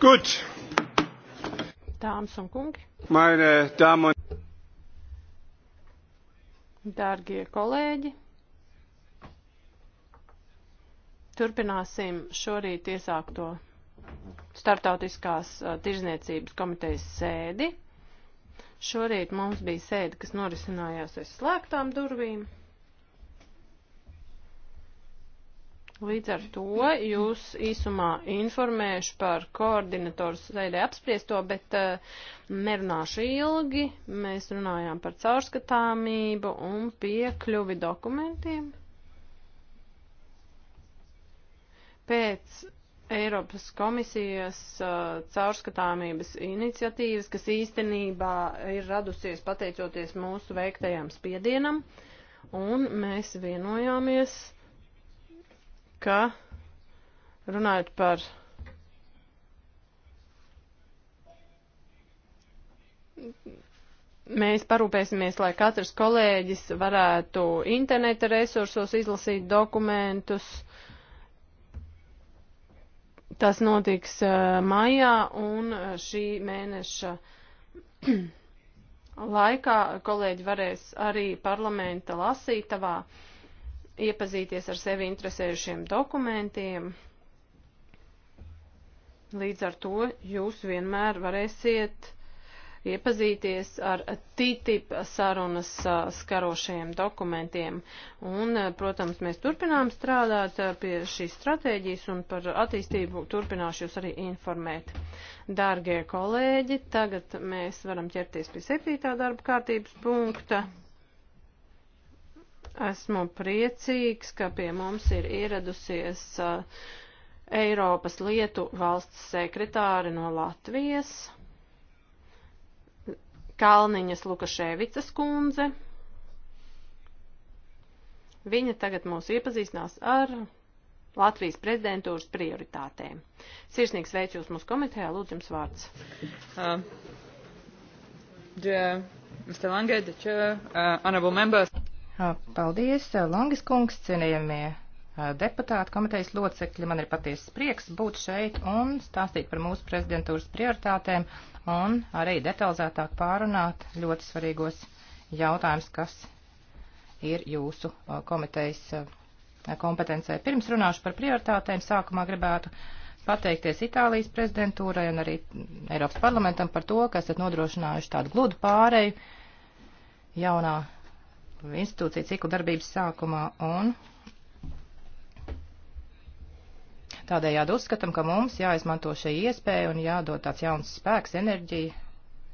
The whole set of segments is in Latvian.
Gut. Dāmas un kungi. Meine Damen un Dārgie kolēģi. Turpināsim šorīt iesākto Startautiskās tirzniecības komitejas sēdi. Šorīt mums bija sēde, kas norisinājās aiz slēgtām durvīm. Līdz ar to jūs īsumā informēšu par koordinatoru sēdē apspriesto, bet uh, nerunāšu ilgi. Mēs runājām par caurskatāmību un piekļuvi dokumentiem. Pēc Eiropas komisijas uh, caurskatāmības iniciatīvas, kas īstenībā ir radusies pateicoties mūsu veiktajam spiedienam, un mēs vienojāmies ka runājot par mēs parūpēsimies, lai katrs kolēģis varētu interneta resursos izlasīt dokumentus. Tas notiks uh, maijā un eh, šī mēneša laikā kolēģi varēs arī parlamenta lasītavā uh, iepazīties ar sevi interesējušiem dokumentiem. Līdz ar to jūs vienmēr varēsiet iepazīties ar TTIP sarunas skarošajiem dokumentiem. Un, protams, mēs turpinām strādāt pie šīs stratēģijas un par attīstību turpināšu jūs arī informēt. Dārgie kolēģi, tagad mēs varam ķerties pie septītā darba kārtības punkta. Esmu priecīgs, ka pie mums ir ieradusies uh, Eiropas lietu valsts sekretāri no Latvijas, Kalniņas Lukaševicas kundze. Viņa tagad mūs iepazīstinās ar Latvijas prezidentūras prioritātēm. Sirsnīgs veicu jūs mūsu komitejā, lūdzu jums vārds. Uh, dear, Mr. Lange, the chair, uh, honorable members. Paldies, Langis kungs, cienījamie deputāti, komitejas locekļi. Man ir patiesas prieks būt šeit un stāstīt par mūsu prezidentūras prioritātēm un arī detalizētāk pārunāt ļoti svarīgos jautājumus, kas ir jūsu komitejas kompetencē. Pirms runāšu par prioritātēm, sākumā gribētu pateikties Itālijas prezidentūrai un arī Eiropas parlamentam par to, ka esat nodrošinājuši tādu gludu pāreju jaunā institūcija ciklu darbības sākumā un Tādējādi uzskatām, ka mums jāizmanto šī iespēja un jādod tāds jauns spēks, enerģija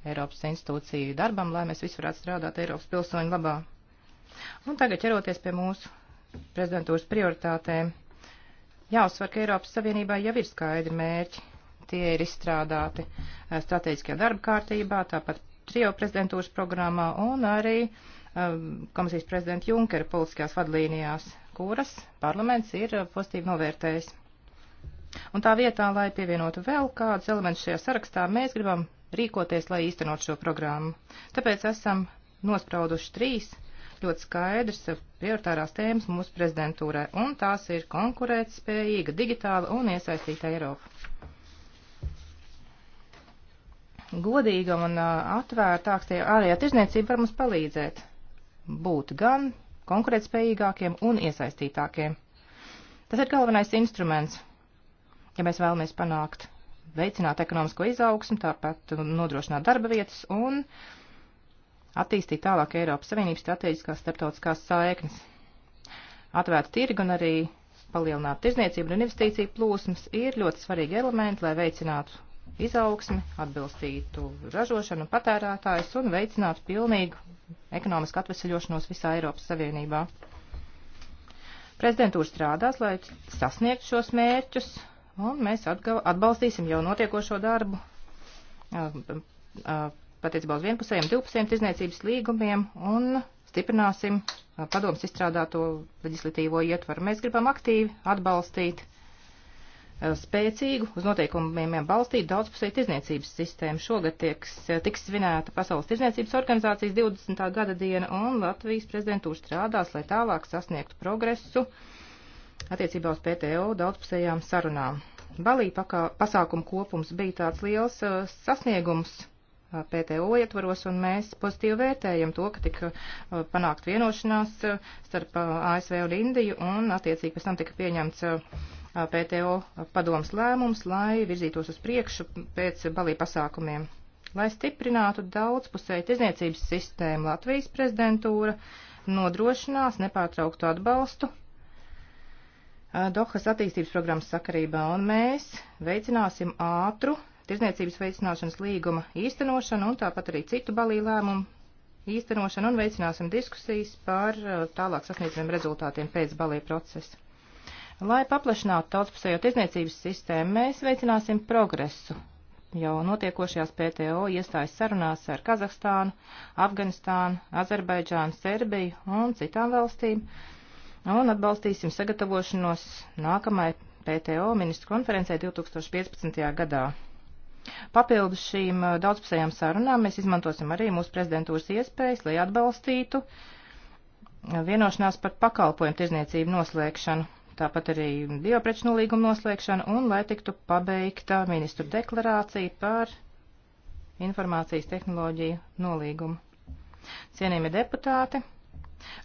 Eiropas institūciju darbam, lai mēs visi varētu strādāt Eiropas pilsoņu labā. Un tagad ķeroties pie mūsu prezidentūras prioritātēm, jāuzsver, ka Eiropas Savienībā jau ir skaidri mērķi. Tie ir izstrādāti eh, strateģiskajā darba kārtībā, tāpat trio prezidentūras programmā un arī uh, Um, komisijas prezidenta Junkera politiskajās vadlīnijās, kuras parlaments ir uh, pozitīvi novērtējis. Un tā vietā, lai pievienotu vēl kādus elementus šajā sarakstā, mēs gribam rīkoties, lai īstenot šo programmu. Tāpēc esam nosprauduši trīs ļoti skaidrs uh, prioritārās tēmas mūsu prezidentūrai, un tās ir konkurētspējīga, digitāla un iesaistīta Eiropa. Godīga un uh, atvērtākstie ārējā tirzniecība var mums palīdzēt būt gan konkurētspējīgākiem un iesaistītākiem. Tas ir galvenais instruments, ja mēs vēlamies panākt, veicināt ekonomisko izaugsmu, tāpat nodrošināt darba vietas un attīstīt tālāk Eiropas Savienības strateģiskās starptautiskās saiknes. Atvērta tirga un arī palielināt tirzniecību un investīciju plūsmas ir ļoti svarīgi elementi, lai veicinātu izaugsmi, atbilstītu ražošanu patērētājus un veicinātu pilnīgu ekonomisku atvesaļošanos visā Eiropas Savienībā. Prezidentūra strādās, lai sasniegtu šos mērķus, un mēs atbalstīsim jau notiekošo darbu um, um, uh, patiecībā uz vienpusējiem, divpusējiem tirzniecības līgumiem un stiprināsim uh, padomus izstrādāto leģislatīvo ietvaru. Mēs gribam aktīvi atbalstīt Eh, spēcīgu, uz noteikumiem balstītu daudzpusēju tirzniecības sistēmu. Šogad tieks, eh, tiks svinēta Pasaules tirzniecības organizācijas 20. gada diena, un Latvijas prezidentūra strādās, lai tālāk sasniegtu progresu attiecībā uz PTO daudzpusējām sarunām. Balī pakā, pasākumu kopums bija tāds liels uh, sasniegums. PTO ietvaros, un mēs pozitīvi vērtējam to, ka tika panākt vienošanās starp ASV un Indiju, un attiecīgi pēc tam tika pieņemts PTO padomas lēmums, lai virzītos uz priekšu pēc balī pasākumiem. Lai stiprinātu daudzpusēju tirzniecības sistēmu, Latvijas prezidentūra nodrošinās nepārtrauktu atbalstu Dohas attīstības programmas sakarībā, un mēs veicināsim ātru tirzniecības veicināšanas līguma īstenošanu un tāpat arī citu balī lēmumu īstenošanu un veicināsim diskusijas par tālāk sasniedzamiem rezultātiem pēc balī procesa. Lai paplašinātu tautspusējo tirdzniecības sistēmu, mēs veicināsim progresu jau notiekošajās PTO iestājas sarunās ar Kazahstānu, Afganistānu, Azerbaidžānu, Serbiju un citām valstīm un atbalstīsim sagatavošanos nākamai PTO ministru konferencē 2015. gadā. Papildus šīm uh, daudzpusējām sarunām mēs izmantosim arī mūsu prezidentūras iespējas, lai atbalstītu vienošanās par pakalpojumu tirzniecību noslēgšanu tāpat arī biopreču nolīgumu noslēgšanu un lai tiktu pabeigta ministru deklarācija par informācijas tehnoloģiju nolīgumu. Cienījami deputāti,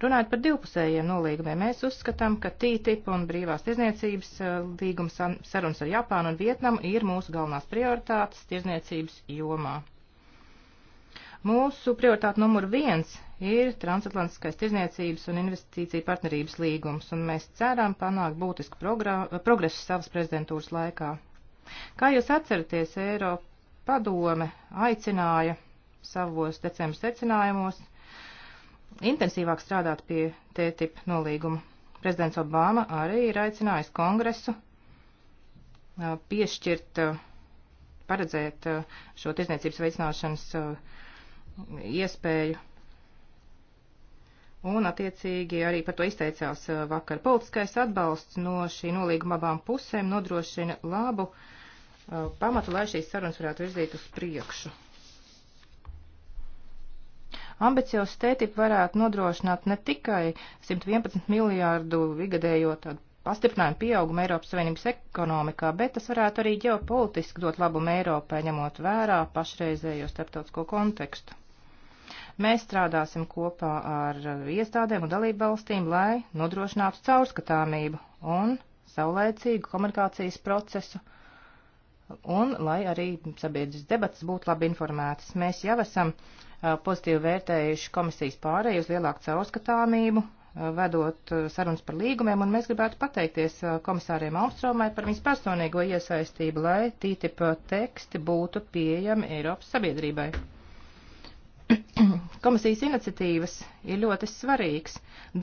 runājot par divpusējiem nolīgumiem, mēs uzskatām, ka TTIP un brīvās tirzniecības eh, līguma sarunas ar Japānu un Vietnamu ir mūsu galvenās prioritātes tirzniecības jomā. Mūsu prioritāte numur viens ir transatlantiskais tirzniecības un investīcija partnerības līgums, un mēs ceram panākt būtisku progresu savas prezidentūras laikā. Kā jūs atceraties, Eiropa padome aicināja savos decembra secinājumos intensīvāk strādāt pie TTIP nolīguma. Prezidents Obama arī ir aicinājis kongresu piešķirt, paredzēt šo tirzniecības veicināšanas iespēju. Un, attiecīgi, arī par to izteicās uh, vakar. Politiskais atbalsts no šī nolīguma abām pusēm nodrošina labu uh, pamatu, lai šīs sarunas varētu virzīt uz priekšu. Ambiciozs tētip varētu nodrošināt ne tikai 111 miljārdu vigadējo tādu pastiprinājumu pieaugumu Eiropas Savienības ekonomikā, bet tas varētu arī ģeopolitiski dot labumu Eiropai, ņemot vērā pašreizējo starptautisko kontekstu. Mēs strādāsim kopā ar iestādēm un dalību valstīm, lai nodrošinātu caurskatāmību un saulēcīgu komunikācijas procesu. Un, lai arī sabiedrības debatas būtu labi informētas, mēs jau esam pozitīvi vērtējuši komisijas pārēju uz lielāku caurskatāmību, vedot sarunas par līgumiem, un mēs gribētu pateikties komisāriem Austromai par viņas personīgo iesaistību, lai TTIP teksti būtu pieejami Eiropas sabiedrībai. Komisijas iniciatīvas ir ļoti svarīgs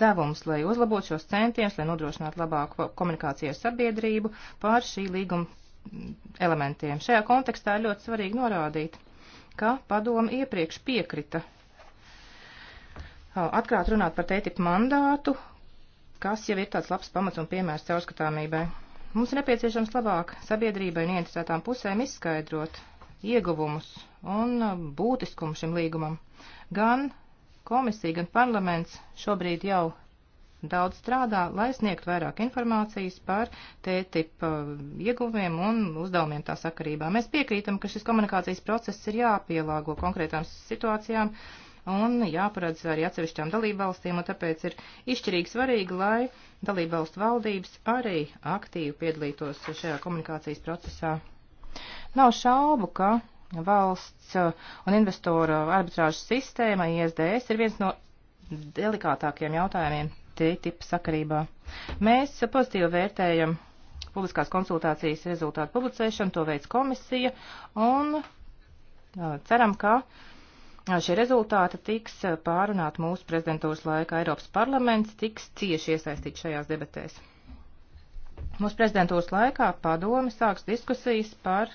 devums, lai uzlabotu šos centienus, lai nodrošinātu labāku komunikāciju ar sabiedrību pār šī līguma elementiem. Šajā kontekstā ir ļoti svarīgi norādīt, ka padoma iepriekš piekrita atklāt runāt par tētipu mandātu, kas jau ir tāds labs pamats un piemērs caurskatāmībai. Mums ir nepieciešams labāk sabiedrībai un ieinteresētām pusēm izskaidrot, ieguvumus un būtiskumu šim līgumam. Gan komisija, gan parlaments šobrīd jau daudz strādā, lai sniegtu vairāk informācijas par TTIP uh, ieguvumiem un uzdevumiem tā sakarībā. Mēs piekrītam, ka šis komunikācijas process ir jāpielāgo konkrētām situācijām un jāparedz arī atsevišķām dalībvalstīm, un tāpēc ir izšķirīgi svarīgi, lai dalībvalstu valdības arī aktīvi piedalītos šajā komunikācijas procesā. Nav šaubu, ka valsts uh, un investoru arbitrāžas sistēma ISDS ir viens no delikātākiem jautājumiem TTIP sakarībā. Mēs pozitīvi vērtējam publiskās konsultācijas rezultātu publicēšanu, to veids komisija un uh, ceram, ka uh, šie rezultāti tiks pārunāt mūsu prezidentūras laikā. Eiropas parlaments tiks cieši iesaistīts šajās debatēs. Mūsu prezidentūras laikā padome sāks diskusijas par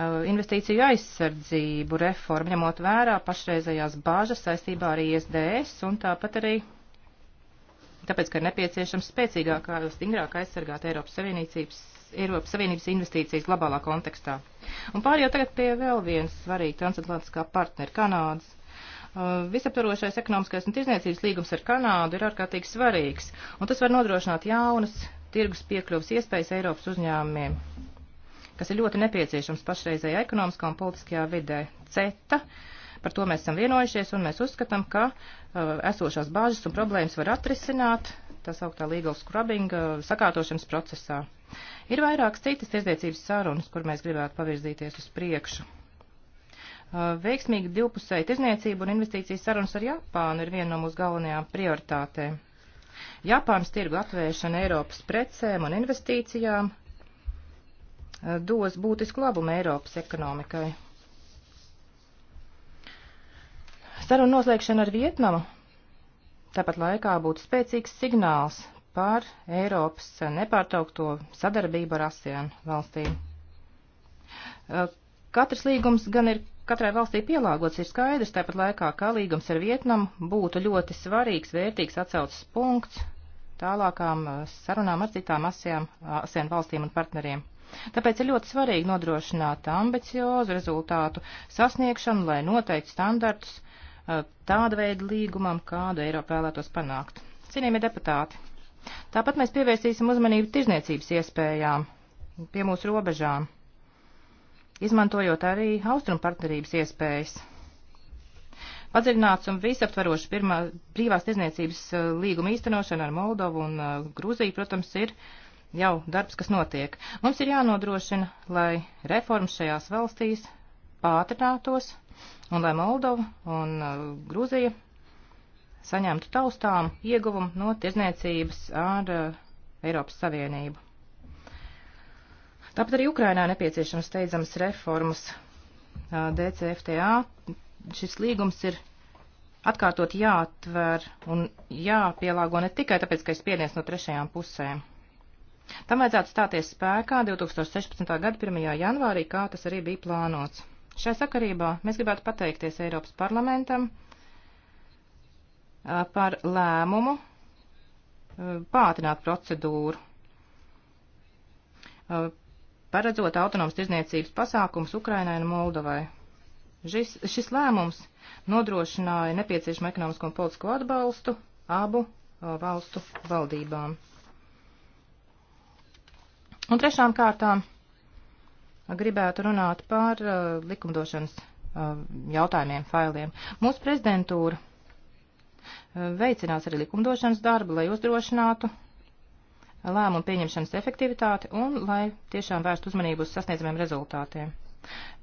Uh, investīciju aizsardzību reformu, ņemot vērā pašreizējās bāžas saistībā ar ISDS un tāpat arī tāpēc, ka ir nepieciešams spēcīgākā, stingrāk aizsargāt Eiropas Savienības, Eiropas Savienības investīcijas globālā kontekstā. Un pārējot tagad pie vēl viens svarīgi transatlantiskā partnera Kanādas. Uh, visaptvarošais ekonomiskais un tirzniecības līgums ar Kanādu ir ārkārtīgi svarīgs, un tas var nodrošināt jaunas tirgus piekļuvas iespējas Eiropas uzņēmumiem kas ir ļoti nepieciešams pašreizējā ekonomiskā un politiskajā vidē. CETA. Par to mēs esam vienojušies, un mēs uzskatām, ka uh, esošās bāžas un problēmas var atrisināt tā sauktā legal scrubbing uh, sakārtošanas procesā. Ir vairākas citas tirdzniecības sarunas, kur mēs gribētu pavirzīties uz priekšu. Uh, veiksmīga divpusēja tirdzniecība un investīcijas sarunas ar Japānu ir viena no mūsu galvenajām prioritātēm. Japānas tirgu atvēršana Eiropas precēm un investīcijām Eh, dos būtisku labumu Eiropas ekonomikai. Saruna noslēgšana ar Vietnamu tāpat laikā būtu spēcīgs signāls par Eiropas nepārtraukto sadarbību ar ASEAN valstīm. Eh, katrs līgums gan ir katrai valstī pielāgots, ir skaidrs, tāpat laikā, kā līgums ar Vietnamu būtu ļoti svarīgs, vērtīgs atsaucas punkts tālākām eh, sarunām ar citām ASEAN valstīm un partneriem. Tāpēc ir ļoti svarīgi nodrošināt ambiciozu rezultātu sasniegšanu, lai noteikti standartus tāda veida līgumam, kādu Eiropa vēlētos panākt. Cienījamie deputāti, tāpat mēs pievērsīsim uzmanību tirzniecības iespējām pie mūsu robežām, izmantojot arī austrumu partnerības iespējas. Padziļināts un visaptvarošs pirmā brīvās tirzniecības līguma īstenošana ar Moldovu un Grūziju, protams, ir uh, jau darbs, kas notiek. Mums ir jānodrošina, lai reformas šajās valstīs pātrinātos un lai Moldova un uh, Gruzija saņemtu taustām ieguvumu no tirzniecības ar uh, Eiropas Savienību. Tāpat arī Ukrainā nepieciešams steidzamas reformas uh, DCFTA. Šis līgums ir atkārtot jāatver un jāpielāgo ne tikai tāpēc, ka ir spiediens no trešajām pusēm. Tam vajadzētu stāties spēkā 2016. gada 1. janvārī, kā tas arī bija plānots. Šai sakarībā mēs gribētu pateikties Eiropas parlamentam par lēmumu pātrināt procedūru, paredzot autonomas tirzniecības pasākums Ukrainai un Moldovai. Šis, šis lēmums nodrošināja nepieciešamo ekonomisko un politisko atbalstu abu valstu valdībām. Un trešām kārtām gribētu runāt par uh, likumdošanas uh, jautājumiem, failiem. Mūsu prezidentūra uh, veicinās arī likumdošanas darbu, lai uzdrošinātu lēmumu pieņemšanas efektivitāti un lai tiešām vērst uzmanību uz sasniedzamiem rezultātiem.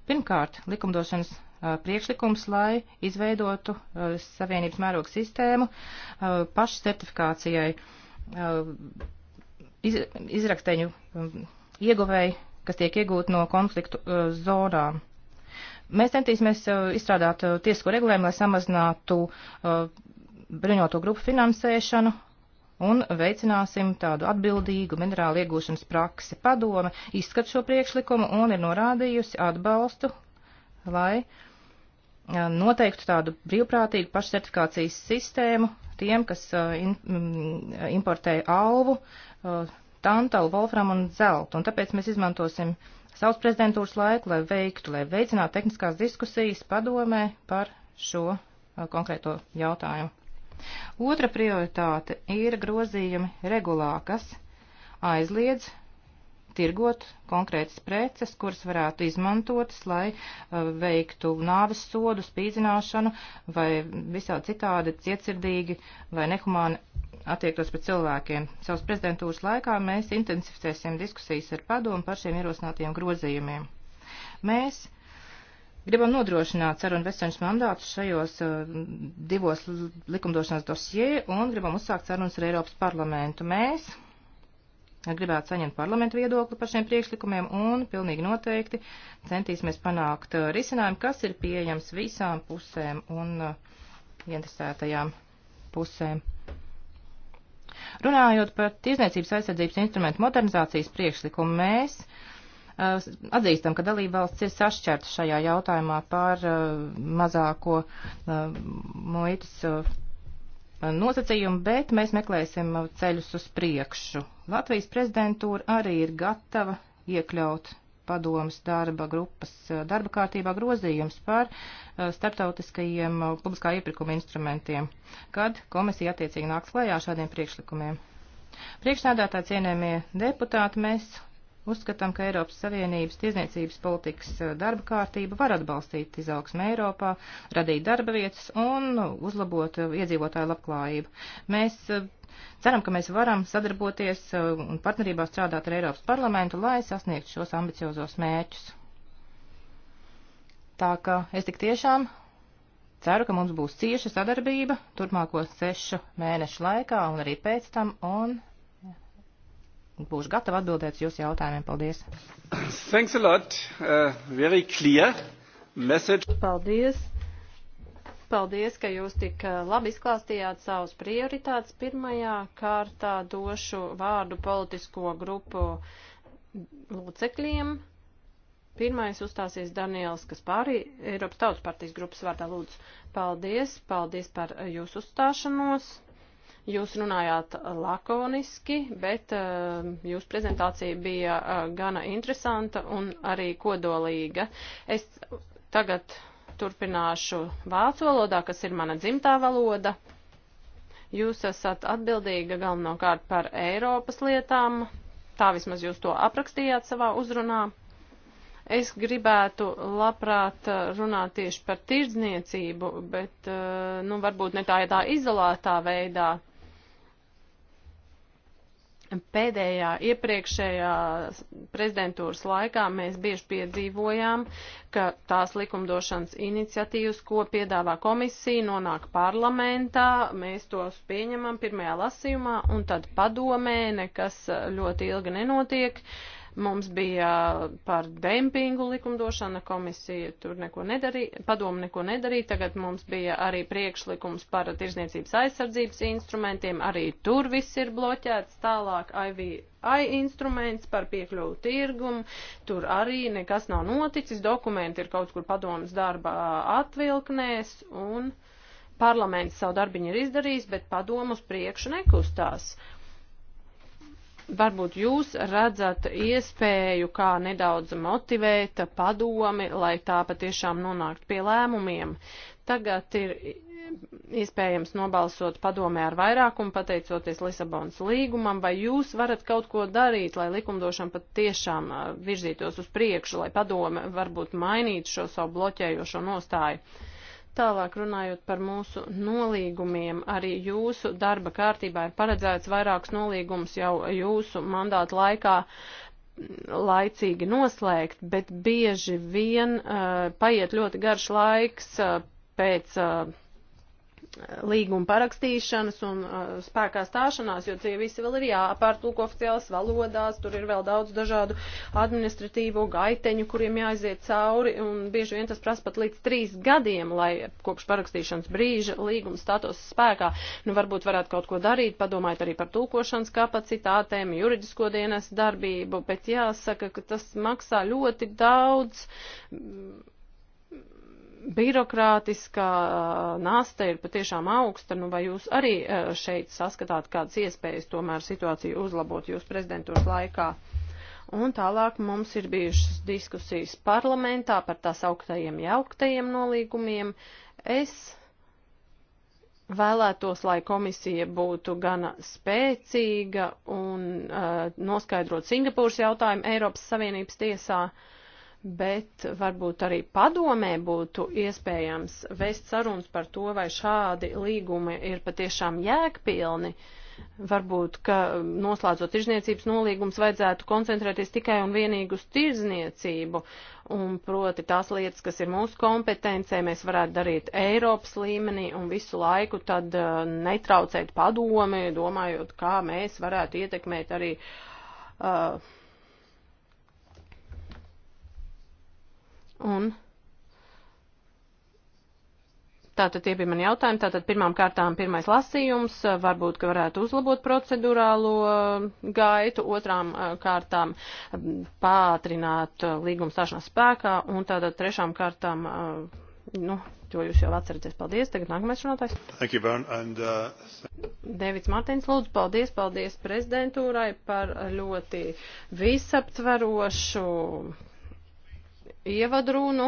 Pirmkārt, likumdošanas uh, priekšlikums, lai izveidotu uh, savienības mēroga sistēmu uh, pašsertifikācijai iz, izrakteņu um, ieguvēji, kas tiek iegūti no konfliktu uh, zonām. Mēs centīsimies uh, izstrādāt uh, tiesisko regulējumu, lai samazinātu uh, bruņoto grupu finansēšanu un veicināsim tādu atbildīgu minerālu iegūšanas praksi. Padome izskat šo priekšlikumu un ir norādījusi atbalstu, lai uh, noteiktu tādu brīvprātīgu pašsertifikācijas sistēmu tiem, kas in, importē alvu, tantalu, volfram un zeltu. Un tāpēc mēs izmantosim savus prezidentūras laiku, lai veiktu, lai veicinātu tehniskās diskusijas padomē par šo konkrēto jautājumu. Otra prioritāte ir grozījumi regulā, kas aizliedz tirgot konkrētas preces, kuras varētu izmantotas, lai uh, veiktu nāves sodu, spīdzināšanu vai visādi citādi cietsirdīgi vai nehumāni attiektos pret cilvēkiem. Savas prezidentūras laikā mēs intensificēsim diskusijas ar padomu par šiem ierosinātajiem grozījumiem. Mēs gribam nodrošināt sarunu veseņas mandātus šajos uh, divos likumdošanas dosjē un gribam uzsākt sarunas ar Eiropas parlamentu. Mēs gribētu saņemt parlamentu viedokli par šiem priekšlikumiem un pilnīgi noteikti centīsimies panākt uh, risinājumu, kas ir pieejams visām pusēm un uh, interesētajām pusēm. Runājot par tirzniecības aizsardzības instrumentu modernizācijas priekšlikumu, mēs uh, atzīstam, ka dalība valsts ir sašķerta šajā jautājumā par mazāko muitas Eh, nosacījumi, bet mēs meklēsim eh, ceļus uz priekšu. Latvijas prezidentūra arī ir gatava iekļaut padomas darba grupas eh, darba kārtībā grozījums par starptautiskajiem publiskā iepirkuma instrumentiem, kad komisija attiecīgi nāks klajā šādiem priekšlikumiem. Priekšsēdētā cienējamie deputāti, mēs Uzskatām, ka Eiropas Savienības tiesniecības politikas eh, darba kārtība var atbalstīt izaugsmē Eiropā, radīt darba vietas un uzlabot eh, iedzīvotāju labklājību. Mēs eh, ceram, ka mēs varam sadarboties un partnerībā strādāt ar Eiropas parlamentu, lai sasniegtu šos ambiciozos mērķus. Tā ka es tik tiešām Ceru, ka mums būs cieša sadarbība turpmāko sešu mēnešu laikā un arī pēc tam, un būšu gatava atbildēt uz jūsu jautājumiem. Paldies! Thanks a lot. Uh, very clear message. Paldies! Paldies, ka jūs tik uh, labi izklāstījāt savus prioritātes. Pirmajā kārtā došu vārdu politisko grupu locekļiem. Pirmais uzstāsies Daniels Kaspārī, Eiropas Tautas partijas grupas vārdā lūdzu. Paldies, paldies par jūsu uzstāšanos. Jūs runājāt uh, lakoniski, bet uh, jūsu prezentācija bija uh, gana interesanta un arī kodolīga. Es tagad turpināšu vācu valodā, kas ir mana dzimtā valoda. Jūs esat atbildīga galvenokārt par Eiropas lietām, tā vismaz jūs to aprakstījāt savā uzrunā. Es gribētu labprāt uh, runāt tieši par tirdzniecību, bet, uh, nu, varbūt ne tā, ja tā izolētā veidā. Uh, Pēdējā iepriekšējā prezidentūras laikā mēs bieži piedzīvojām, ka tās likumdošanas iniciatīvas, ko piedāvā komisija, nonāk parlamentā, mēs tos pieņemam pirmajā lasījumā, un tad padomē nekas eh, ļoti ilgi nenotiek. Uh, Mums bija par dempingu likumdošana, komisija tur neko nedarīja, padomu neko nedarīja, tagad mums bija arī priekšlikums par tirzniecības aizsardzības instrumentiem, arī tur viss ir bloķēts, tālāk IVI instruments par piekļuvu tirgumu, tur arī nekas nav noticis, dokumenti ir kaut kur padomas darba atvilknēs un parlaments savu darbiņu ir izdarījis, bet padomu uz priekšu nekustās. Varbūt jūs redzat iespēju, kā nedaudz motivēt padomi, lai tā patiešām nonāktu pie lēmumiem. Tagad ir iespējams nobalsot padomē ar vairākumu, pateicoties Lisabonas līgumam, vai jūs varat kaut ko darīt, lai likumdošana patiešām virzītos uz priekšu, lai padome varbūt mainītu šo savu bloķējošo nostāju. Tālāk runājot par mūsu nolīgumiem, arī jūsu darba kārtībā ir paredzēts vairāks nolīgums jau jūsu mandāta laikā laicīgi noslēgt, bet bieži vien uh, paiet ļoti garš laiks uh, pēc. Uh, līguma parakstīšanas un uh, spēkā stāšanās, jo tie visi vēl ir jāpārtulko oficiālās valodās, tur ir vēl daudz dažādu administratīvo gaiteņu, kuriem jāaiziet cauri, un bieži vien tas prasa pat līdz trīs gadiem, lai kopš parakstīšanas brīža līguma status spēkā, nu varbūt varētu kaut ko darīt, padomājot arī par tulkošanas kapacitātēm, juridisko dienas darbību, bet jāsaka, ka tas maksā ļoti daudz. Mm, birokrātiskā nasta ir patiešām augsta, nu vai jūs arī šeit saskatāt kādas iespējas tomēr situāciju uzlabot jūs prezidentūras laikā? Un tālāk mums ir bijušas diskusijas parlamentā par tās augtajiem jauktajiem nolīgumiem. Es vēlētos, lai komisija būtu gana spēcīga un uh, noskaidrot Singapūras jautājumu Eiropas Savienības tiesā. Uh, bet varbūt arī padomē būtu iespējams vest sarunas par to, vai šādi līgumi ir patiešām jēgpilni. Varbūt, ka noslēdzot tirzniecības nolīgums, vajadzētu koncentrēties tikai un vienīgi uz tirzniecību, un proti tās lietas, kas ir mūsu kompetencē, mēs varētu darīt Eiropas līmenī un visu laiku tad uh, netraucēt padomi, domājot, kā mēs varētu ietekmēt arī uh, Un Tātad tie bija mani jautājumi. Tātad pirmām kārtām pirmais lasījums, varbūt, ka varētu uzlabot procedurālo uh, gaitu, otrām uh, kārtām um, pātrināt uh, līguma stāšanās spēkā un tātad trešām kārtām, nu, to jūs jau atceraties. Paldies. Tagad nākamais runātājs. Thank you, Bern. And, uh... Devits Martins, lūdzu, paldies, paldies prezidentūrai par ļoti visaptverošu ievadrunu.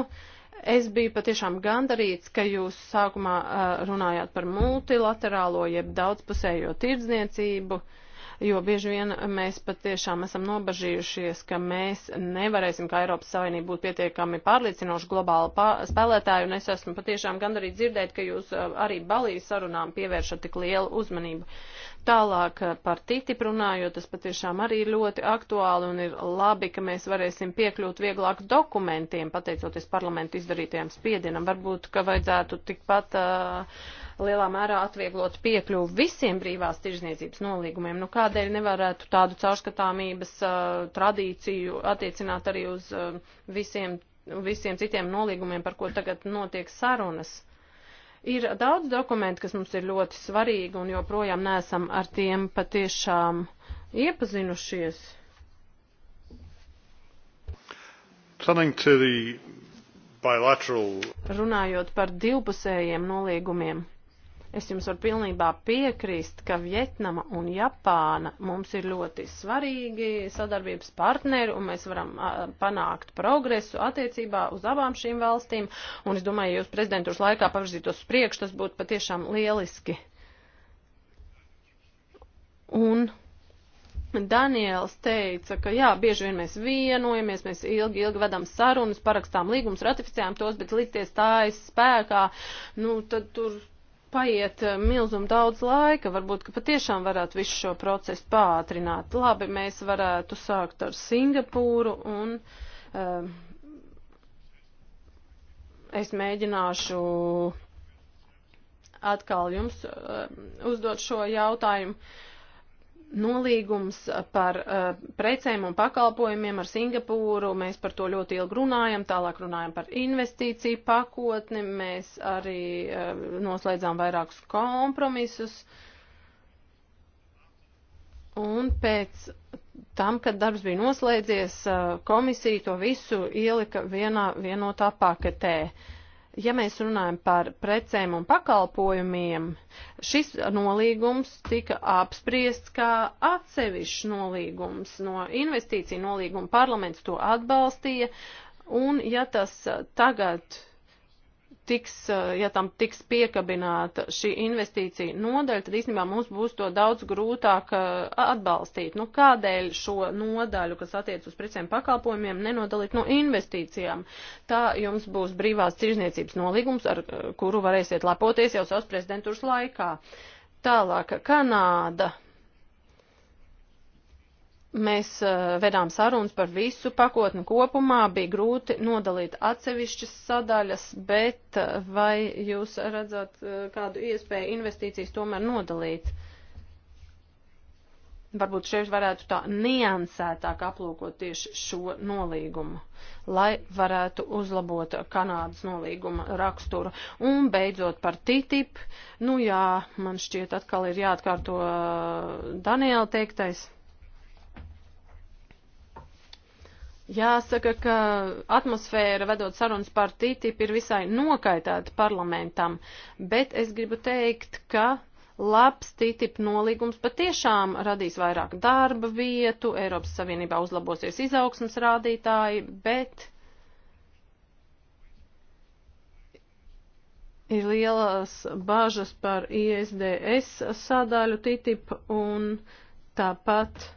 Es biju patiešām gandarīts, ka jūs sākumā uh, runājāt par multilaterālo jeb daudzpusējo tirdzniecību. Uh, jo bieži vien mēs patiešām esam nobažījušies, ka mēs nevarēsim kā Eiropas Savienība būt pietiekami pārliecinoši globāli spēlētāji, un es esmu patiešām gandarīt dzirdēt, ka jūs uh, arī Balijas sarunām pievēršat tik lielu uzmanību. Tālāk uh, par TTIP runājot, tas patiešām arī ir ļoti aktuāli un ir labi, ka mēs varēsim piekļūt vieglāk dokumentiem, pateicoties parlamentu izdarītajam spiedienam. Varbūt, ka vajadzētu tikpat uh, lielā mērā atvieglot piekļuvu visiem brīvās tirzniecības nolīgumiem. Nu, kādēļ nevarētu tādu caurskatāmības uh, tradīciju attiecināt arī uz uh, visiem, visiem citiem nolīgumiem, par ko tagad notiek sarunas? Ir daudz dokumentu, kas mums ir ļoti svarīgi un joprojām neesam ar tiem patiešām iepazinušies. Turning to the bilateral runājot par divpusējiem nolīgumiem Es jums varu pilnībā piekrist, ka Vietnama un Japāna mums ir ļoti svarīgi sadarbības partneri, un mēs varam panākt progresu attiecībā uz abām šīm valstīm. Un es domāju, ja jūs prezidentūras laikā pavirzītos uz priekšu, tas būtu patiešām lieliski. Un Daniels teica, ka jā, bieži vien mēs vienojamies, mēs ilgi, ilgi vedam sarunas, parakstām līgumus, ratificējām tos, bet līdz tie stājas spēkā, nu, tad tur paiet eh, milzum daudz laika, varbūt, ka patiešām varētu visu šo procesu pātrināt. Labi, mēs varētu sākt ar Singapūru un uh, es mēģināšu atkal jums uh, uzdot šo jautājumu. Uh, nolīgums par uh, precēm un pakalpojumiem ar Singapūru. Mēs par to ļoti ilgi runājam, tālāk runājam par investīciju pakotni, mēs arī uh, noslēdzām vairākus kompromisus. Un pēc tam, kad darbs bija noslēdzies, uh, komisija to visu ielika vienā vienotā paketē. Uh, ja mēs runājam par precēm un pakalpojumiem, šis nolīgums tika apspriests kā atsevišķs nolīgums no investīciju nolīguma. Parlaments to atbalstīja, un ja tas tagad tiks, eh, ja tam tiks piekabināta šī investīcija nodaļa, tad īstenībā mums būs to daudz grūtāk eh, atbalstīt. Nu, kādēļ šo nodaļu, kas attiec uz precēm pakalpojumiem, nenodalīt no investīcijām? Tā jums būs brīvās tirzniecības nolīgums, ar eh, kuru varēsiet lepoties jau savas prezidentūras laikā. Tālāk, Kanāda Mēs eh, vedām sarunas par visu pakotni kopumā, bija grūti nodalīt atsevišķas sadaļas, bet eh, vai jūs redzat eh, kādu iespēju investīcijas tomēr nodalīt? Varbūt šeit varētu tā niansētāk aplūkot tieši šo nolīgumu, lai varētu uzlabot Kanādas nolīguma raksturu. Un beidzot par TTIP, nu jā, man šķiet atkal ir jāatkārto Daniela teiktais. Jāsaka, ka atmosfēra vedot sarunas par TTIP ir visai nokaitēta parlamentam, bet es gribu teikt, ka labs TTIP nolīgums patiešām radīs vairāk darba vietu, Eiropas Savienībā uzlabosies izaugsmas rādītāji, bet ir lielas bažas par ISDS sadaļu TTIP un tāpat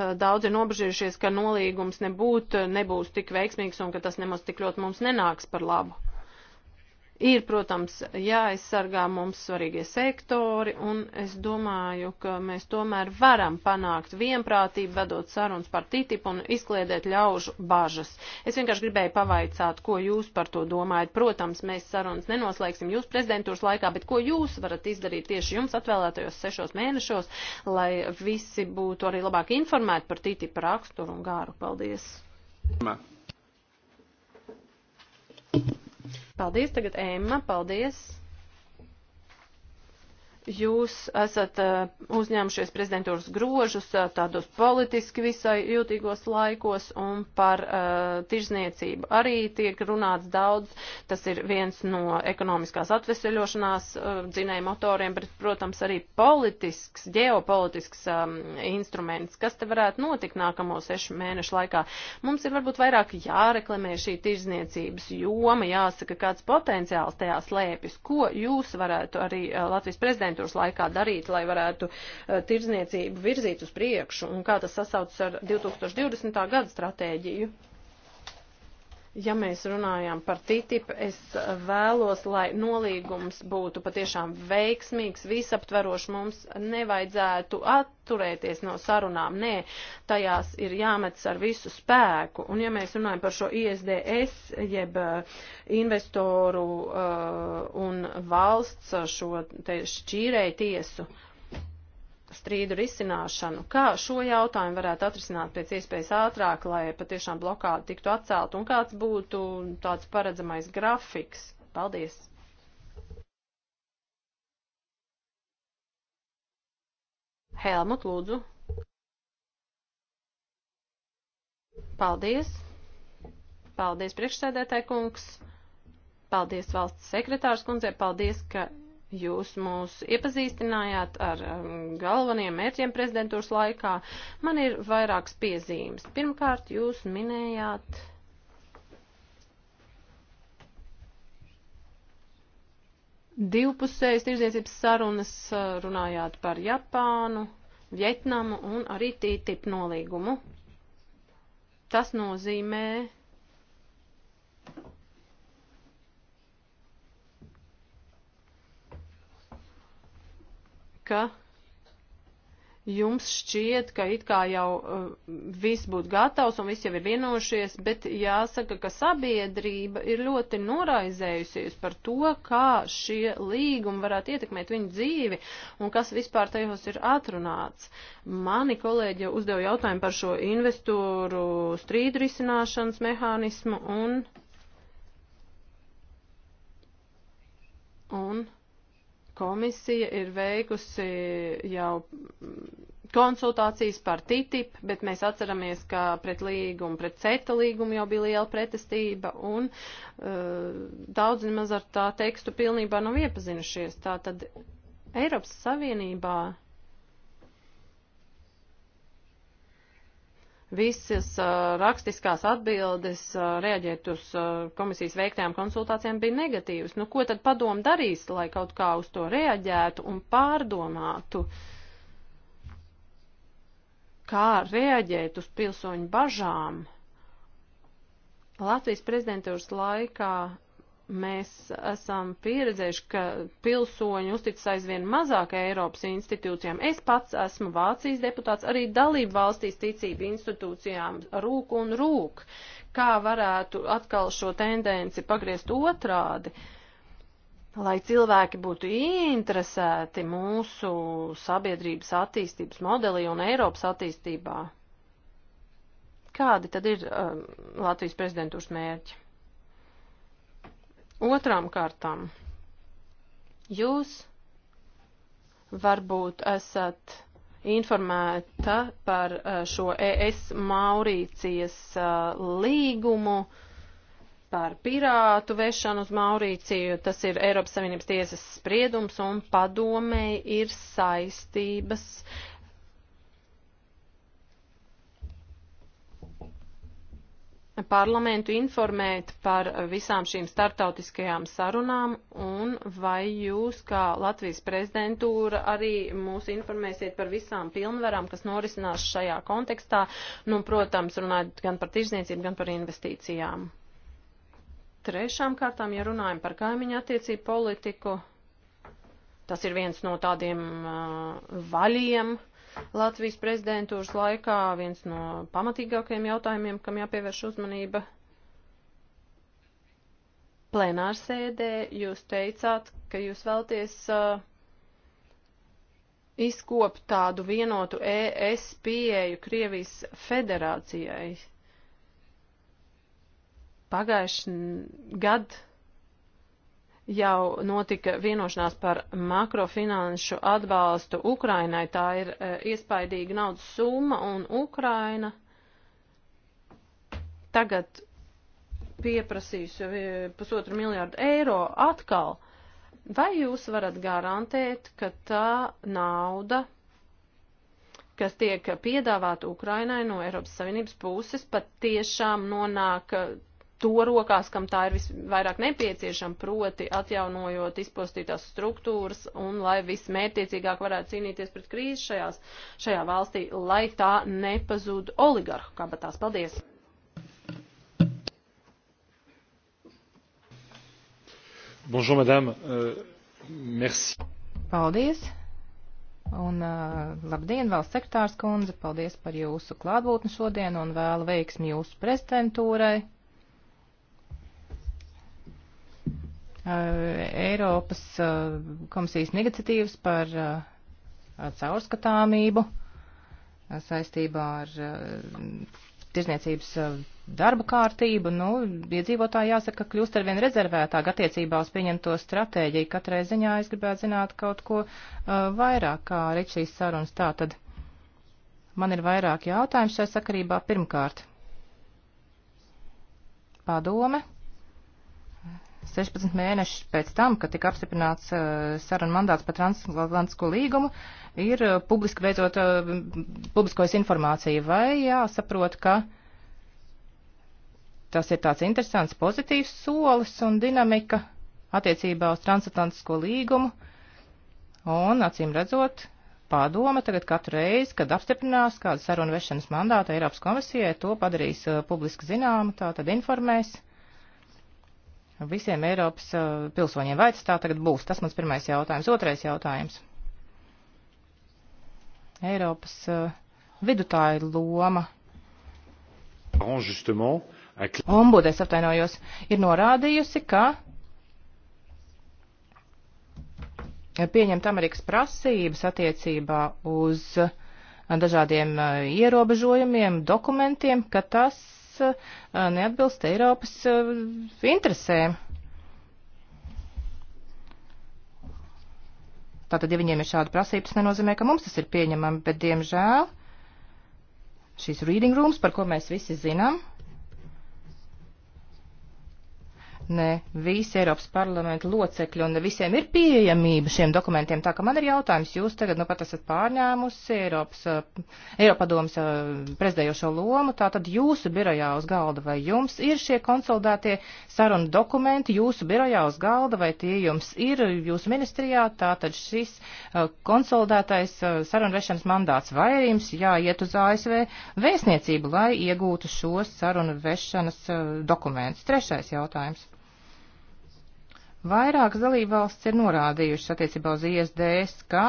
Eh, daudz ir nobežījušies, ka nolīgums nebūt, nebūs tik veiksmīgs un ka tas nemaz tik ļoti mums nenāks par labu. Ir, protams, jāaizsargā mums svarīgie sektori, un es domāju, ka mēs tomēr varam panākt vienprātību, vedot sarunas par TTIP un izkliedēt ļaužu bažas. Es vienkārši gribēju pavaicāt, ko jūs par to domājat. Protams, mēs sarunas nenoslēgsim jūs prezidentūras laikā, bet ko jūs varat izdarīt tieši jums atvēlētajos sešos mēnešos, lai visi būtu arī labāk informēti par TTIP raksturu un gāru. Paldies! Mā. Paldies tagad Emma, paldies! jūs esat eh, uzņēmušies prezidentūras grožus eh, tādos politiski visai jūtīgos laikos un par uh, tirzniecību arī tiek runāts daudz. Tas ir viens no ekonomiskās atveseļošanās uh, dzinēja motoriem, bet, protams, arī politisks, ģeopolitisks um, instruments, kas te varētu notikt nākamo sešu mēnešu laikā. Mums ir varbūt vairāk jāreklamē šī tirzniecības joma, jāsaka, kāds potenciāls tajā slēpjas, ko jūs varētu arī uh, Latvijas prezidentūras prezidentūras laikā darīt, lai varētu uh, eh, tirdzniecību virzīt uz priekšu un kā tas sasaucas ar 2020. gada stratēģiju? ja mēs runājam par TTIP, es vēlos, lai nolīgums būtu patiešām veiksmīgs, visaptverošs. Mums nevajadzētu atturēties no sarunām. Nē, tajās ir jāmetas ar visu spēku. Un ja mēs runājam par šo ISDS, jeb uh, investoru uh, un valsts šo šķīrēju tiesu strīdu risināšanu. Kā šo jautājumu varētu atrisināt pēc iespējas ātrāk, lai patiešām blokāda tiktu atcelt un kāds būtu tāds paredzamais grafiks? Paldies! Helmut, lūdzu. Paldies. Paldies, priekšsēdētāji kungs. Paldies valsts sekretārs kundzei. Paldies, ka Jūs mūs iepazīstinājāt ar um, galvenajiem mērķiem prezidentūras laikā. Man ir vairākas piezīmes. Pirmkārt, jūs minējāt. Divpusējas tirdzniecības sarunas uh, runājāt par Japānu, Vietnamu un arī TTIP nolīgumu. Tas nozīmē, ka jums šķiet, ka it kā jau uh, viss būtu gatavs un viss jau ir vienojušies, bet jāsaka, ka sabiedrība ir ļoti noraizējusies par to, kā šie līgumi varētu ietekmēt viņu dzīvi un kas vispār tajos ir atrunāts. Mani kolēģi jau uzdeva jautājumu par šo investoru strīdu risināšanas mehānismu un. un Komisija ir veikusi jau konsultācijas par TTIP, bet mēs atceramies, ka pret līgumu, pret CETA līgumu jau bija liela pretestība un uh, daudz nemaz ar tā tekstu pilnībā nav iepazinušies. Tā tad Eiropas Savienībā visas rakstiskās atbildes reaģēt uz komisijas veiktajām konsultācijām bija negatīvas. Nu, ko tad padomu darīs, lai kaut kā uz to reaģētu un pārdomātu? Kā reaģēt uz pilsoņu bažām? Latvijas prezidentūras laikā mēs esam pieredzējuši, ka pilsoņi uzticas aizvien mazāk Eiropas institūcijām. Es pats esmu Vācijas deputāts, arī dalību valstīs ticību institūcijām rūk un rūk. Kā varētu atkal šo tendenci pagriezt otrādi? Lai cilvēki būtu ieinteresēti mūsu sabiedrības attīstības modelī un Eiropas attīstībā. Kādi tad ir um, Latvijas prezidentūras mērķi? Otrām kārtām, jūs varbūt esat informēta par eh, šo ES Maurīcijas eh, līgumu par pirātu vešanu uz Maurīciju. Tas ir Eiropas Savienības tiesas spriedums un padomēji ir saistības uh, parlamentu informēt par visām šīm startautiskajām sarunām un vai jūs kā Latvijas prezidentūra arī mūs informēsiet par visām pilnvarām, kas norisinās šajā kontekstā, nu, protams, runājot gan par tirzniecību, gan par investīcijām. Trešām kārtām, ja runājam par kaimiņu attiecību politiku, tas ir viens no tādiem uh, vaļiem, uh, Latvijas prezidentūras laikā viens no pamatīgākajiem jautājumiem, kam jāpievērš uzmanība plenārsēdē, jūs teicāt, ka jūs vēlties uh, izkopt tādu vienotu ES pieeju Krievijas federācijai. Pagājuši gadu jau notika vienošanās par makrofinanšu atbalstu Ukrainai. Tā ir e, iespaidīga naudas summa un Ukraina tagad pieprasīs e, pusotru miljārdu eiro atkal. Vai jūs varat garantēt, ka tā nauda, kas tiek piedāvāta Ukrainai no Eiropas Savienības puses, pat tiešām nonāk e, to rokās, kam tā ir visvairāk nepieciešama, proti atjaunojot izpostītās struktūras un lai vismērtiecīgāk varētu cīnīties pret krīzi šajās, šajā valstī, lai tā nepazūd oligarhu kabatās. Paldies! Bonjour, madame. Euh, merci. Paldies. Un uh, labdien, valsts sektārs kundze, paldies par jūsu klātbūtni šodien un vēlu veiksmi jūsu prezidentūrai. Eh, Eiropas eh, komisijas negatīvas par eh, caurskatāmību saistībā ar tirzniecības darba kārtību, nu, iedzīvotāji jāsaka, kļūst ar vien rezervētāk attiecībā uz pieņemto stratēģiju. Katrai ziņā es gribētu zināt kaut ko uh, vairāk, kā arī šīs sarunas. Tātad man ir vairāk jautājumu šai sakarībā. Pirmkārt, padome 16 mēnešus pēc tam, kad tika apstiprināts eh, saruna mandāts par transatlantisko līgumu, ir eh, publiski beidzot eh, publiskojas informācija. Vai jāsaprot, ka tas ir tāds interesants, pozitīvs solis un dinamika attiecībā uz transatlantisko līgumu? Un, acīm redzot, Pārdoma tagad katru reizi, kad apstiprinās kādu sarunu vešanas mandātu Eiropas komisijai, to padarīs publiski zināmu, tā tad informēs. Uh, visiem Eiropas uh, pilsoņiem. Vai tas tā tagad būs? Tas mans pirmais jautājums. Otrais jautājums. Eiropas uh, vidutāja loma. Ombudes aptainojos ir norādījusi, ka pieņemt Amerikas prasības attiecībā uz dažādiem uh, ierobežojumiem, dokumentiem, ka tas Eh, neatbilst Eiropas eh, interesēm. Tātad, ja viņiem ir šāda prasība, tas nenozīmē, ka mums tas ir pieņemami, bet, diemžēl, šīs reading rooms, par ko mēs visi zinām, ne visi Eiropas parlamenta locekļi un ne visiem ir pieejamība šiem dokumentiem. Tā ka man ir jautājums, jūs tagad nu pat esat pārņēmusi Eiropas, eh, Eiropadomas eh, prezidējošo lomu, tā tad jūsu birojā uz galda vai jums ir šie konsolidētie sarunu dokumenti jūsu birojā uz galda vai tie jums ir jūsu ministrijā, tā tad šis eh, konsolidētais sarunvešanas mandāts vai arī jums jāiet uz ASV vēstniecību, lai iegūtu šos sarunvešanas dokumentus. Trešais jautājums. Vairākas dalībvalsts ir norādījušas attiecībā uz ISDS, ka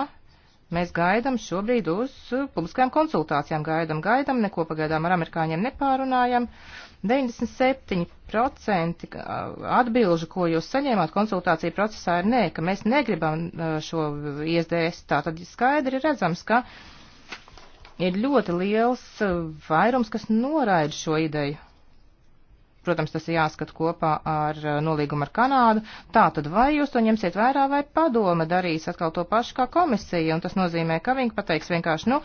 mēs gaidam šobrīd uz uh, publiskajām konsultācijām, gaidam, gaidam, neko pagaidām ar amerikāņiem nepārunājam. 97% uh, atbilžu, ko jūs saņēmāt konsultāciju procesā, ir nē, ka mēs negribam uh, šo ISDS. Tā tad skaidri redzams, ka ir ļoti liels vairums, kas noraida šo ideju. Protams, tas ir jāskat kopā ar eh, nolīgumu ar Kanādu. Tā tad vai jūs to ņemsiet vērā, vai padome darīs atkal to pašu kā komisija, un tas nozīmē, ka viņi pateiks vienkārši, nu,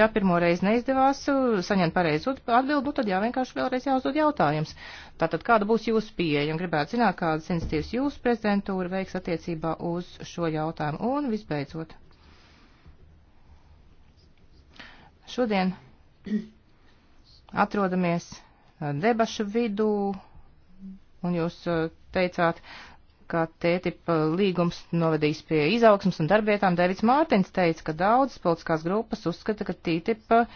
ja pirmoreiz neizdevās uh, saņemt pareizu atbildi, nu tad jā, vienkārši vēlreiz jāuzdod jautājums. Tātad kāda būs jūsu pieeja, un gribētu zināt, kādas institīvas jūsu prezidentūra veiks attiecībā uz šo jautājumu. Un visbeidzot. Šodien atrodamies debašu vidū, un jūs uh, teicāt, ka tētip uh, līgums novadīs pie izaugsmas un darbietām. Davids Mārtiņš teica, ka daudzas politiskās grupas uzskata, ka tītip, uh,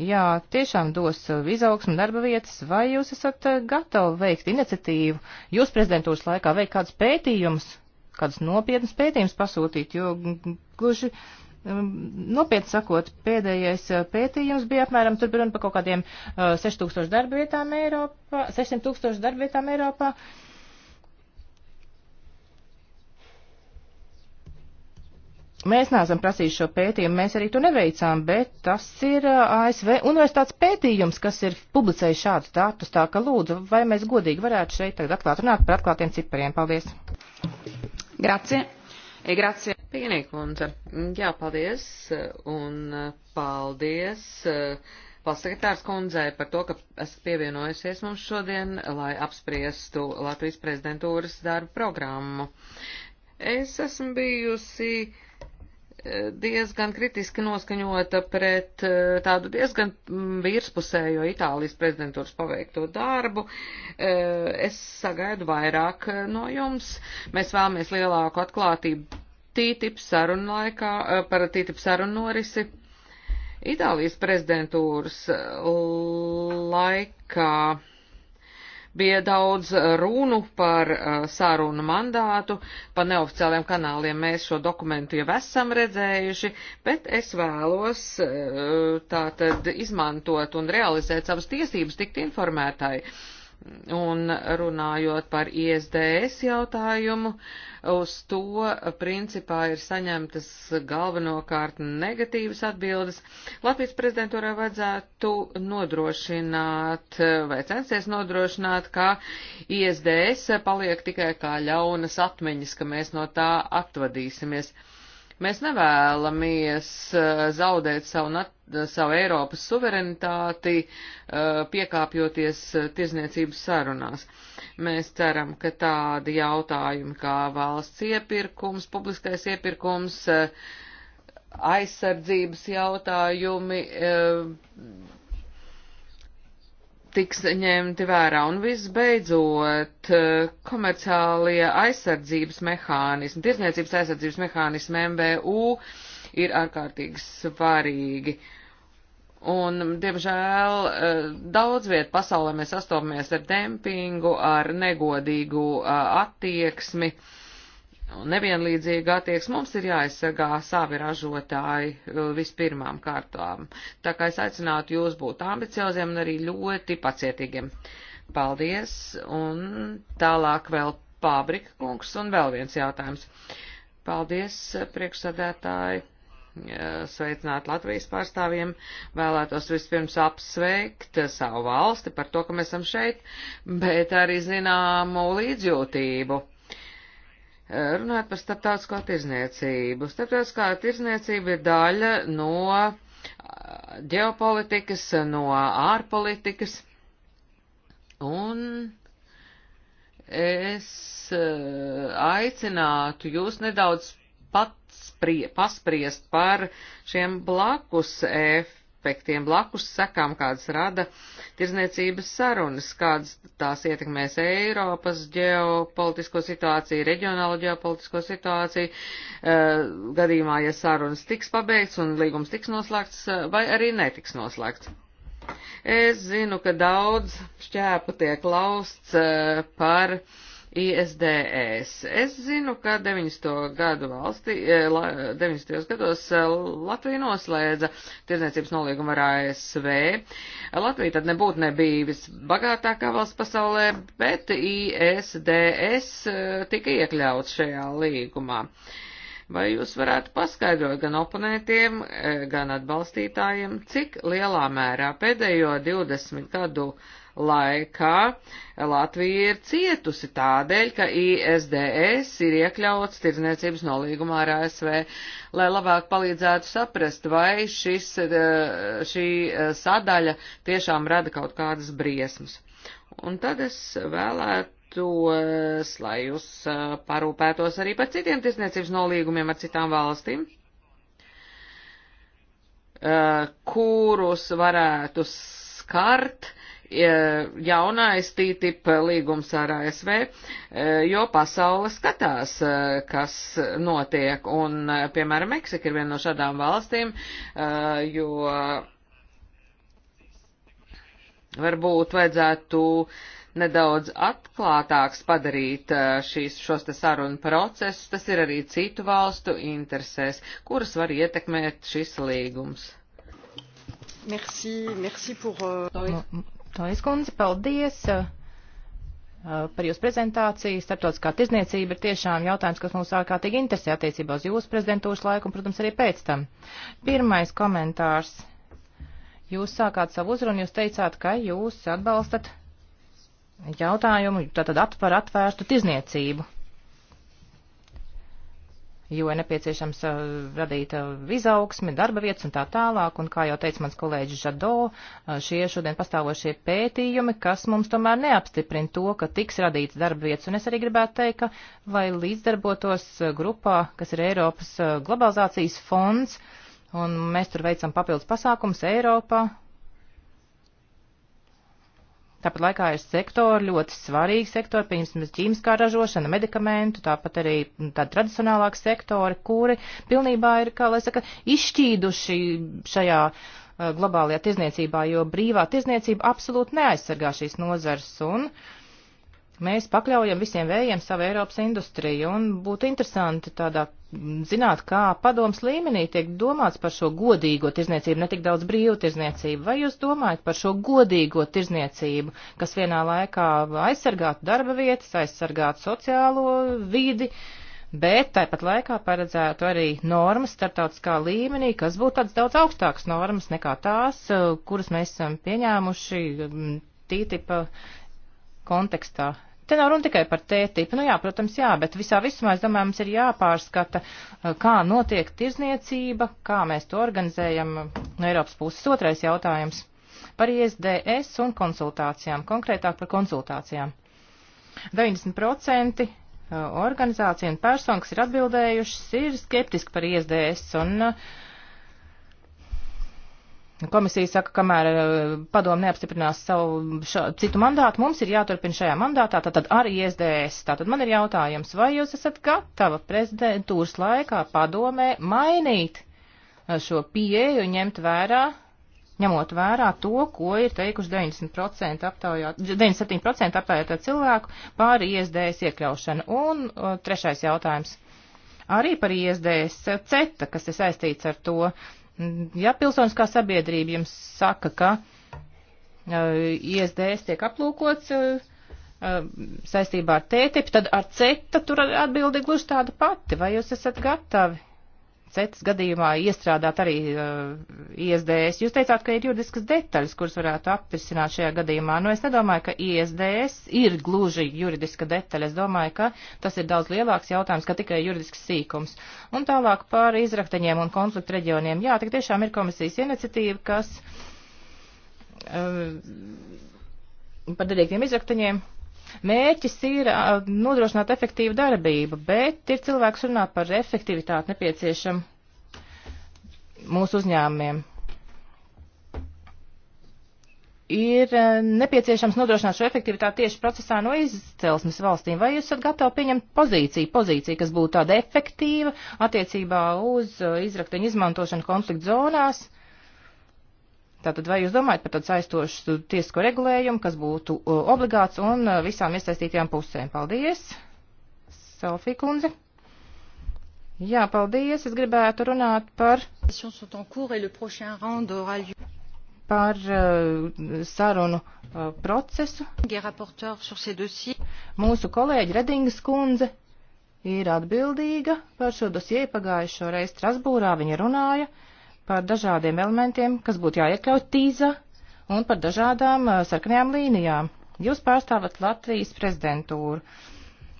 jā, tiešām dos izaugsmu darba vietas, vai jūs esat gatavi veikt iniciatīvu, jūs prezidentūras laikā veikt kādus pētījumus, kādus nopietnus pētījumus pasūtīt, jo mm, gluži Nopietni sakot, pēdējais eh, pētījums bija apmēram, tur bija runa par kaut kādiem 6000 eh, darbvietām Eiropā, 600 tūkstoši darbvietām Eiropā. Mēs neesam prasījuši šo pētījumu, mēs arī to neveicām, bet tas ir eh, ASV universitātes pētījums, kas ir publicējis šādus datus, tā ka lūdzu, vai mēs godīgi varētu šeit tagad atklāt runāt par atklātiem cipariem. Paldies! Grazie! E, grazie. Pienīkundze. Jā, paldies. Un paldies pasekretārs kundzei par to, ka esat pievienojusies mums šodien, lai apspriestu Latvijas prezidentūras darbu programmu. Es esmu bijusi diezgan kritiski noskaņota pret eh, tādu diezgan mm, virspusējo Itālijas prezidentūras paveikto darbu. Eh, es sagaidu vairāk eh, no jums. Mēs vēlamies lielāku atklātību TTIP sarunu laikā, par TTIP sarunu norisi. Itālijas prezidentūras laikā Bija daudz eh, runu par eh, sārunu mandātu, pa neoficiāliem kanāliem mēs šo dokumentu jau esam redzējuši, bet es vēlos eh, tātad izmantot un realizēt savas tiesības tikt informētāji Un runājot par ISDS jautājumu, uz to eh, principā ir saņemtas galvenokārt negatīvas atbildes. Latvijas prezidentūrai vajadzētu nodrošināt eh, vai censties nodrošināt, ka ISDS paliek tikai kā ļaunas atmiņas, ka mēs no tā atvadīsimies. Mēs nevēlamies eh, zaudēt savu, nat, savu Eiropas suverenitāti, eh, piekāpjoties eh, tirzniecības sarunās. Mēs ceram, ka tādi jautājumi kā valsts iepirkums, publiskais iepirkums, aizsardzības jautājumi tiks ņemti vērā. Un visbeidzot, komerciālie aizsardzības mehānismi, tirsniecības aizsardzības mehānismi MBU ir ārkārtīgi svarīgi. Un, diemžēl, daudz viet pasaulē mēs sastopamies ar dempingu, ar negodīgu attieksmi. Uh, Un nevienlīdzīga attieksme mums ir jāaizsargā savi ražotāji uh, vispirmām kārtām. Tā kā es aicinātu jūs būt ambicioziem un arī ļoti pacietīgiem. Paldies, un tālāk vēl Pābrika kungs un vēl viens jautājums. Paldies, priekšsadētāji, sveicināt Latvijas pārstāvjiem, vēlētos vispirms apsveikt savu valsti par to, ka mēs esam šeit, bet arī zināmu līdzjūtību Runāt par starptautisko tirzniecību. Starptautiskā tirzniecība ir daļa no ģeopolitikas, no ārpolitikas. Un es aicinātu jūs nedaudz patsprie, paspriest par šiem blakus efektiem aspektiem blakus sekām, kādas rada tirzniecības sarunas, kādas tās ietekmēs Eiropas ģeopolitisko situāciju, reģionālo ģeopolitisko situāciju, eh, gadījumā, ja sarunas tiks pabeigts un līgums tiks noslēgts eh, vai arī netiks noslēgts. Es zinu, ka daudz šķēpu tiek lausts eh, par uh, ISDS. E es zinu, ka 90. gadu valsti, 90. Eh, gados eh, Latvija noslēdza tirdzniecības nolīgumu ar ASV. Latvija tad nebūtu nebija visbagātākā valsts pasaulē, bet ISDS e eh, tika iekļauts šajā līgumā. Vai jūs varētu paskaidrot gan oponentiem, gan atbalstītājiem, cik lielā mērā pēdējo 20 gadu laikā Latvija ir cietusi tādēļ, ka ISDS ir iekļauts tirdzniecības nolīgumā ar ASV, lai labāk palīdzētu saprast, vai šis, eh, šī eh, sadaļa tiešām rada kaut kādas briesmas. Un tad es vēlētu tos, lai jūs eh, parūpētos arī par citiem tirsniecības nolīgumiem ar citām valstīm, kurus varētu skart jaunais TTIP līgums ar ASV, e, jo pasaule skatās, e, kas notiek. Un, e, piemēram, Meksika ir viena no šādām valstīm, jo varbūt vajadzētu nedaudz atklātāks padarīt šīs, šos te sarunu procesus. Tas ir arī citu valstu interesēs, kuras var ietekmēt šis līgums. Merci, merci pour... Uh... Tojas kundze, paldies uh, uh, par jūsu prezentāciju. Startautiskā tirzniecība ir tiešām jautājums, kas mūs ārkārtīgi interesē attiecībā uz jūsu prezidentūras laiku un, protams, arī pēc tam. Pirmais komentārs. Jūs sākāt savu uzrunu, jūs teicāt, ka jūs atbalstat jautājumu tātad at par atvērstu tirzniecību jo ir nepieciešams eh, radīt eh, izaugsmi, darba vietas un tā tālāk, un kā jau teica mans kolēģis Žado, eh, šie šodien pastāvošie pētījumi, kas mums tomēr neapstiprina to, ka tiks radīts darba vietas, un es arī gribētu teikt, ka lai līdzdarbotos grupā, kas ir Eiropas globalizācijas fonds, un mēs tur veicam papildus pasākums Eiropā, Tāpat laikā ir sektori, ļoti svarīgi sektori, piemēram, ķīmiskā ražošana, medikamentu, tāpat arī nu, tādi tradicionālāki sektori, kuri pilnībā ir, kā lai saka, izšķīduši šajā uh, globālajā tirzniecībā, jo brīvā tirzniecība absolūti neaizsargā šīs nozars un uh, Mēs pakļaujam visiem vējiem savu Eiropas industriju, un būtu interesanti tādā zināt, kā padoms līmenī tiek domāts par šo godīgo tirzniecību, ne tik daudz brīvu tirzniecību. Vai jūs domājat par šo godīgo tirzniecību, kas vienā laikā aizsargātu darba vietas, aizsargātu sociālo vidi, bet tāpat laikā paredzētu arī normas startautiskā līmenī, kas būtu tāds daudz augstāks normas nekā tās, eh, kuras mēs esam pieņēmuši mm, tītipa kontekstā. Te nav runa tikai par tētību. Nu jā, protams, jā, bet visā visumā, es domāju, mums ir jāpārskata, uh, kā notiek tirzniecība, kā mēs to organizējam uh, no Eiropas puses. Otrais jautājums par ISDS un konsultācijām, konkrētāk par konsultācijām. 90% uh, organizācija un persona, kas ir atbildējušas, ir skeptiski par ISDS, un Komisija saka, kamēr eh, padomu neapstiprinās savu šo, citu mandātu, mums ir jāturpina šajā mandātā, tātad ar ISDS. Tātad man ir jautājums, vai jūs esat gatava prezidentūras laikā padomē mainīt eh, šo pieeju, ņemt vērā, ņemot vērā to, ko ir teikuši 90% aptaujāt, 97% aptaujātā cilvēku pār ISDS iekļaušanu. Un o, eh, trešais jautājums arī par ISDS CETA, kas ir saistīts ar to. Ja pilsoniskā sabiedrība jums saka, ka uh, eh, ISDS tiek aplūkots uh, uh, saistībā ar TTIP, tad ar CETA tur atbildi gluži tāda pati. Vai jūs esat gatavi CETS gadījumā iestrādāt arī uh, ISDS. Jūs teicāt, ka ir juridiskas detaļas, kuras varētu atrisināt šajā gadījumā. Nu, es nedomāju, ka ISDS ir gluži juridiska detaļa. Es domāju, ka tas ir daudz lielāks jautājums, ka tikai juridisks sīkums. Un tālāk par izraktaņiem un konfliktu reģioniem. Jā, tik tiešām ir komisijas iniciatīva, kas uh, par derīgiem izraktaņiem Mērķis ir nodrošināt efektīvu darbību, bet ir cilvēks runā par efektivitāti nepieciešam mūsu uzņēmumiem. Ir nepieciešams nodrošināt šo efektivitāti tieši procesā no izcelsmes valstīm. Vai jūs esat gatavi pieņemt pozīciju, pozīciju, kas būtu tāda efektīva attiecībā uz izrakteņu izmantošanu konflikt zonās? Tātad vai jūs domājat par tādu saistošu tiesisko regulējumu, kas būtu uh, obligāts un uh, visām iesaistītajām pusēm? Paldies! Sofija kundze. Jā, paldies. Es gribētu runāt par. Par uh, sarunu uh, procesu. Mūsu kolēģi Redingas kundze ir atbildīga par šo dosieju pagājušo reizi Strasbūrā. Viņa runāja uh, par dažādiem elementiem, kas būtu jāiekļauj tīza un par dažādām eh, sarkanajām līnijām. Jūs pārstāvat Latvijas prezidentūru. Uh,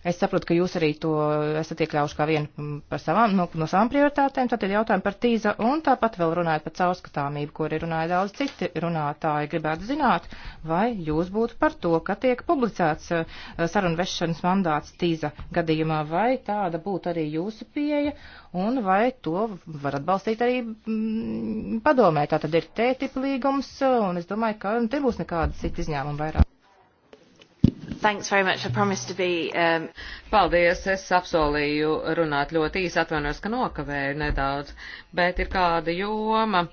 Es saprotu, ka jūs arī to esat iekļaujuši kā vienu par savām, no, nu, no savām prioritātēm. Tad ir jautājumi par tīza un tāpat vēl runājot par caurskatāmību, kur ir runāja daudz citi runātāji. Gribētu zināt, vai jūs būtu par to, ka tiek publicēts eh, sarunvešanas mandāts tīza gadījumā, vai tāda būtu arī jūsu pieeja un vai to var atbalstīt arī mm, padomē. Tā tad ir tētiplīgums un es domāju, ka nu, te būs nekāda cita izņēmuma vairāk. Thanks very much. I promise to be. Um... Paldies. Es apsolīju runāt ļoti īsi. Atvainojos, ka nokavēju nedaudz, bet ir kāda joma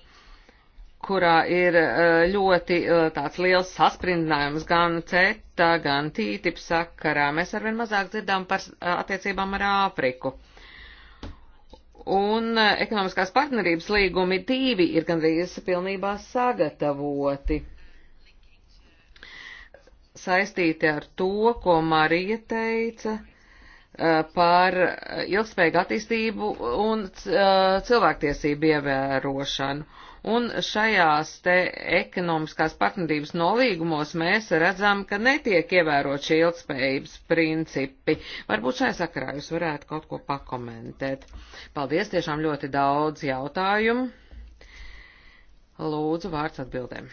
kurā ir uh, ļoti uh, tāds liels sasprintinājums gan CETA, gan TTIP sakarā. Mēs arvien mazāk dzirdām par uh, attiecībām ar Āfriku. Un ekonomiskās partnerības līgumi divi ir gandrīz pilnībā sagatavoti saistīti ar to, ko Marija teica eh, par eh, ilgspējīgu attīstību un eh, cilvēktiesību ievērošanu. Un šajās te ekonomiskās partnerības nolīgumos mēs redzam, ka netiek ievērot šie ilgspējības principi. Varbūt šai sakarā jūs varētu kaut ko pakomentēt. Paldies, tiešām ļoti daudz jautājumu. Lūdzu, vārds atbildēm.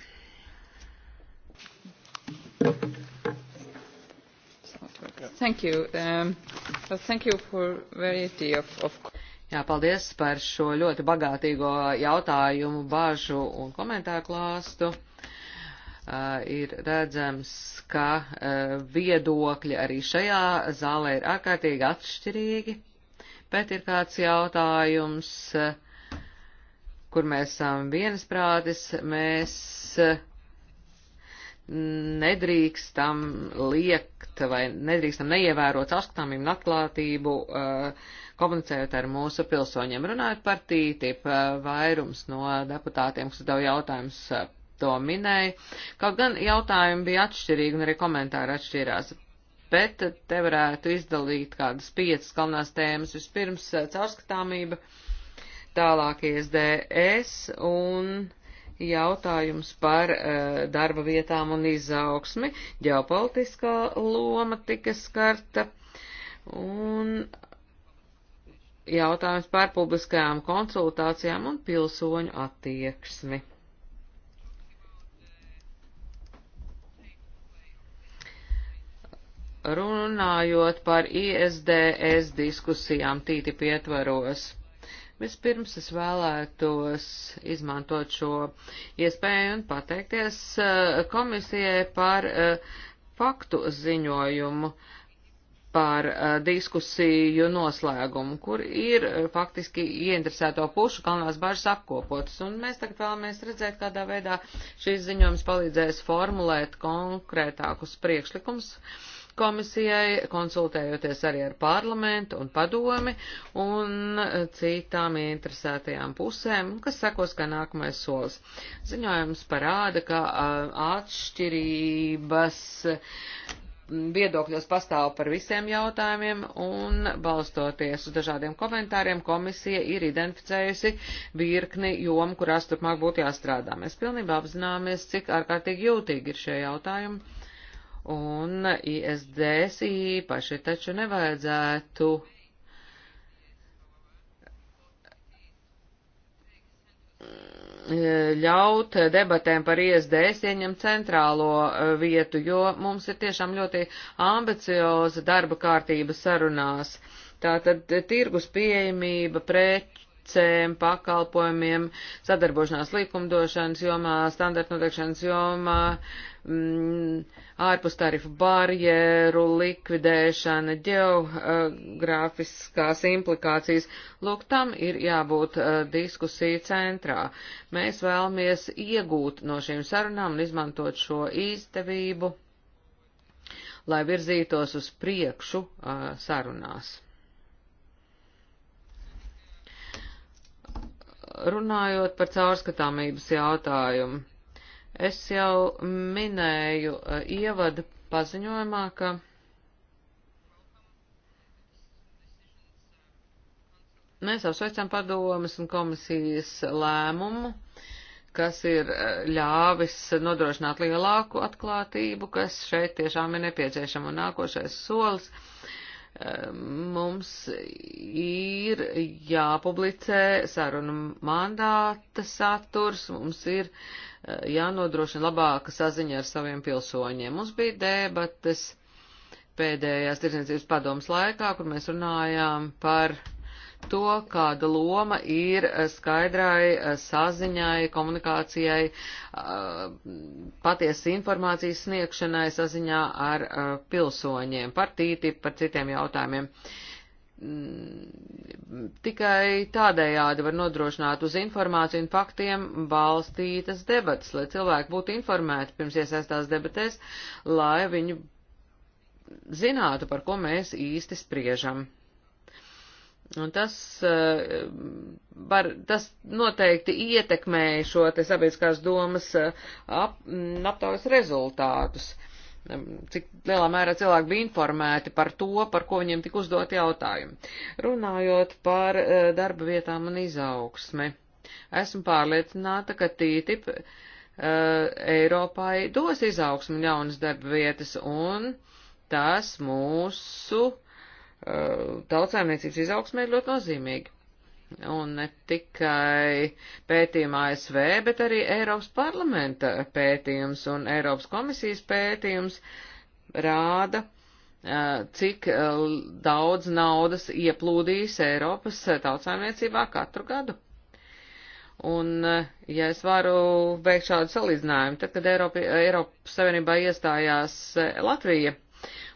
Thank you. Um, well, thank you for variety of, of... Jā, paldies par šo ļoti bagātīgo jautājumu, bāžu un komentāru klāstu. Uh, ir redzams, ka uh, viedokļi arī šajā zālē ir ārkārtīgi atšķirīgi, bet ir kāds jautājums, uh, kur mēs esam vienasprātis, mēs uh, nedrīkstam liekt vai nedrīkstam neievērot caurskatāmību un atklātību, eh, komunicējot ar mūsu pilsoņiem. Runājot par tītip, eh, vairums no deputātiem, kas tev jautājums eh, to minēja, kaut gan jautājumi bija atšķirīgi un arī komentāri atšķirās. Bet te varētu izdalīt kādas piecas galvenās tēmas. Vispirms caurskatāmība, tālāk ISDS un jautājums par uh, darba vietām un izaugsmi, ģeopolitiskā loma tika skarta, un jautājums par publiskajām konsultācijām un pilsoņu attieksmi. Runājot par ISDS diskusijām tīti pietvaros Vispirms es vēlētos izmantot šo iespēju un pateikties eh, komisijai par eh, faktu ziņojumu par eh, diskusiju noslēgumu, kur ir faktiski ieinteresēto pušu galvenās bažas apkopotas. Un mēs tagad vēlamies redzēt, kādā veidā šīs ziņojums palīdzēs formulēt konkrētākus priekšlikumus. Uh, komisijai, konsultējoties arī ar parlamentu un padomi un citām interesētajām pusēm, kas sekos kā nākamais solis. Ziņojums parāda, ka atšķirības viedokļos pastāv par visiem jautājumiem un balstoties uz dažādiem komentāriem komisija ir identificējusi virkni jomu, kurās turpmāk būtu jāstrādā. Mēs pilnībā apzināmies, cik ārkārtīgi jūtīgi ir šie jautājumi un ISDS īpaši, taču nevajadzētu ļaut debatēm par ISDS ieņemt centrālo eh, vietu, jo mums ir tiešām ļoti ambicioza darba kārtība sarunās. Tātad tirgus pieejamība, preču precēm, pakalpojumiem, sadarbošanās likumdošanas jomā, standarta noteikšanas jomā, m, mm, ārpus tarifu barjeru, likvidēšana, geogrāfiskās implikācijas. Lūk, tam ir jābūt uh, diskusija centrā. Mēs vēlamies iegūt no šīm sarunām un izmantot šo izdevību, lai virzītos uz priekšu uh, sarunās. runājot par caurskatāmības jautājumu, es jau minēju e, ievada paziņojumā, ka mēs apsveicam padomas un komisijas lēmumu, kas ir e, ļāvis nodrošināt lielāku atklātību, kas šeit tiešām ir nepieciešama un nākošais solis. Uh, mums ir jāpublicē sarunu mandāta saturs, mums ir eh, jānodrošina labāka saziņa ar saviem pilsoņiem. Mums bija debates pēdējās tirdzniecības padomas laikā, kur mēs runājām par uh, to, kāda loma ir eh, skaidrai eh, saziņai, komunikācijai, eh, patiesa informācijas sniegšanai saziņā ar pilsoņiem par tīti, par citiem jautājumiem. Mm, tikai tādējādi var nodrošināt uz informāciju un faktiem balstītas debatas, lai cilvēki būtu informēti pirms iesaistās debatēs, lai viņi zinātu, par ko mēs īsti spriežam. Un tas, eh, var, tas noteikti ietekmēja šo te sabiedriskās domas eh, ap, mm, aptaujas rezultātus. Cik lielā mērā cilvēki bija informēti par to, par ko viņiem tika uzdot jautājumi. Runājot par eh, darba vietām un izaugsmi, esmu pārliecināta, ka TTIP uh, Eiropai dos izaugsmi jaunas darba vietas un tas mūsu uh, Eh, tautsājumniecības izaugsmē ir ļoti nozīmīga. Un ne tikai pētījuma ASV, bet arī Eiropas parlamenta pētījums un Eiropas komisijas pētījums rāda, eh, cik eh, daudz naudas ieplūdīs Eiropas tautsājumniecībā katru gadu. Un, ja es varu veikt šādu salīdzinājumu, tad, kad Eiropa, Eiropas Savienībā iestājās Latvija,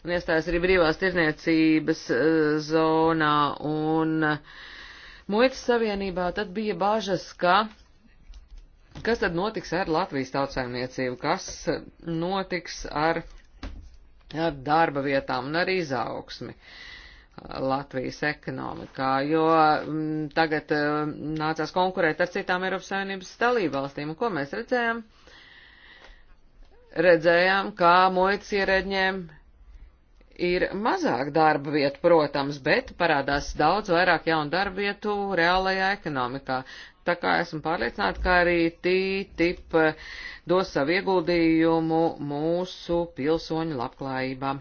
un iestājas arī brīvās tirniecības eh, zonā un eh, muitas savienībā, tad bija bažas, ka kas tad notiks ar Latvijas tautsājumniecību, kas eh, notiks ar, ar darba vietām un ar izaugsmi. Latvijas ekonomikā, jo m, mm, tagad m, nācās konkurēt ar citām Eiropas Savienības dalībvalstīm. Ko mēs redzējām? Redzējām, kā muitas ierēģiem ir mazāk darba vietu, protams, bet parādās daudz vairāk jaunu darba vietu reālajā ekonomikā. Tā kā esmu pārliecināta, ka arī TTIP dos savu ieguldījumu mūsu pilsoņu labklājībā.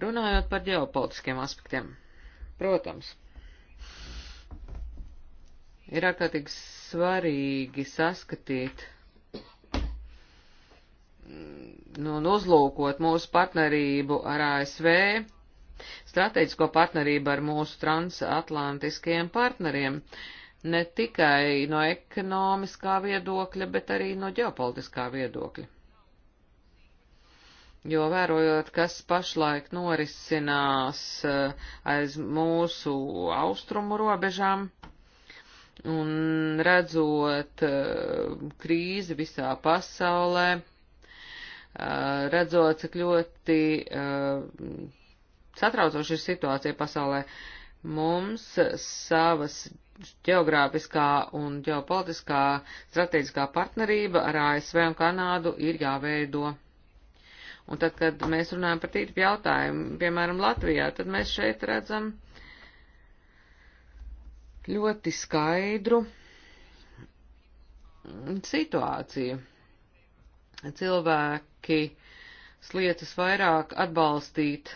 Runājot par ģeopolitiskiem aspektiem, protams, ir ārkārtīgi svarīgi saskatīt Mm, nu, uzlūkot mūsu partnerību ar ASV, strateģisko partnerību ar mūsu transatlantiskajiem partneriem, ne tikai no ekonomiskā viedokļa, bet arī no ģeopolitiskā viedokļa. Jo vērojot, kas pašlaik norisinās eh, aiz mūsu austrumu robežām, un redzot eh, krīzi visā pasaulē, redzot, cik ļoti satraucoši ir situācija pasaulē. Mums savas ģeogrāfiskā un ģeopolitiskā strateģiskā partnerība ar ASV un Kanādu ir jāveido. Un tad, kad mēs runājam par tīrpu jautājumu, piemēram, Latvijā, tad mēs šeit redzam ļoti skaidru situāciju cilvēki sliecas vairāk atbalstīt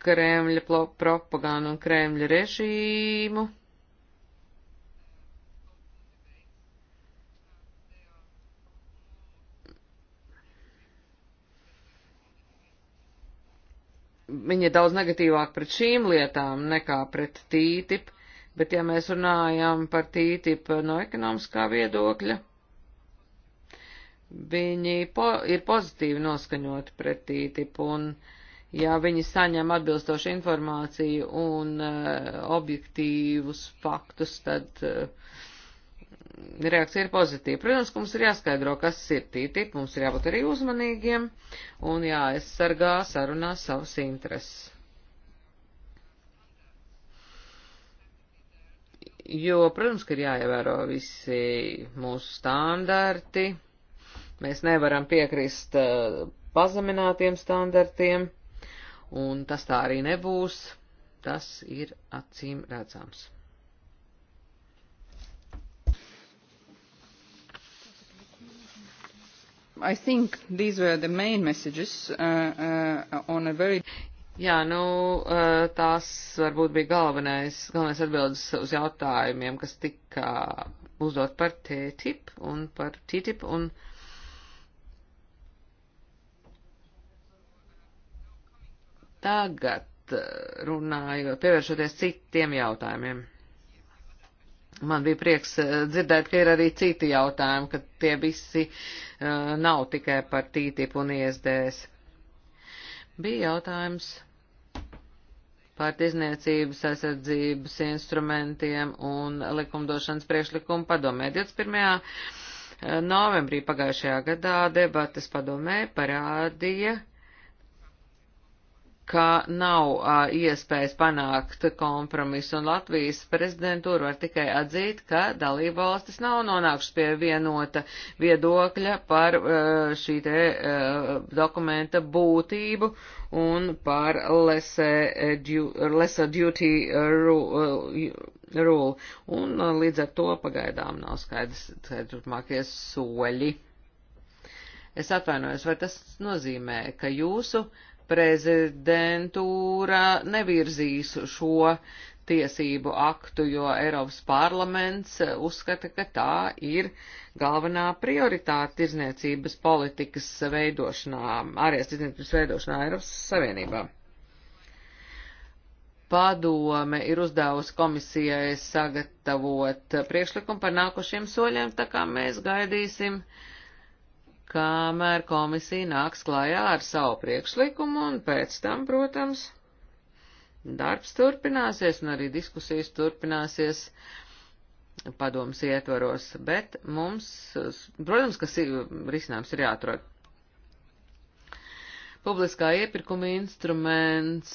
Kremļa propagandu un Kremļa režīmu. Viņa ir daudz negatīvāk pret šīm lietām nekā pret tītip. Bet ja mēs runājam par TTIP no ekonomiskā viedokļa, viņi po ir pozitīvi noskaņoti pret TTIP un ja viņi saņem atbilstošu informāciju un uh, objektīvus faktus, tad uh, reakcija ir pozitīva. Protams, ka mums ir jāskaidro, kas ir TTIP, mums ir jābūt arī uzmanīgiem un jāaizsargā sarunās savas intereses. jo, protams, ka ir jāievēro visi mūsu standarti. Mēs nevaram piekrist uh, pazeminātiem standartiem, un tas tā arī nebūs. Tas ir acīm redzams. I think these were the main messages uh, uh, on a very Jā, nu, eh, tās varbūt bija galvenais, galvenais atbildes uz jautājumiem, kas tika uzdot par TTIP un par TTIP un. Tagad eh, runājot, pievēršoties citiem jautājumiem. Man bija prieks eh, dzirdēt, ka ir arī citi jautājumi, ka tie visi uh, nav tikai par TTIP un ISDS. Bija jautājums pār tirzniecības aizsardzības instrumentiem un likumdošanas priekšlikumu padomē. 21. Eh, novembrī pagājušajā gadā debatas padomē parādīja, ka nav a, iespējas panākt kompromisu, un Latvijas prezidentūra var tikai atzīt, ka dalībvalstis nav nonākušas pie vienota viedokļa par a, šī te a, dokumenta būtību un par lesser, du, lesser duty rule, rule. Un a, līdz ar to pagaidām nav skaidrs, skaidrs turpmākie soļi. Es atvainojos, vai tas nozīmē, ka jūsu uh, prezidentūra nevirzīs šo tiesību aktu, jo Eiropas parlaments uzskata, ka tā ir galvenā prioritāte tirzniecības politikas veidošanā, ārējās tirzniecības veidošanā Eiropas Savienībā. Padome ir uzdevusi komisijai sagatavot priekšlikumu par nākošiem soļiem, tā kā mēs gaidīsim uh, kamēr komisija nāks klajā ar savu priekšlikumu, un pēc tam, protams, darbs turpināsies, un arī diskusijas turpināsies padomas ietvaros, bet mums, protams, ka risinājums ir jāatrod. Publiskā iepirkuma instruments,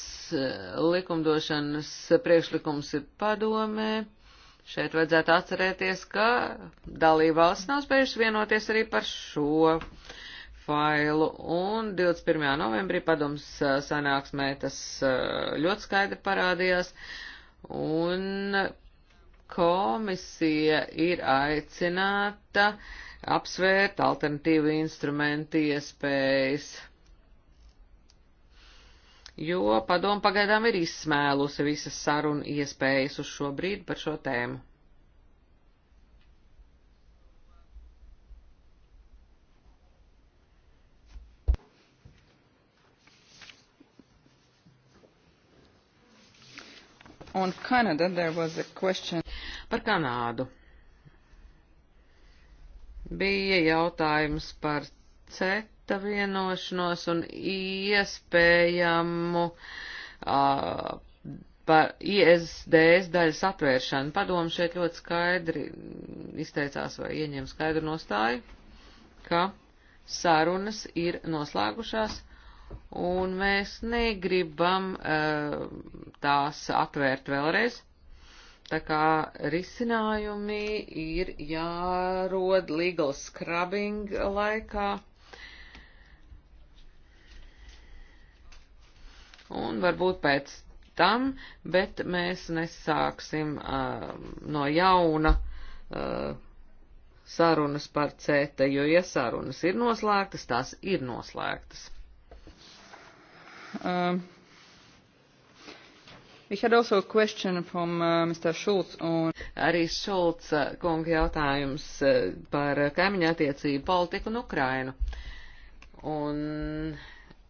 likumdošanas priekšlikums ir padomē, Šeit vajadzētu atcerēties, ka dalībvalsts nav spējušas vienoties arī par šo failu, un 21. novembrī padoms sanāksmē tas ļoti skaidri parādījās, un komisija ir aicināta apsvērt alternatīvu instrumentu iespējas. Ja jo padomu pagaidām ir izsmēlusi visas sarunu iespējas uz šo brīdi par šo tēmu. On Canada there was a question. Par Kanādu. Bija jautājums par CETA CETA vienošanos un iespējamu uh, par ISDS daļas atvēršanu. Padomu šeit ļoti skaidri izteicās vai ieņem skaidru nostāju, ka sarunas ir noslēgušās un mēs negribam uh, tās atvērt vēlreiz. Tā kā risinājumi ir jārod legal scrubbing laikā un varbūt pēc tam, bet mēs nesāksim uh, no jauna uh, sarunas par CETA, jo, ja sarunas ir noslēgtas, tās ir noslēgtas. Um. We had also a question from uh, Mr. Schulz on... Arī Šulc uh, kunga jautājums uh, par kaimiņa attiecību politiku un Ukrainu. Un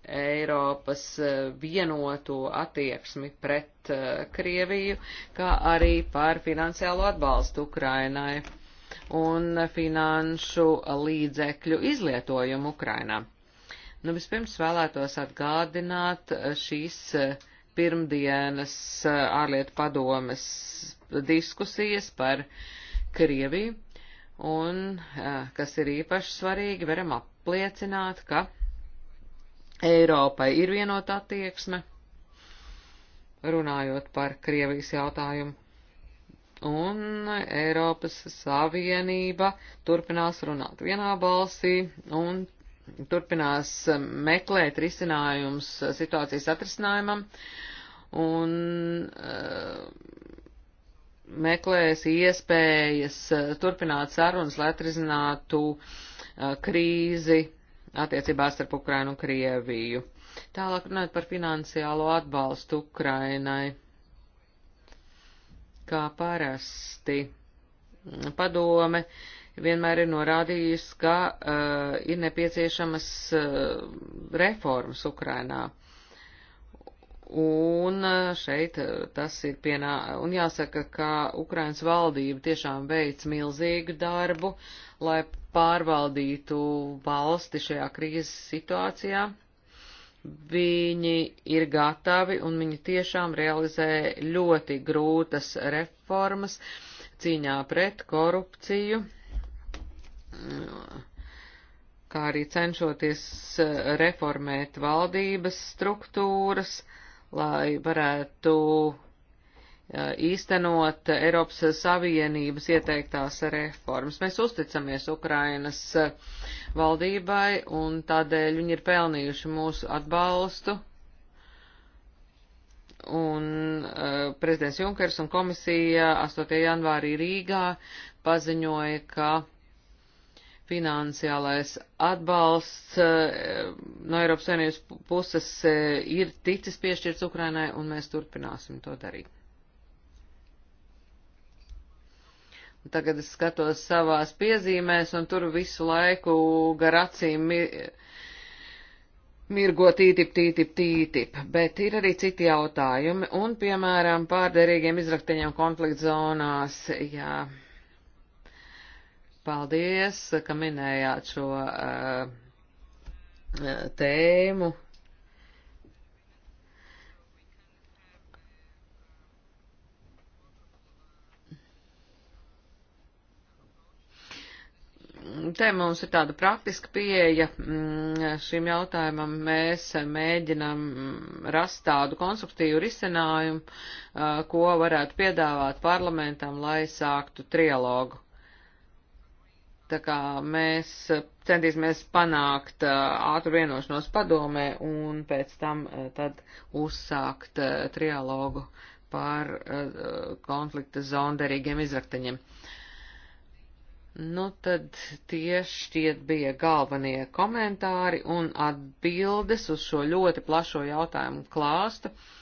Eiropas eh, vienoto attieksmi pret eh, Krieviju, kā arī par finansiālo atbalstu Ukrainai un finanšu līdzekļu izlietojumu Ukrainā. Nu, vispirms vēlētos atgādināt eh, šīs pirmdienas ārlietu padomes diskusijas par Krieviju, un, kas ir īpaši svarīgi, varam apliecināt, ka Eiropai ir vienota attieksme, runājot par Krievijas jautājumu. Un Eiropas Savienība turpinās runāt vienā balsī un turpinās meklēt risinājums situācijas atrisinājumam un uh, meklēs iespējas turpināt sarunas, lai atrisinātu uh, krīzi attiecībās starp Ukrainu un Krieviju. Tālāk runājot par finansiālo atbalstu Ukrainai. Kā parasti padome vienmēr ir norādījusi, ka uh, ir nepieciešamas uh, reformas Ukrainā. Uh, Un e, šeit e, tas ir pienā, un jāsaka, ka Ukrainas valdība tiešām veic milzīgu darbu, lai pārvaldītu valsti šajā krīzes situācijā. Viņi ir gatavi un viņi tiešām realizē ļoti grūtas reformas cīņā pret korupciju kā arī cenšoties e, reformēt valdības struktūras, uh, lai varētu īstenot Eiropas Savienības ieteiktās reformas. Mēs uzticamies Ukrainas valdībai un tādēļ viņi ir pelnījuši mūsu atbalstu. Un uh, prezidents Junkers un komisija 8. janvārī Rīgā paziņoja, ka finansiālais atbalsts eh, no Eiropas Savienības puses eh, ir ticis piešķirts Ukrainai, un mēs turpināsim to darīt. Un tagad es skatos savās piezīmēs, un tur visu laiku gar acīm mir, mirgo tītip, tītip, tītip, bet ir arī citi jautājumi, un piemēram pārderīgiem izrakteņiem konflikt zonās, jā. Ja Paldies, ka minējāt šo uh, tēmu. te mums ir tāda praktiska pieeja mm, šim jautājumam. Mēs mēģinam mm, rast tādu konstruktīvu risinājumu, eh, ko varētu piedāvāt parlamentam, lai sāktu trialogu. Tā kā mēs centīsimies panākt ātru vienošanos padomē un pēc tam tad uzsākt trialogu par konflikta zonderīgiem izraktaņiem. Nu tad tie šķiet bija galvenie komentāri un atbildes uz šo ļoti plašo jautājumu klāstu. Uh,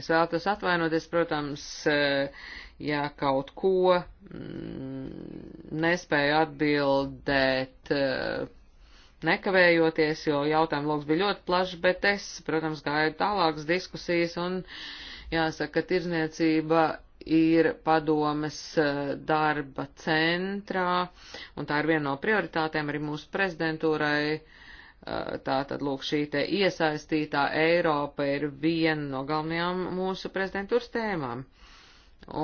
Es vēlētos atvainoties, protams, eh, ja kaut ko mm, nespēju atbildēt eh, nekavējoties, jo jautājumu loks bija ļoti plašs, bet es, protams, gāju tālākas diskusijas un jāsaka, ka tirzniecība ir padomes eh, darba centrā, un tā ir viena no prioritātēm arī mūsu prezidentūrai Eh, Tātad, lūk, šī te iesaistītā Eiropa ir viena no galvenajām mūsu prezidentūras tēmām.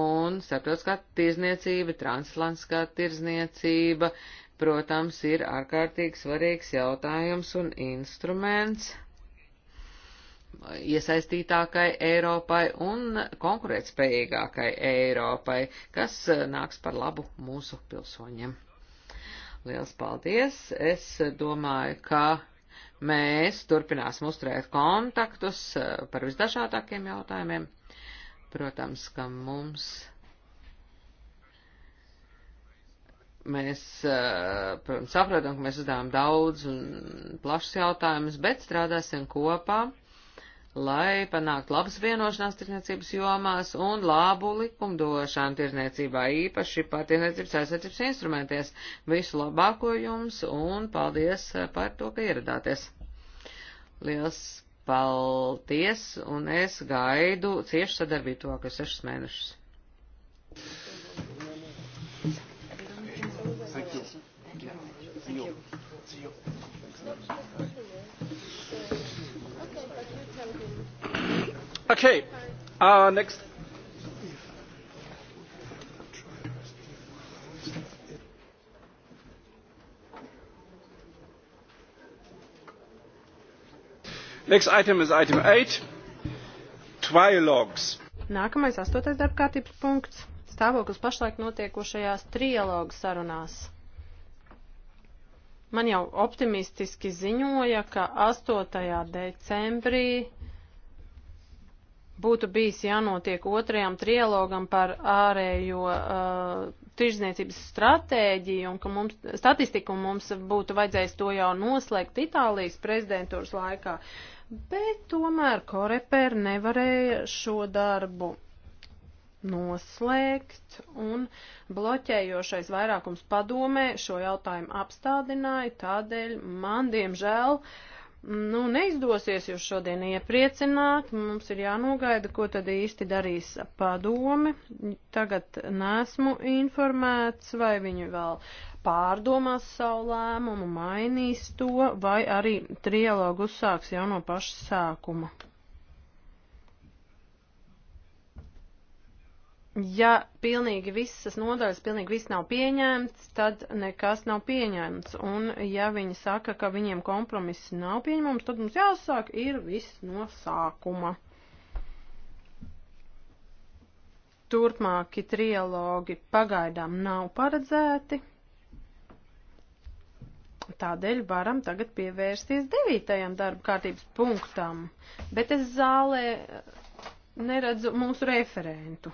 Un starptautiskā tirzniecība, translantiskā tirzniecība, protams, ir ārkārtīgi svarīgs jautājums un instruments iesaistītākai Eiropai un konkurētspējīgākai Eiropai, kas eh, nāks par labu mūsu pilsoņiem. Liels paldies! Es domāju, ka Mēs turpināsim uzturēt kontaktus eh, par visdažādākiem jautājumiem. Protams, ka mums. mēs, eh, protams, saprotam, ka mēs uzdevām daudz un plašs jautājumus, bet strādāsim kopā lai panāktu labas vienošanās tirniecības jomās un labu likumdošanu tirniecībā, īpaši par tirniecības aizsardzības instrumenties. Visu labāko jums un paldies eh, par to, ka ieradāties. Liels paldies un es gaidu ciešu sadarbību tuvākos sešus mēnešus. Thank you. Thank you. See you. See you. Okay. Uh, next. Next item is item 8. Trialogs. Nākamais astotais darbkārtības punkts - stāvoklis pašlaik notiekošajās trialogu sarunās. Man jau optimistiski ziņoja, ka 8. decembrī būtu bijis jānotiek otrajam trialogam par ārējo uh, tirzniecības stratēģiju un ka mums, statistiku mums būtu vajadzējis to jau noslēgt Itālijas prezidentūras laikā. Bet tomēr Koreper nevarēja šo darbu noslēgt, un bloķējošais vairākums padomē šo jautājumu apstādināja, tādēļ man, diemžēl, uh, nu, neizdosies jūs šodien iepriecināt, mums ir jānogaida, ko tad īsti darīs padome. Tagad nesmu informēts, vai viņi vēl pārdomās savu lēmumu, mainīs to, vai arī trialogu uzsāks jau no paša sākuma. ja pilnīgi visas nodaļas, pilnīgi viss nav pieņēmts, tad nekas nav pieņēmts. Un ja viņi saka, ka viņiem kompromiss nav pieņemams, tad mums jāsāk ir viss no sākuma. Turpmāki trialogi pagaidām nav paredzēti. Tādēļ varam tagad pievērsties devītajam darba kārtības punktam, bet es zālē neredzu mūsu referentu.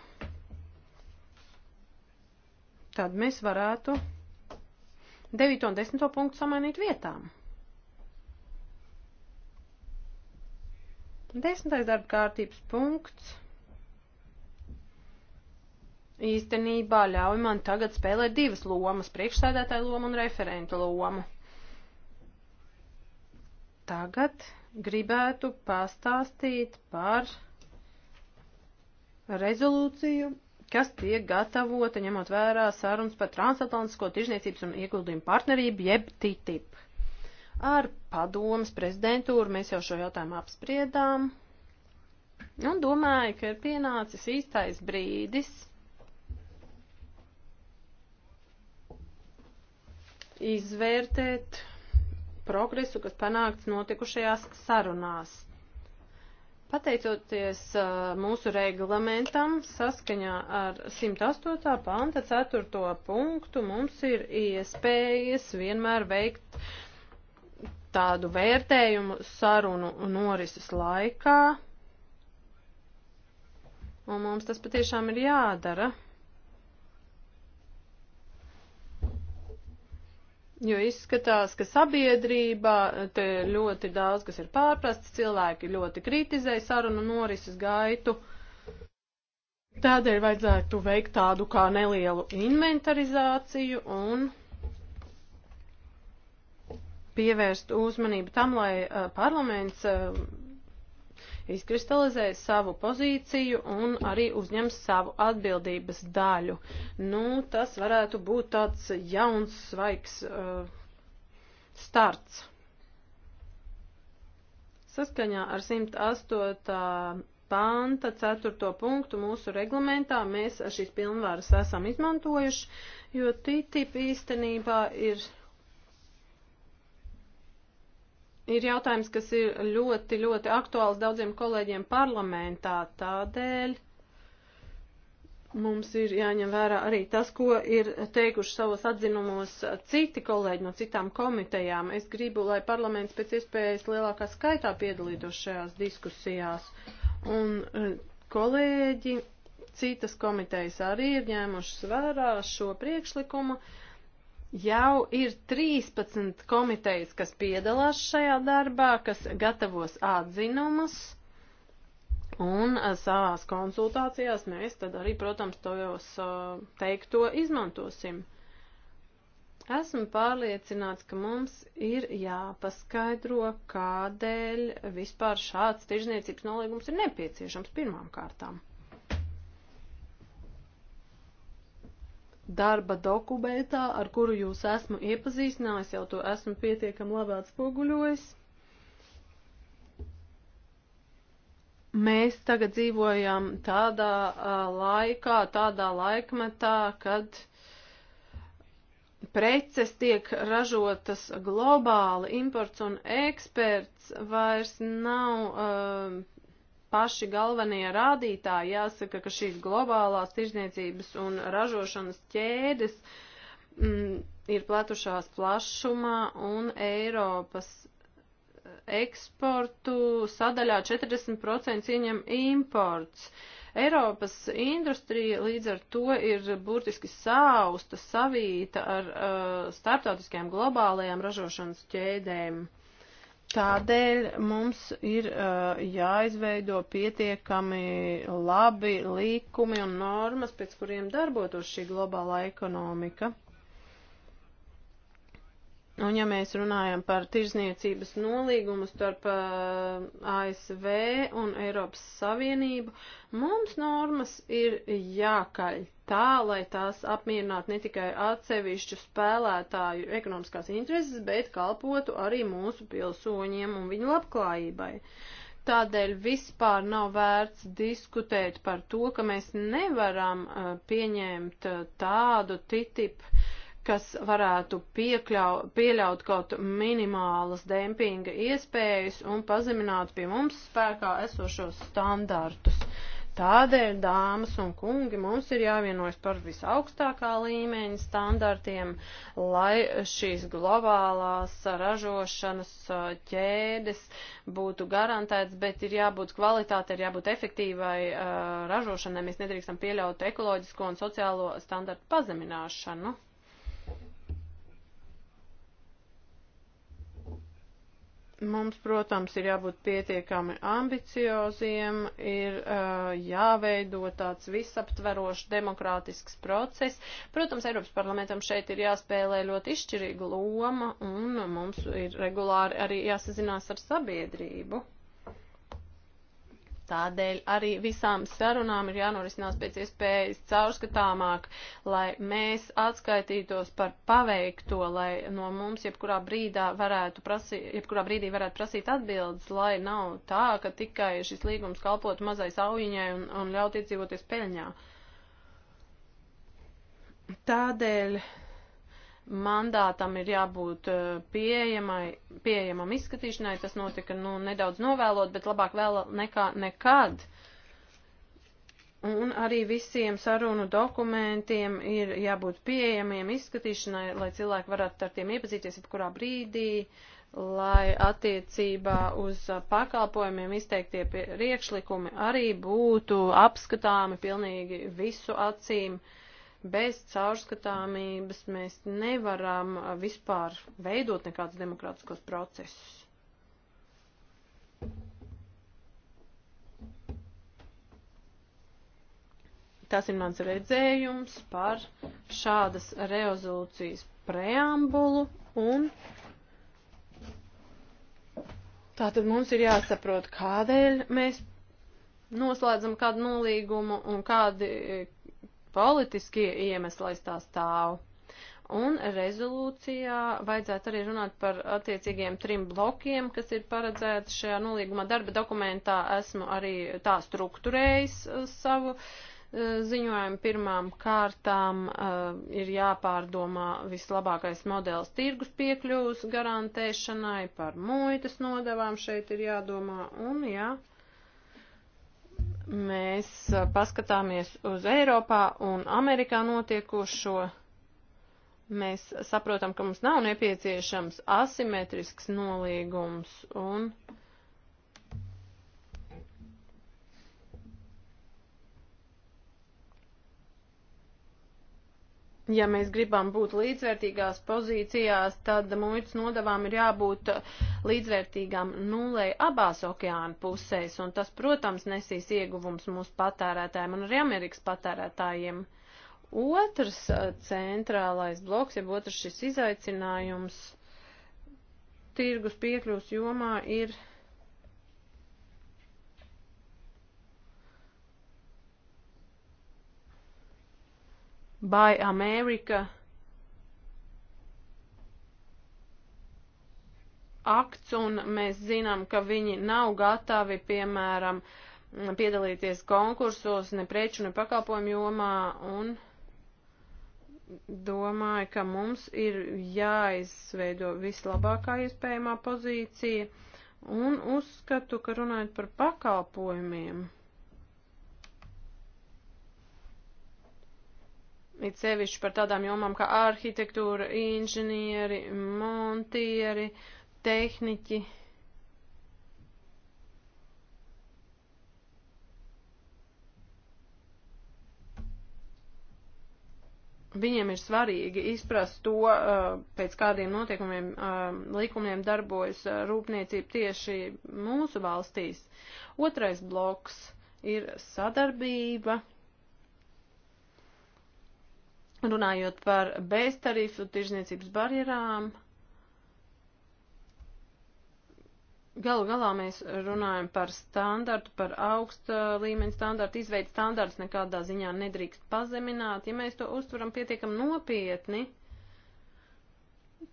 Tad mēs varētu 9 un 10 punktu samainīt vietām. Desmitais darba kārtības punkts īstenībā ļauj man tagad spēlēt divas lomas - priekšsēdētāju lomu un referentu lomu. Tagad gribētu pastāstīt par rezolūciju kas tiek gatavota ņemot vērā sarunas par transatlantisko tirzniecības un ieguldījumu partnerību, jeb TTIP. Ar padomas prezidentūru mēs jau šo jautājumu apspriedām un domāju, ka ir pienācis īstais brīdis izvērtēt progresu, kas panākts notikušajās sarunās Pateicoties uh, mūsu reglamentam, saskaņā ar 108. panta 4. punktu, mums ir iespējas vienmēr veikt tādu vērtējumu sarunu norises laikā, un mums tas patiešām ir jādara. Jo izskatās, ka sabiedrībā eh, te ļoti daudz, kas ir pārprasts, cilvēki ļoti kritizē sarunu norises gaitu. Tādēļ vajadzētu veikt tādu kā nelielu inventarizāciju un pievērst uzmanību tam, lai eh, parlaments eh, izkristalizē savu pozīciju un arī uzņems savu atbildības daļu. Nu, tas varētu būt tāds jauns, svaigs uh, starts. Saskaņā ar 108. panta 4. punktu mūsu reglamentā mēs šīs pilnvaras esam izmantojuši, jo TTIP īstenībā ir ir jautājums, kas ir ļoti, ļoti aktuāls daudziem kolēģiem parlamentā. Tādēļ mums ir jāņem vērā arī tas, ko ir teikuši savos atzinumos citi kolēģi no citām komitejām. Es gribu, lai parlaments pēc iespējas lielākā skaitā piedalītos šajās diskusijās. Un e, kolēģi citas komitejas arī ir ņēmušas vērā šo priekšlikumu. Uh, Jau ir 13 komitejas, kas piedalās šajā darbā, kas gatavos atzinumus, un eh, savās konsultācijās mēs tad arī, protams, to jau eh, teikto izmantosim. Esmu pārliecināts, ka mums ir jāpaskaidro, kādēļ vispār šāds tirzniecības nolīgums ir nepieciešams pirmām kārtām. darba dokumentā, ar kuru jūs esmu iepazīstinājis, jau to esmu pietiekam labi atspoguļojis. Mēs tagad dzīvojam tādā uh, laikā, tādā laikmetā, kad preces tiek ražotas globāli, imports un eksperts vairs nav uh, paši galvenie rādītāji. Jāsaka, ka šīs globālās tirzniecības un ražošanas ķēdes mm, ir pletušās plašumā un Eiropas eksportu sadaļā 40% ieņem imports. Eiropas industrija līdz ar to ir burtiski sausta, savīta ar uh, starptautiskajām globālajām ražošanas ķēdēm. Tādēļ mums ir uh, jāizveido pietiekami labi līkumi un normas, pēc kuriem darbotos šī globālā ekonomika. Un ja mēs runājam par tirzniecības nolīgumu starp uh, ASV un Eiropas Savienību, mums normas ir jākaļ tā, lai tās apmierinātu ne tikai atsevišķu spēlētāju ekonomiskās intereses, bet kalpotu arī mūsu pilsoņiem un viņu labklājībai. Tādēļ vispār nav vērts diskutēt par to, ka mēs nevaram uh, pieņemt uh, tādu titipu kas varētu piekļau, pieļaut kaut minimālas dempinga iespējas un pazemināt pie mums spēkā esošos standartus. Tādēļ, dāmas un kungi, mums ir jāvienojas par visaugstākā līmeņa standartiem, lai šīs globālās ražošanas uh, ķēdes būtu garantēts, bet ir jābūt kvalitāte, ir jābūt efektīvai uh, ražošanai. Mēs nedrīkstam pieļaut ekoloģisko un sociālo standartu pazemināšanu. Mums, protams, ir jābūt pietiekami ambicioziem, ir uh, jāveido tāds visaptverošs demokrātisks process. Protams, Eiropas parlamentam šeit ir jāspēlē ļoti izšķirīga loma, un mums ir regulāri arī jāsazinās ar sabiedrību. Tādēļ arī visām sarunām ir jānorisinās pēc iespējas caurskatāmāk, lai mēs atskaitītos par paveikto, lai no mums jebkurā, varētu prasīt, jebkurā brīdī varētu prasīt atbildes, lai nav tā, ka tikai šis līgums kalpotu mazai saujiņai un, un ļaut iedzīvoties peļņā. Tādēļ mandātam ir jābūt eh, pieejamai, pieejamam izskatīšanai. Tas notika nu, nedaudz novēlot, bet labāk vēl nekā nekad. Un arī visiem sarunu dokumentiem ir jābūt pieejamiem izskatīšanai, lai cilvēki varētu ar tiem iepazīties jebkurā brīdī, lai attiecībā uz pakalpojumiem izteiktie priekšlikumi arī būtu apskatāmi pilnīgi visu acīm. Uh, Bez caurskatāmības mēs nevaram uh, vispār veidot nekādus demokrātiskos procesus. Tas ir mans redzējums par šādas rezolūcijas preambulu un tātad mums ir jāsaprot, kādēļ mēs noslēdzam kādu nolīgumu un kādi, politiskie iemesli, lai tā stāv. Un rezolūcijā vajadzētu arī runāt par attiecīgiem trim blokiem, kas ir paredzēti šajā nolīgumā darba dokumentā. Esmu arī tā struktūrējis uh, savu uh, ziņojumu. Pirmām kārtām uh, ir jāpārdomā vislabākais modelis tirgus piekļuvus garantēšanai, par muitas nodevām šeit ir jādomā un jā. Ja, mēs paskatāmies uz Eiropā un Amerikā notiekošo, mēs saprotam, ka mums nav nepieciešams asimetrisks nolīgums un. ja mēs gribam būt līdzvērtīgās pozīcijās, tad muitas nodavām ir jābūt līdzvērtīgām nulei abās okeāna pusēs, un tas, protams, nesīs ieguvums mūsu patērētājiem un arī Amerikas patērētājiem. Otrs eh, centrālais bloks, ja otrs šis izaicinājums tirgus piekļūs jomā ir Buy America akts, un mēs zinām, ka viņi nav gatavi, piemēram, piedalīties konkursos ne preču, ne pakalpojumu jomā, un domāju, ka mums ir jāizveido vislabākā iespējamā pozīcija, un uzskatu, ka runājot par pakalpojumiem. It sevišķi par tādām jomām kā arhitektūra, inženieri, montieri, tehniķi. Viņiem ir svarīgi izprast to, pēc kādiem notiekumiem, likumiem darbojas rūpniecība tieši mūsu valstīs. Otrais bloks ir sadarbība Runājot par beztarifu tirzniecības barjerām, galu galā mēs runājam par standartu, par augstu līmeni standartu, izveidu standarts nekādā ziņā nedrīkst pazemināt. Ja mēs to uztveram pietiekam nopietni,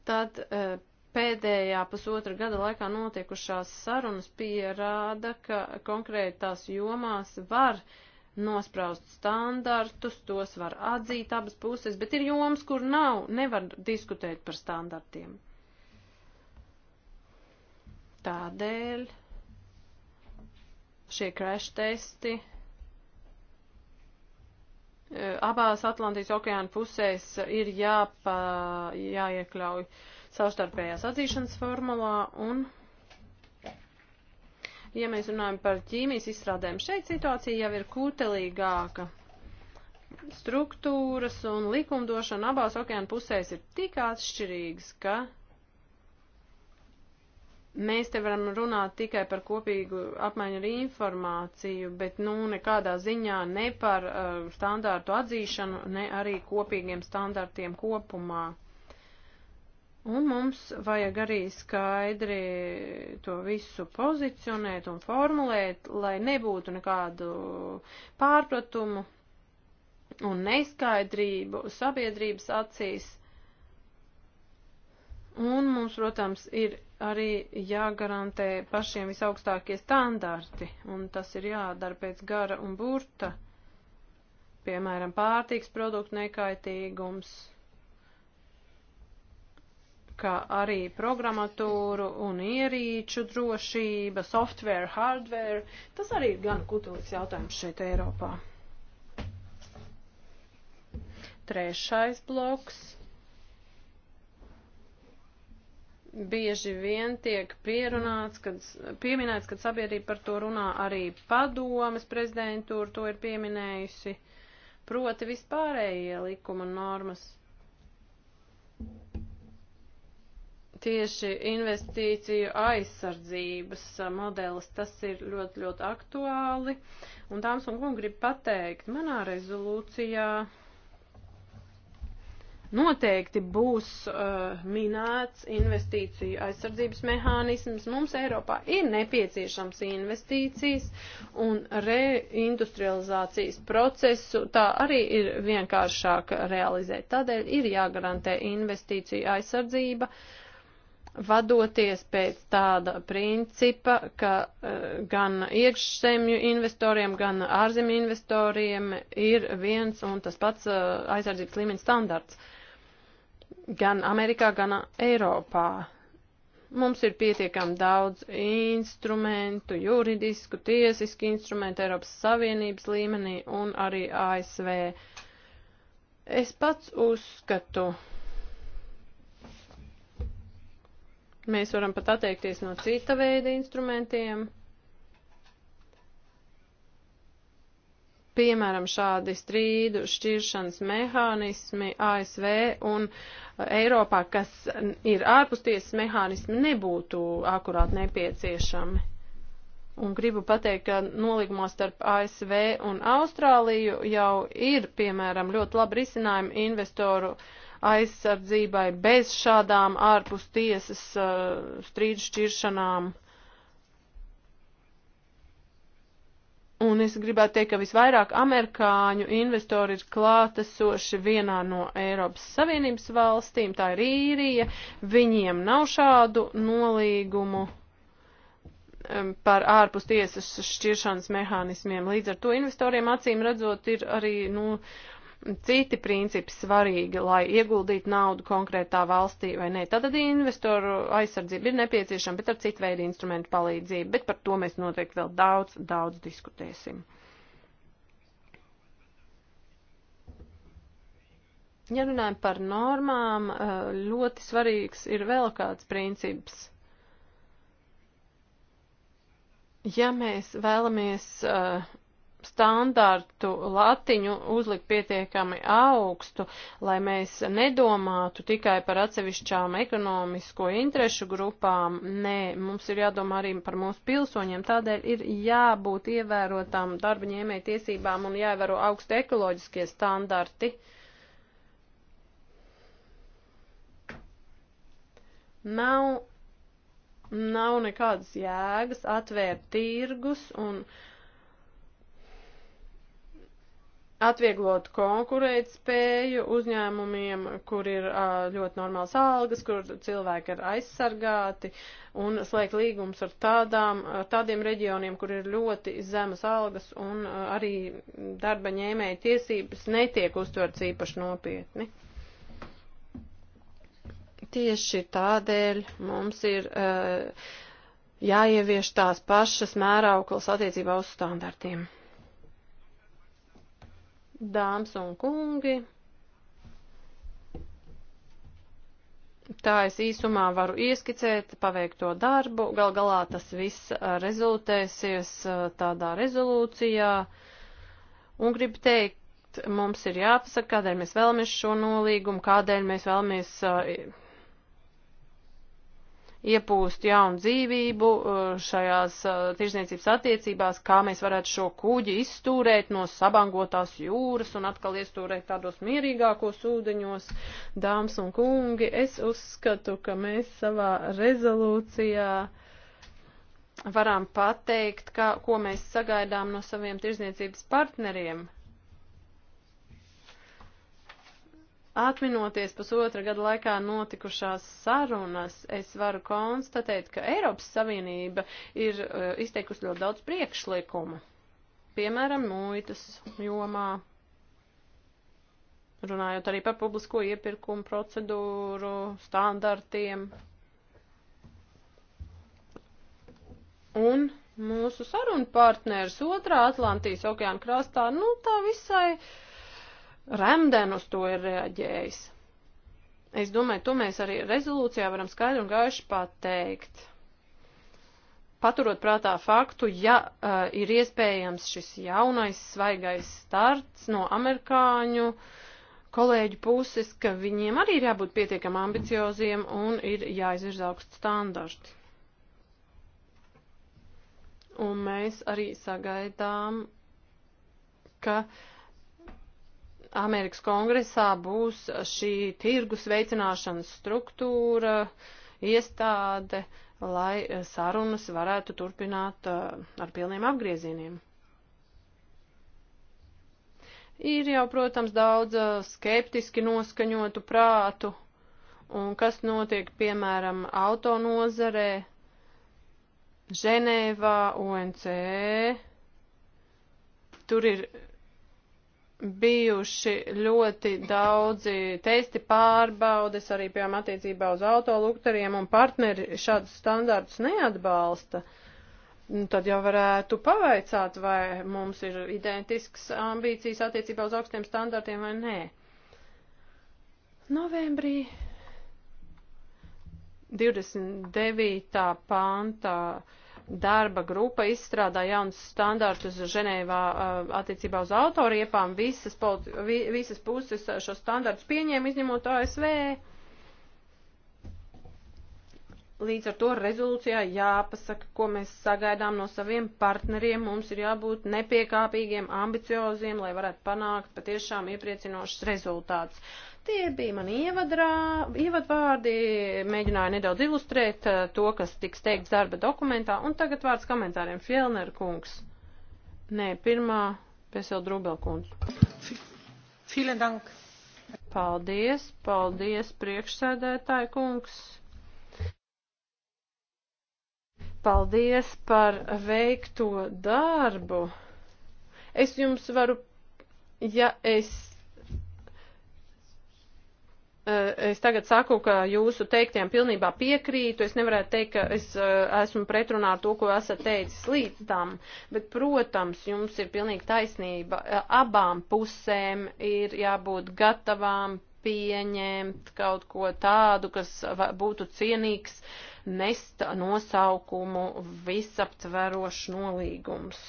tad e, pēdējā pusotra gada laikā notiekušās sarunas pierāda, ka konkrētās jomās var uh, nospraust standartus, tos var atzīt abas puses, bet ir joms, kur nav, nevar diskutēt par standartiem. Tādēļ šie crash testi e, abās Atlantijas okeāna pusēs ir jāpa, jāiekļauj savstarpējās atzīšanas formulā un Ja mēs runājam par ķīmijas izstrādēm, šeit situācija jau ir kūtelīgāka. Struktūras un likumdošana abās okeāna pusēs ir tik atšķirīgas, ka mēs te varam runāt tikai par kopīgu apmaiņu ar informāciju, bet nu nekādā ziņā ne par uh, standārtu atzīšanu, ne arī kopīgiem standārtiem kopumā. Un mums vajag arī skaidri to visu pozicionēt un formulēt, lai nebūtu nekādu pārpratumu un neskaidrību sabiedrības acīs. Un mums, protams, ir arī jāgarantē pašiem visaugstākie standarti, un tas ir jādara pēc gara un burta, piemēram, pārtīks produktu nekaitīgums kā arī programmatūru un ierīču drošība, software, hardware. Tas arī ir gan kutelīgs jautājums šeit Eiropā. Trešais bloks. Bieži vien tiek pierunāts, kad, pieminēts, kad sabiedrība par to runā arī padomas prezidentūra to ir pieminējusi, proti vispārējie likuma normas tieši investīciju aizsardzības modelis, tas ir ļoti, ļoti aktuāli. Un dāmas un kungi grib pateikt, manā rezolūcijā noteikti būs uh, minēts investīciju aizsardzības mehānisms. Mums Eiropā ir nepieciešams investīcijas un reindustrializācijas procesu. Tā arī ir vienkāršāk realizēt. Tādēļ ir jāgarantē investīciju aizsardzība. Uh, vadoties pēc tāda principa, ka e, gan iekšzemju investoriem, gan ārzemju investoriem ir viens un tas pats e, aizsardzības līmenis standarts. Gan Amerikā, gan Eiropā. Mums ir pietiekami daudz instrumentu, juridisku, tiesisku instrumentu Eiropas Savienības līmenī un arī ASV. Es pats uzskatu, Mēs varam pat atteikties no cita veida instrumentiem. Piemēram, šādi strīdu šķiršanas mehānismi ASV un Eiropā, kas ir ārpustiesas mehānismi, nebūtu akurāt nepieciešami. Un gribu pateikt, ka nolīgumā starp ASV un Austrāliju jau ir, piemēram, ļoti labi risinājumi investoru uh, aizsardzībai bez šādām ārpus tiesas uh, strīdu šķiršanām. Un es gribētu teikt, ka visvairāk amerikāņu investori ir klātesoši vienā no Eiropas Savienības valstīm, tā ir īrija, viņiem nav šādu nolīgumu um, par ārpus tiesas šķiršanas mehānismiem. Līdz ar to investoriem acīm redzot ir arī, nu, uh, citi principi svarīgi, lai ieguldītu naudu konkrētā valstī vai nē. Tad investoru aizsardzība ir nepieciešama, bet ar citu veidu instrumentu palīdzību, bet par to mēs noteikti vēl daudz, daudz diskutēsim. Ja runājam par normām, eh, ļoti svarīgs ir vēl kāds princips. Ja mēs vēlamies eh, standartu latiņu uzlikt pietiekami augstu, lai mēs nedomātu tikai par atsevišķām ekonomisko interešu grupām. Nē, mums ir jādomā arī par mūsu pilsoņiem. Tādēļ ir jābūt ievērotām darba ņēmēja tiesībām un jāievēro augstu ekoloģiskie standarti. Nav, nav nekādas jēgas atvērt tirgus un uh, atvieglot konkurēt spēju uzņēmumiem, kur ir ļoti normāls algas, kur cilvēki ir aizsargāti un slēgt līgums ar tādām, tādiem reģioniem, kur ir ļoti zemas algas un arī darba ņēmēja tiesības netiek uztverts īpaši nopietni. Tieši tādēļ mums ir uh, jāievieš tās pašas mērauklas attiecībā uz standartiem dāmas un kungi. Tā es īsumā varu ieskicēt paveikto darbu. Gal galā tas viss uh, rezultēsies uh, tādā rezolūcijā. Un gribu teikt, mums ir jāpasaka, kādēļ mēs vēlamies šo nolīgumu, kādēļ mēs vēlamies uh, iepūst jaunu dzīvību eh, šajās eh, tirzniecības attiecībās, kā mēs varētu šo kuģi izstūrēt no sabangotās jūras un atkal iestūrēt tādos mierīgākos ūdeņos. Dāmas un kungi, es uzskatu, ka mēs savā rezolūcijā varam pateikt, kā, ko mēs sagaidām no saviem tirzniecības partneriem. Atminoties pusotra gada laikā notikušās sarunas, es varu konstatēt, ka Eiropas Savienība ir uh, izteikusi ļoti daudz priekšlikumu. Piemēram, muitas jomā, runājot arī par publisko iepirkumu procedūru, standartiem. Un mūsu sarunu partneris otrā Atlantijas okeāna krastā, nu tā visai uh, Remden uz to ir reaģējis. Es domāju, to mēs arī rezolūcijā varam skaidri un gaiši pateikt. Paturot prātā faktu, ja uh, ir iespējams šis jaunais svaigais starts no amerikāņu kolēģu puses, ka viņiem arī ir jābūt pietiekam ambicioziem un ir jāizvirza augsts standarti. Un mēs arī sagaidām, ka uh, Amerikas kongresā būs šī tirgus veicināšanas struktūra, iestāde, lai sarunas varētu turpināt eh, ar pilniem apgriezieniem. Ir jau, protams, daudz eh, skeptiski noskaņotu prātu, un kas notiek, piemēram, autonozarē, Ženēvā, ONCE, tur ir bijuši ļoti daudzi testi pārbaudes, arī, piemēram, attiecībā uz autolukteriem, un partneri šādus standārtus neatbalsta. Nu, tad jau varētu pavaicāt, vai mums ir identisks ambīcijas attiecībā uz augstiem standartiem vai nē. Novembrī 29. pāntā darba grupa izstrādā jaunus standartus Ženēvā uh, attiecībā uz autoriepām. Visas, visas puses šo standartus pieņēma, izņemot ASV. Līdz ar to rezolūcijā jāpasaka, ko mēs sagaidām no saviem partneriem. Mums ir jābūt nepiekāpīgiem, ambicioziem, lai varētu panākt patiešām iepriecinošs rezultāts. Tie bija mani ievadrā, ievadvārdi, mēģināju nedaudz ilustrēt eh, to, kas tiks teikts darba dokumentā, un tagad vārds komentāriem Fjellner kungs. Nē, pirmā, pēc jau Drubel kungs. Vielen dank. Paldies, paldies, priekšsēdētāji kungs. Paldies par veikto darbu. Es jums varu, ja es Eh, es tagad saku, ka jūsu teiktiem pilnībā piekrītu. Es nevarētu teikt, ka es eh, esmu pretrunā ar to, ko esat teicis līdz tam, bet, protams, jums ir pilnīgi taisnība. Eh, abām pusēm ir jābūt gatavām pieņemt kaut ko tādu, kas būtu cienīgs nest nosaukumu visaptverošs nolīgums.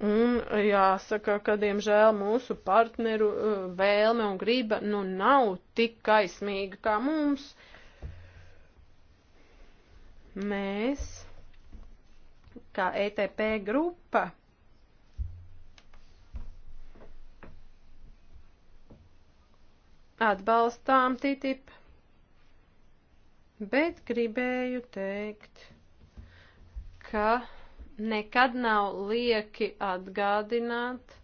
Un jāsaka, ka, diemžēl, mūsu partneru uh, vēlme un griba nu nav tik kaismīga kā mums. Mēs, kā ETP grupa, atbalstām TTIP, bet gribēju teikt, ka nekad nav lieki atgādināt,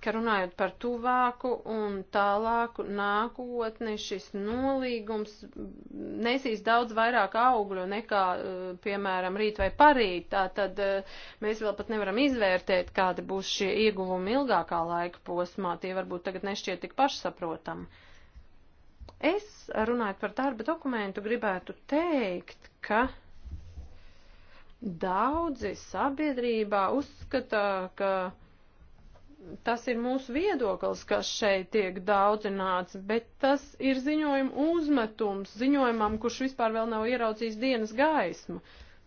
ka runājot par tuvāku un tālāku nākotni, šis nolīgums nesīs daudz vairāk augļu nekā, eh, piemēram, rīt vai parīt. Tā tad eh, mēs vēl pat nevaram izvērtēt, kādi būs šie ieguvumi ilgākā laika posmā. Tie varbūt tagad nešķiet tik pašsaprotami. Es, runājot par darba dokumentu, gribētu teikt, ka Daudzi sabiedrībā uzskatā, ka tas ir mūsu viedoklis, kas šeit tiek daudzināts, bet tas ir ziņojuma uzmetums ziņojumam, kurš vispār vēl nav ieraudzījis dienas gaismu.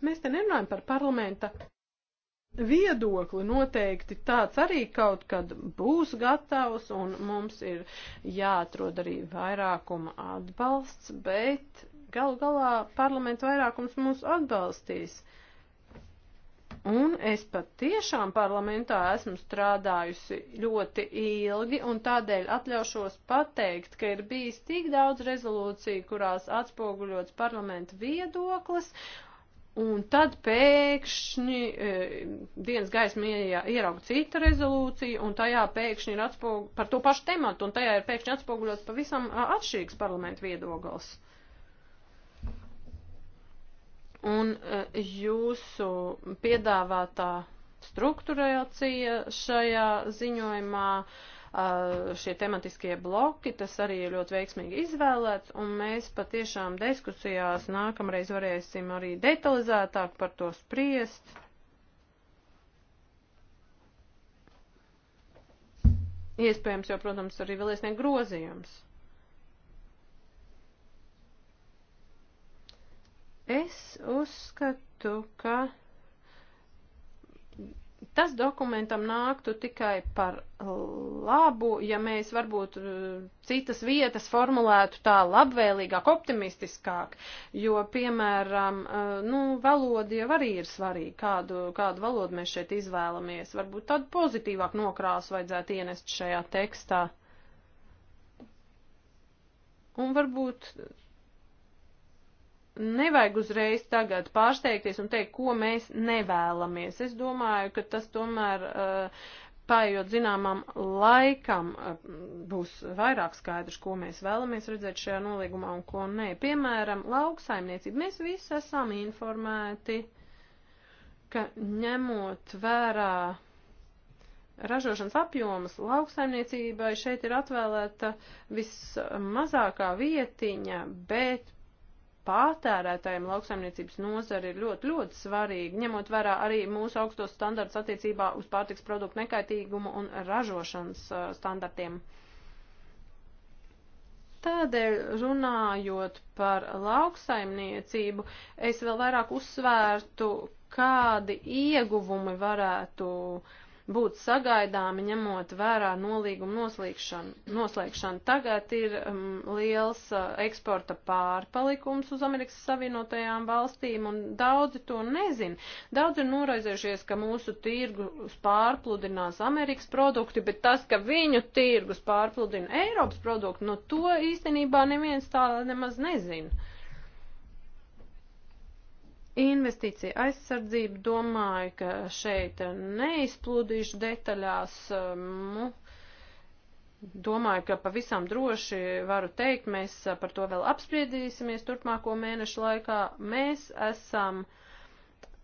Mēs te nerunājam par parlamenta viedokli noteikti tāds arī kaut kad būs gatavs un mums ir jāatrod arī vairākuma atbalsts, bet galu galā parlamenta vairākums mūs atbalstīs. Uh, Un es pat tiešām parlamentā esmu strādājusi ļoti ilgi, un tādēļ atļaušos pateikt, ka ir bijis tik daudz rezolūciju, kurās atspoguļots parlamenta viedoklis, un tad pēkšņi e, dienas gaismu ierauga cita rezolūcija, un tajā pēkšņi ir atspoguļots par to pašu tematu, un tajā ir pēkšņi atspoguļots pavisam atšķirīgs parlamenta viedoklis un e, jūsu piedāvātā strukturācija šajā ziņojumā, e, šie tematiskie bloki, tas arī ir ļoti veiksmīgi izvēlēts, un mēs patiešām diskusijās nākamreiz varēsim arī detalizētāk par to spriest. Iespējams, jau, protams, arī vēl iesniegt grozījums. Es uzskatu, ka tas dokumentam nāktu tikai par labu, ja mēs varbūt uh, citas vietas formulētu tā labvēlīgāk, optimistiskāk, jo, piemēram, uh, nu, valoda jau arī ir svarīga, kādu, kādu valodu mēs šeit izvēlamies, varbūt tādu pozitīvāk nokrāsu vajadzētu ienest šajā tekstā. Un varbūt nevajag uzreiz tagad pārsteigties un teikt, ko mēs nevēlamies. Es domāju, ka tas tomēr. Uh, eh, Pājot zināmam laikam eh, būs vairāk skaidrs, ko mēs vēlamies redzēt šajā nolīgumā un ko nē. Piemēram, lauksaimniecība. Mēs visi esam informēti, ka ņemot vērā ražošanas apjomas lauksaimniecībai šeit ir atvēlēta vismazākā vietiņa, bet Pārtērētājiem lauksaimniecības nozara ir ļoti, ļoti svarīga, ņemot vērā arī mūsu augstos standarts attiecībā uz pārtiks produktu nekaitīgumu un ražošanas standartiem. Tādēļ runājot par lauksaimniecību, es vēl vairāk uzsvērtu, kādi ieguvumi varētu uh, būt sagaidāmi, ņemot vērā nolīgumu noslēgšanu. noslēgšanu. Tagad ir um, liels uh, eksporta pārpalikums uz Amerikas Savienotajām valstīm, un daudzi to nezin. Daudzi ir noraizējušies, ka mūsu tirgus pārpludinās Amerikas produkti, bet tas, ka viņu tirgus pārpludina Eiropas produktu, nu, no to īstenībā neviens tā nemaz nezina. Investīcija aizsardzība domāju, ka šeit neizplūdīšu detaļās. Nu, domāju, ka pavisam droši varu teikt, mēs par to vēl apspriedīsimies turpmāko mēnešu laikā. Mēs esam eh,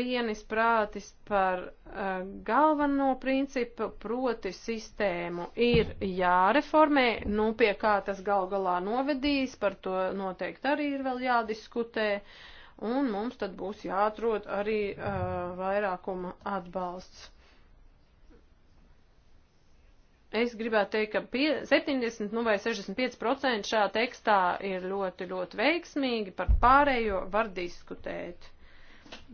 vienis prātis par eh, galveno principu, proti sistēmu ir jāreformē, nu pie kā tas gal galā novedīs, par to noteikti arī ir vēl jādiskutē. Uh, un mums tad būs jāatrod arī uh, vairākuma atbalsts. Es gribētu teikt, ka pie, 70 nu vai 65% šajā tekstā ir ļoti, ļoti veiksmīgi, par pārējo var diskutēt.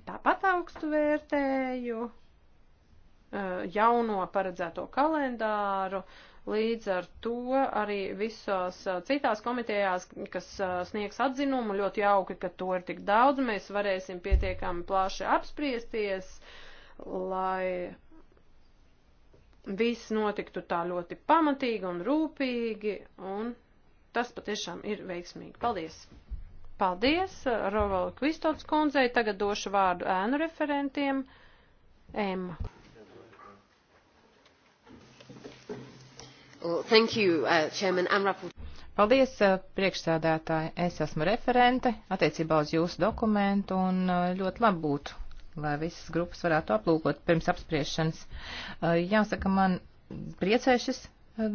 Tāpat augstu vērtēju jauno paredzēto kalendāru Līdz ar to arī visās citās komitejās, kas sniegs atzinumu, ļoti jauki, ka to ir tik daudz, mēs varēsim pietiekami plaši apspriesties, lai viss notiktu tā ļoti pamatīgi un rūpīgi, un tas patiešām ir veiksmīgi. Paldies! Paldies, Rovala Kvistots kundzei. Tagad došu vārdu ēnu referentiem. Emma. Well, thank you, uh, Chairman and Rapporteur. Paldies, uh, priekšsēdētāji. Es esmu referente attiecībā uz jūsu dokumentu un uh, ļoti labi būtu, lai visas grupas varētu aplūkot pirms apspriešanas. Uh, jāsaka, man priecē šis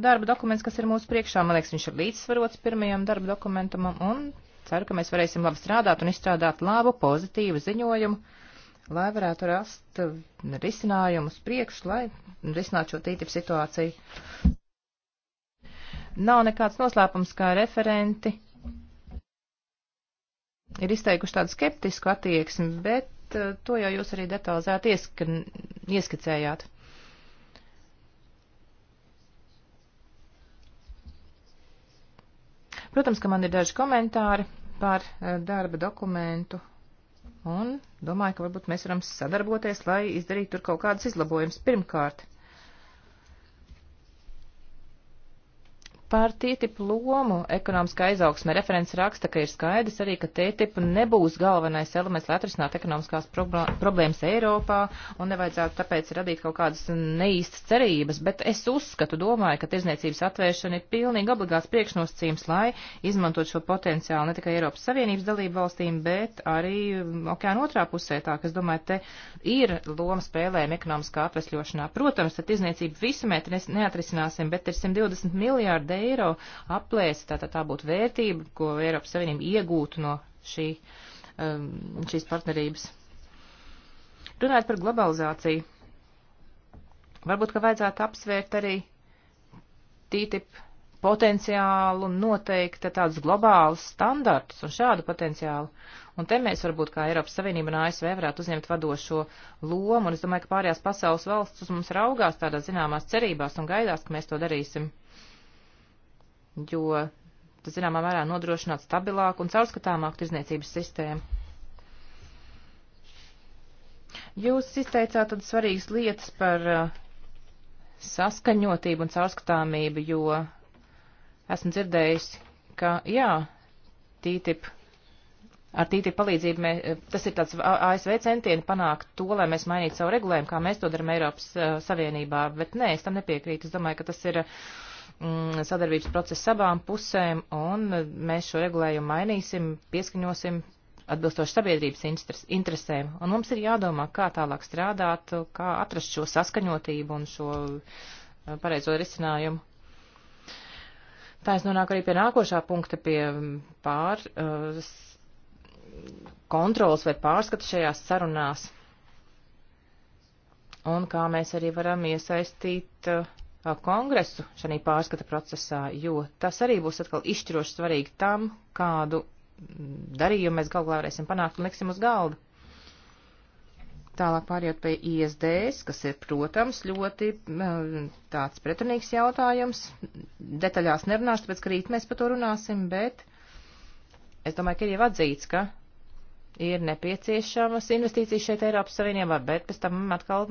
darba dokuments, kas ir mūsu priekšā. Man liekas, viņš ir līdzsvarots pirmajam darba dokumentam un ceru, ka mēs varēsim labi strādāt un izstrādāt labu, pozitīvu ziņojumu, lai varētu rast risinājumus priekš, lai risinātu šo tītību situāciju. Nav nekāds noslēpums, kā referenti ir izteikuši tādu skeptisku attieksmi, bet eh, to jau jūs arī detalizēti ieska, ieskicējāt. Protams, ka man ir daži komentāri par eh, darba dokumentu un domāju, ka varbūt mēs varam sadarboties, lai izdarītu tur kaut kādas izlabojumas. Pirmkārt, uh, Par TTIP lomu ekonomiskā izaugsme referents raksta, ka ir skaidrs arī, ka TTIP nebūs galvenais elements, lai atrisinātu ekonomiskās problēmas Eiropā un nevajadzētu tāpēc radīt kaut kādas neīstas cerības, bet es uzskatu, domāju, ka tirzniecības atvēršana ir pilnīgi obligāts priekšnosacījums, lai izmantot šo potenciālu ne tikai Eiropas Savienības dalību valstīm, bet arī okeāna otrā pusē. Tā, ka es domāju, te ir loma spēlējama ekonomiskā atvesļošanā. Protams, tad tirzniecību visu mēs neatrisināsim, bet ir 120 miljārdi eiro aplēsi, tātad tā būtu vērtība, ko Eiropas Savienība iegūtu no šī, um, šīs partnerības. Runājot par globalizāciju, varbūt, ka vajadzētu apsvērt arī TTIP potenciālu un noteikti tādus globālus standartus un šādu potenciālu. Un te mēs varbūt kā Eiropas Savienība un ASV varētu uzņemt vadošo lomu, un es domāju, ka pārējās pasaules valsts uz mums raugās tādās zināmās cerībās un gaidās, ka mēs to darīsim jo tas, zināmā mērā, nodrošinātu stabilāku un caurskatāmāku tirzniecības sistēmu. Jūs izteicāt tad svarīgas lietas par uh, saskaņotību un caurskatāmību, jo esmu dzirdējis, ka jā, TTIP, ar TTIP palīdzību mē, uh, tas ir tāds ASV centieni panākt to, lai mēs mainītu savu regulējumu, kā mēs to darām Eiropas uh, Savienībā, bet nē, es tam nepiekrītu. Es domāju, ka tas ir. Uh, Mm, sadarbības process abām pusēm, un mēs šo regulējumu mainīsim, pieskaņosim atbilstoši sabiedrības interes, interesēm. Un mums ir jādomā, kā tālāk strādāt, kā atrast šo saskaņotību un šo eh, pareizo risinājumu. Tā es nonāku arī pie nākošā punkta, pie mm, pār uh, kontrols vai pārskata šajās sarunās. Un kā mēs arī varam iesaistīt uh, Uh, kongresu šajā pārskata procesā, jo tas arī būs atkal izšķiroši svarīgi tam, kādu darījumu mēs galvā varēsim panākt un liksim uz galda. Tālāk pārējot pie ISDS, kas ir, protams, ļoti uh, tāds pretrunīgs jautājums. Detaļās nerunāšu, tāpēc, ka rīt mēs par to runāsim, bet es domāju, ka ir jau atzīts, ka ir nepieciešamas investīcijas šeit Eiropas Savienībā, bet pēc tam atkal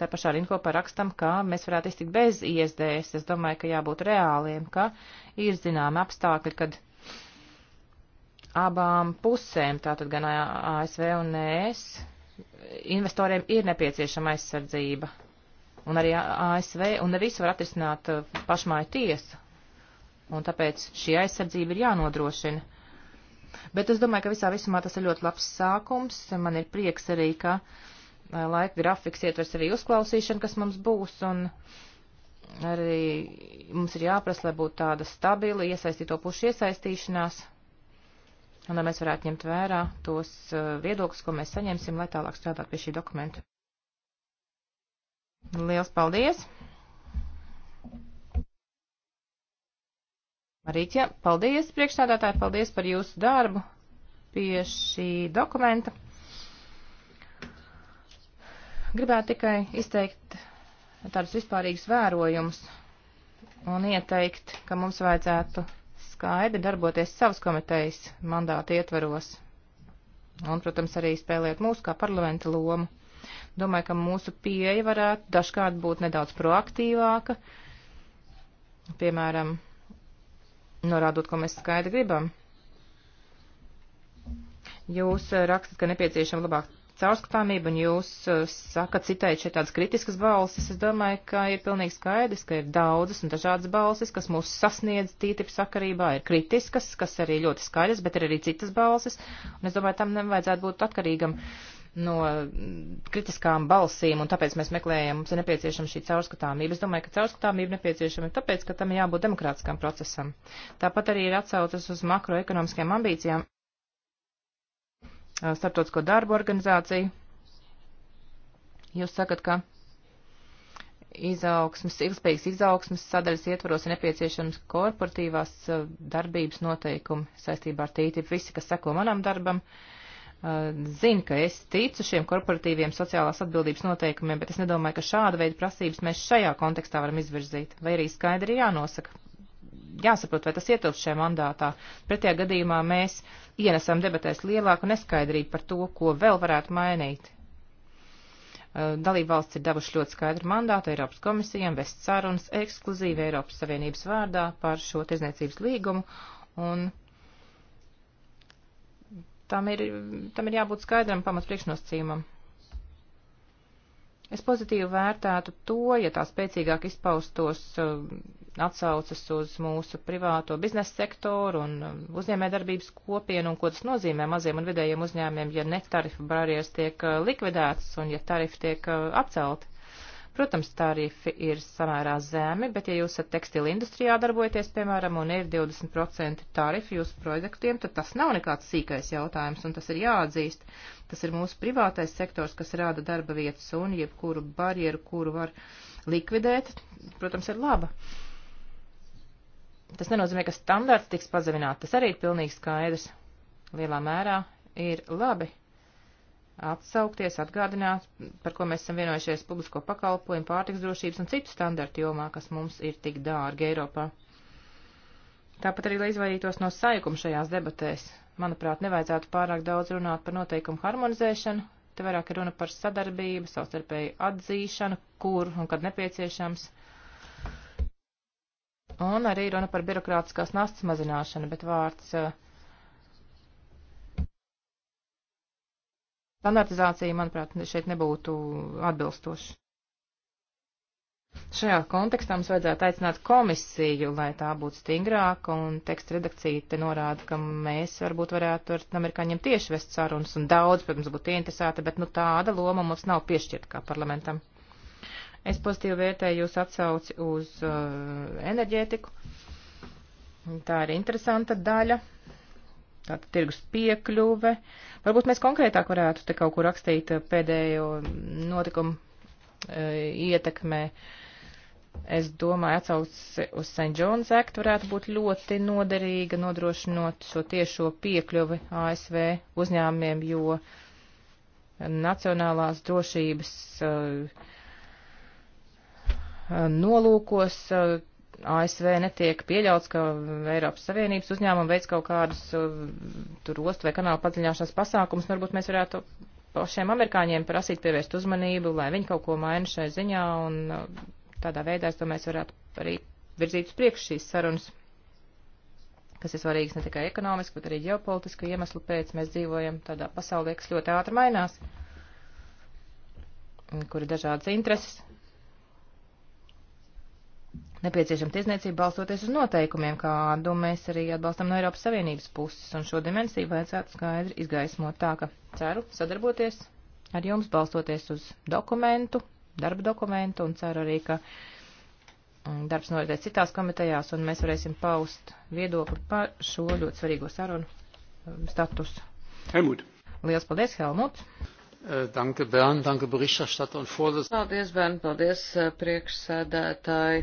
tā pašā rinkopā rakstam, ka mēs varētu iztikt bez ISDS. Es domāju, ka jābūt reāliem, ka ir zināmi apstākļi, kad abām pusēm, tātad gan ASV un ES, investoriem ir nepieciešama aizsardzība. Un arī ASV, un ne visu var atrisināt uh, pašmāju tiesa. Un tāpēc šī aizsardzība ir jānodrošina Bet es domāju, ka visā visumā tas ir ļoti labs sākums. Man ir prieks arī, ka eh, laika grafiks ietvers arī uzklausīšanu, kas mums būs. Un, arī mums ir jāprasa, lai būtu tāda stabila iesaistīto pušu iesaistīšanās, un lai mēs varētu ņemt vērā tos eh, viedokļus, ko mēs saņemsim, lai tālāk strādātu pie šī dokumenta. Liels paldies! Marīķa, paldies priekšstādātāji, paldies par jūsu darbu pie šī dokumenta. Gribētu tikai izteikt tādus vispārīgus vērojumus un ieteikt, ka mums vajadzētu skaidri darboties savas komitejas mandāta ietvaros un, protams, arī spēlēt mūsu kā parlamenta lomu. Domāju, ka mūsu pieeja varētu dažkārt būt nedaudz proaktīvāka, piemēram, norādot, ko mēs skaidri gribam. Jūs eh, rakstat, ka nepieciešama labāk caurskatāmība, un jūs eh, sakat citēt šeit tādas kritiskas balsis. Es domāju, ka ir pilnīgi skaidrs, ka ir daudzas un dažādas balsis, kas mūs sasniedz tītip sakarībā, ir kritiskas, kas arī ļoti skaļas, bet ir arī citas balsis, un es domāju, tam nevajadzētu būt atkarīgam. Uh, no kritiskām balsīm, un tāpēc mēs meklējam, mums ir nepieciešama šī caurskatāmība. Es domāju, ka caurskatāmība nepieciešama tāpēc, ka tam jābūt demokrātiskam procesam. Tāpat arī ir atsaucas uz makroekonomiskajām ambīcijām starptautisko darbu organizāciju. Jūs sakat, ka izaugsmas, ilgspējīgas izaugsmas sadaļas ietvaros ir nepieciešams korporatīvās darbības noteikumi saistībā ar tītību. Visi, kas seko manam darbam, uh, Eh, zina, ka es ticu šiem korporatīviem sociālās atbildības noteikumiem, bet es nedomāju, ka šāda veida prasības mēs šajā kontekstā varam izvirzīt, vai arī skaidri jānosaka. Jāsaprot, vai tas ietilpst šajā mandātā. Pretējā gadījumā mēs ienesam debatēs lielāku neskaidrību par to, ko vēl varētu mainīt. Eh, Dalība valsts ir devuši ļoti skaidru mandātu Eiropas komisijām vest sarunas ekskluzīvi Eiropas Savienības vārdā par šo tirzniecības līgumu, un Tam ir, tam ir jābūt skaidram pamats priekšnosacījumam. Es pozitīvi vērtētu to, ja tā spēcīgāk izpaustos uh, atsaucas uz mūsu privāto biznesa sektoru un um, uzņēmējdarbības kopienu un ko tas nozīmē maziem un vidējiem uzņēmiem, ja netarifu barjeras tiek uh, likvidētas un ja tarifi tiek uh, apcelti. Protams, tarifi ir samērā zemi, bet ja jūs esat tekstila industrijā darbojaties, piemēram, un ir 20% tarifi jūsu projektiem, tad tas nav nekāds sīkais jautājums, un tas ir jāatzīst. Tas ir mūsu privātais sektors, kas rāda darba vietas, un jebkuru barjeru, kuru var likvidēt, protams, ir laba. Tas nenozīmē, ka standarts tiks pazemināt, tas arī ir pilnīgi skaidrs. Lielā mērā ir labi, atsaukties, atgādināt, par ko mēs esam vienojušies publisko pakalpojumu, pārtiks drošības un citu standartu jomā, kas mums ir tik dārgi Eiropā. Tāpat arī, lai izvairītos no saikuma šajās debatēs, manuprāt, nevajadzētu pārāk daudz runāt par noteikumu harmonizēšanu, te vairāk ir runa par sadarbību, savstarpēju atzīšanu, kur un kad nepieciešams. Un arī runa par birokrātiskās nastas mazināšanu, bet vārds uh, standartizācija, manuprāt, šeit nebūtu atbilstoša. Šajā kontekstā mums vajadzētu aicināt komisiju, lai tā būtu stingrāka, un teksta redakcija te norāda, ka mēs varbūt varētu ar amerikāņiem tieši vest sarunas, un daudz, protams, būtu interesēta, bet nu tāda loma mums nav piešķirta kā parlamentam. Es pozitīvi vērtēju jūs atsauci uz uh, enerģētiku. Tā ir interesanta daļa Tātad tirgus piekļuve. Varbūt mēs konkrētāk varētu te kaut ko rakstīt eh, pēdējo notikumu e, ietekmē. Es domāju, atsauce uz St. John's Act varētu būt ļoti noderīga, nodrošinot šo tiešo piekļuvi ASV uzņēmumiem, jo nacionālās drošības uh, nolūkos uh, ASV netiek pieļauts, ka Eiropas Savienības uzņēmumi veids kaut kādus uh, tur ostu vai kanālu padziļināšanas pasākumus, nu, varbūt mēs varētu pašiem amerikāņiem prasīt pievērst uzmanību, lai viņi kaut ko maina šai ziņā, un uh, tādā veidā, es domāju, mēs varētu arī virzīt uz priekšu šīs sarunas kas ir svarīgs ne tikai ekonomiski, bet arī ģeopolitisku iemeslu pēc. Mēs dzīvojam tādā pasaulē, kas ļoti ātri mainās, kur ir dažādas intereses nepieciešama tiesniecība balstoties uz noteikumiem, kādu mēs arī atbalstam no Eiropas Savienības puses, un šo dimensiju vajadzētu skaidri izgaismot tā, ka ceru sadarboties ar jums, balstoties uz dokumentu, darba dokumentu, un ceru arī, ka mm, darbs noritēs citās komitejās, un mēs varēsim paust viedokli par šo ļoti svarīgo sarunu mm, statusu. Helmut. Lielas paldies, Helmut. Danke, Bern, danke, Berichterstatter un Vorsitzender. Paldies, Bern, paldies, priekšsēdētāji.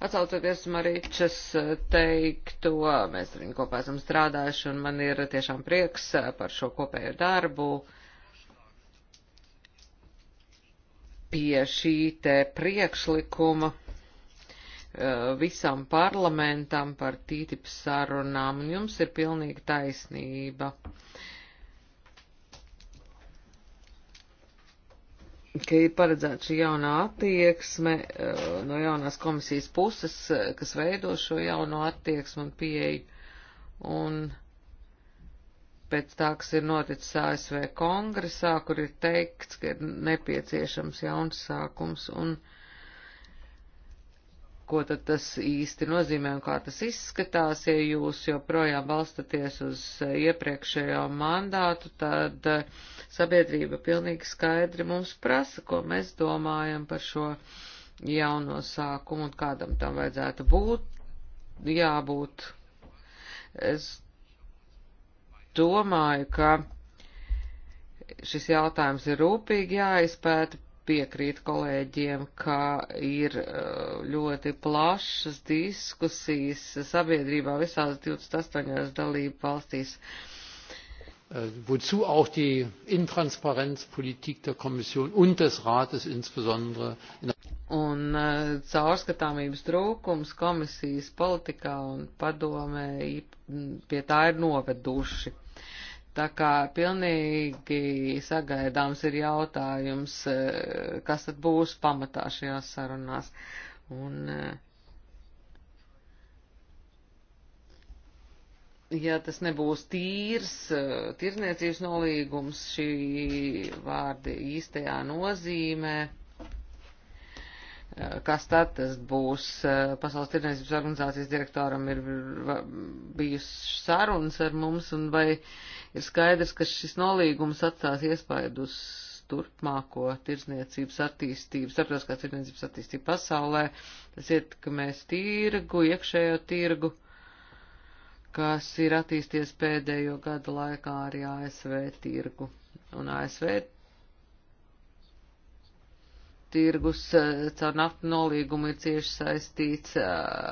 Atsaucoties Marīčas eh, teikto, mēs ar viņu kopā esam strādājuši un man ir tiešām prieks eh, par šo kopējo darbu pie šī te priekšlikuma eh, visam parlamentam par tītips sarunām. Jums ir pilnīga taisnība. Uh, ka ir paredzēta šī jaunā attieksme eh, no jaunās komisijas puses, eh, kas veido šo jauno attieksmu un pieeju. Un pēc tā, kas ir noticis ASV kongresā, kur ir teikts, ka ir nepieciešams jauns sākums un uh, ko tad tas īsti nozīmē un kā tas izskatās, ja jūs joprojām balstaties uz iepriekšējo mandātu, tad eh, sabiedrība pilnīgi skaidri mums prasa, ko mēs domājam par šo jauno sākumu un kādam tam vajadzētu būt, jābūt. Es domāju, ka šis jautājums ir rūpīgi jāizpēta piekrīt kolēģiem, ka ir uh, ļoti plašas diskusijas sabiedrībā visās 28 dalību valstīs. Äh, wozu auch die Intransparenzpolitik der Kommission und des Rates insbesondere. In un äh, caurskatāmības trūkums komisijas politikā un padomē pie tā ir noveduši. Tā kā pilnīgi sagaidāms ir jautājums, e, kas tad būs pamatā šajās sarunās. Un, e, ja tas nebūs tīrs, e, tirniecības nolīgums šī vārda īstajā nozīmē, Eh, kas tad tas būs. Eh, Pasaules tirdzniecības organizācijas direktoram ir bijusi sarunas ar mums, un vai ir skaidrs, ka šis nolīgums atstās iespaidu uz turpmāko tirdzniecības attīstību, starptautiskā tirdzniecības attīstību pasaulē. Tas ietekmēs tirgu, iekšējo tirgu, kas ir attīsties pēdējo gadu laikā arī ASV tirgu. Un ASV tirgus eh, caur naftu nolīgumu ir cieši saistīts eh,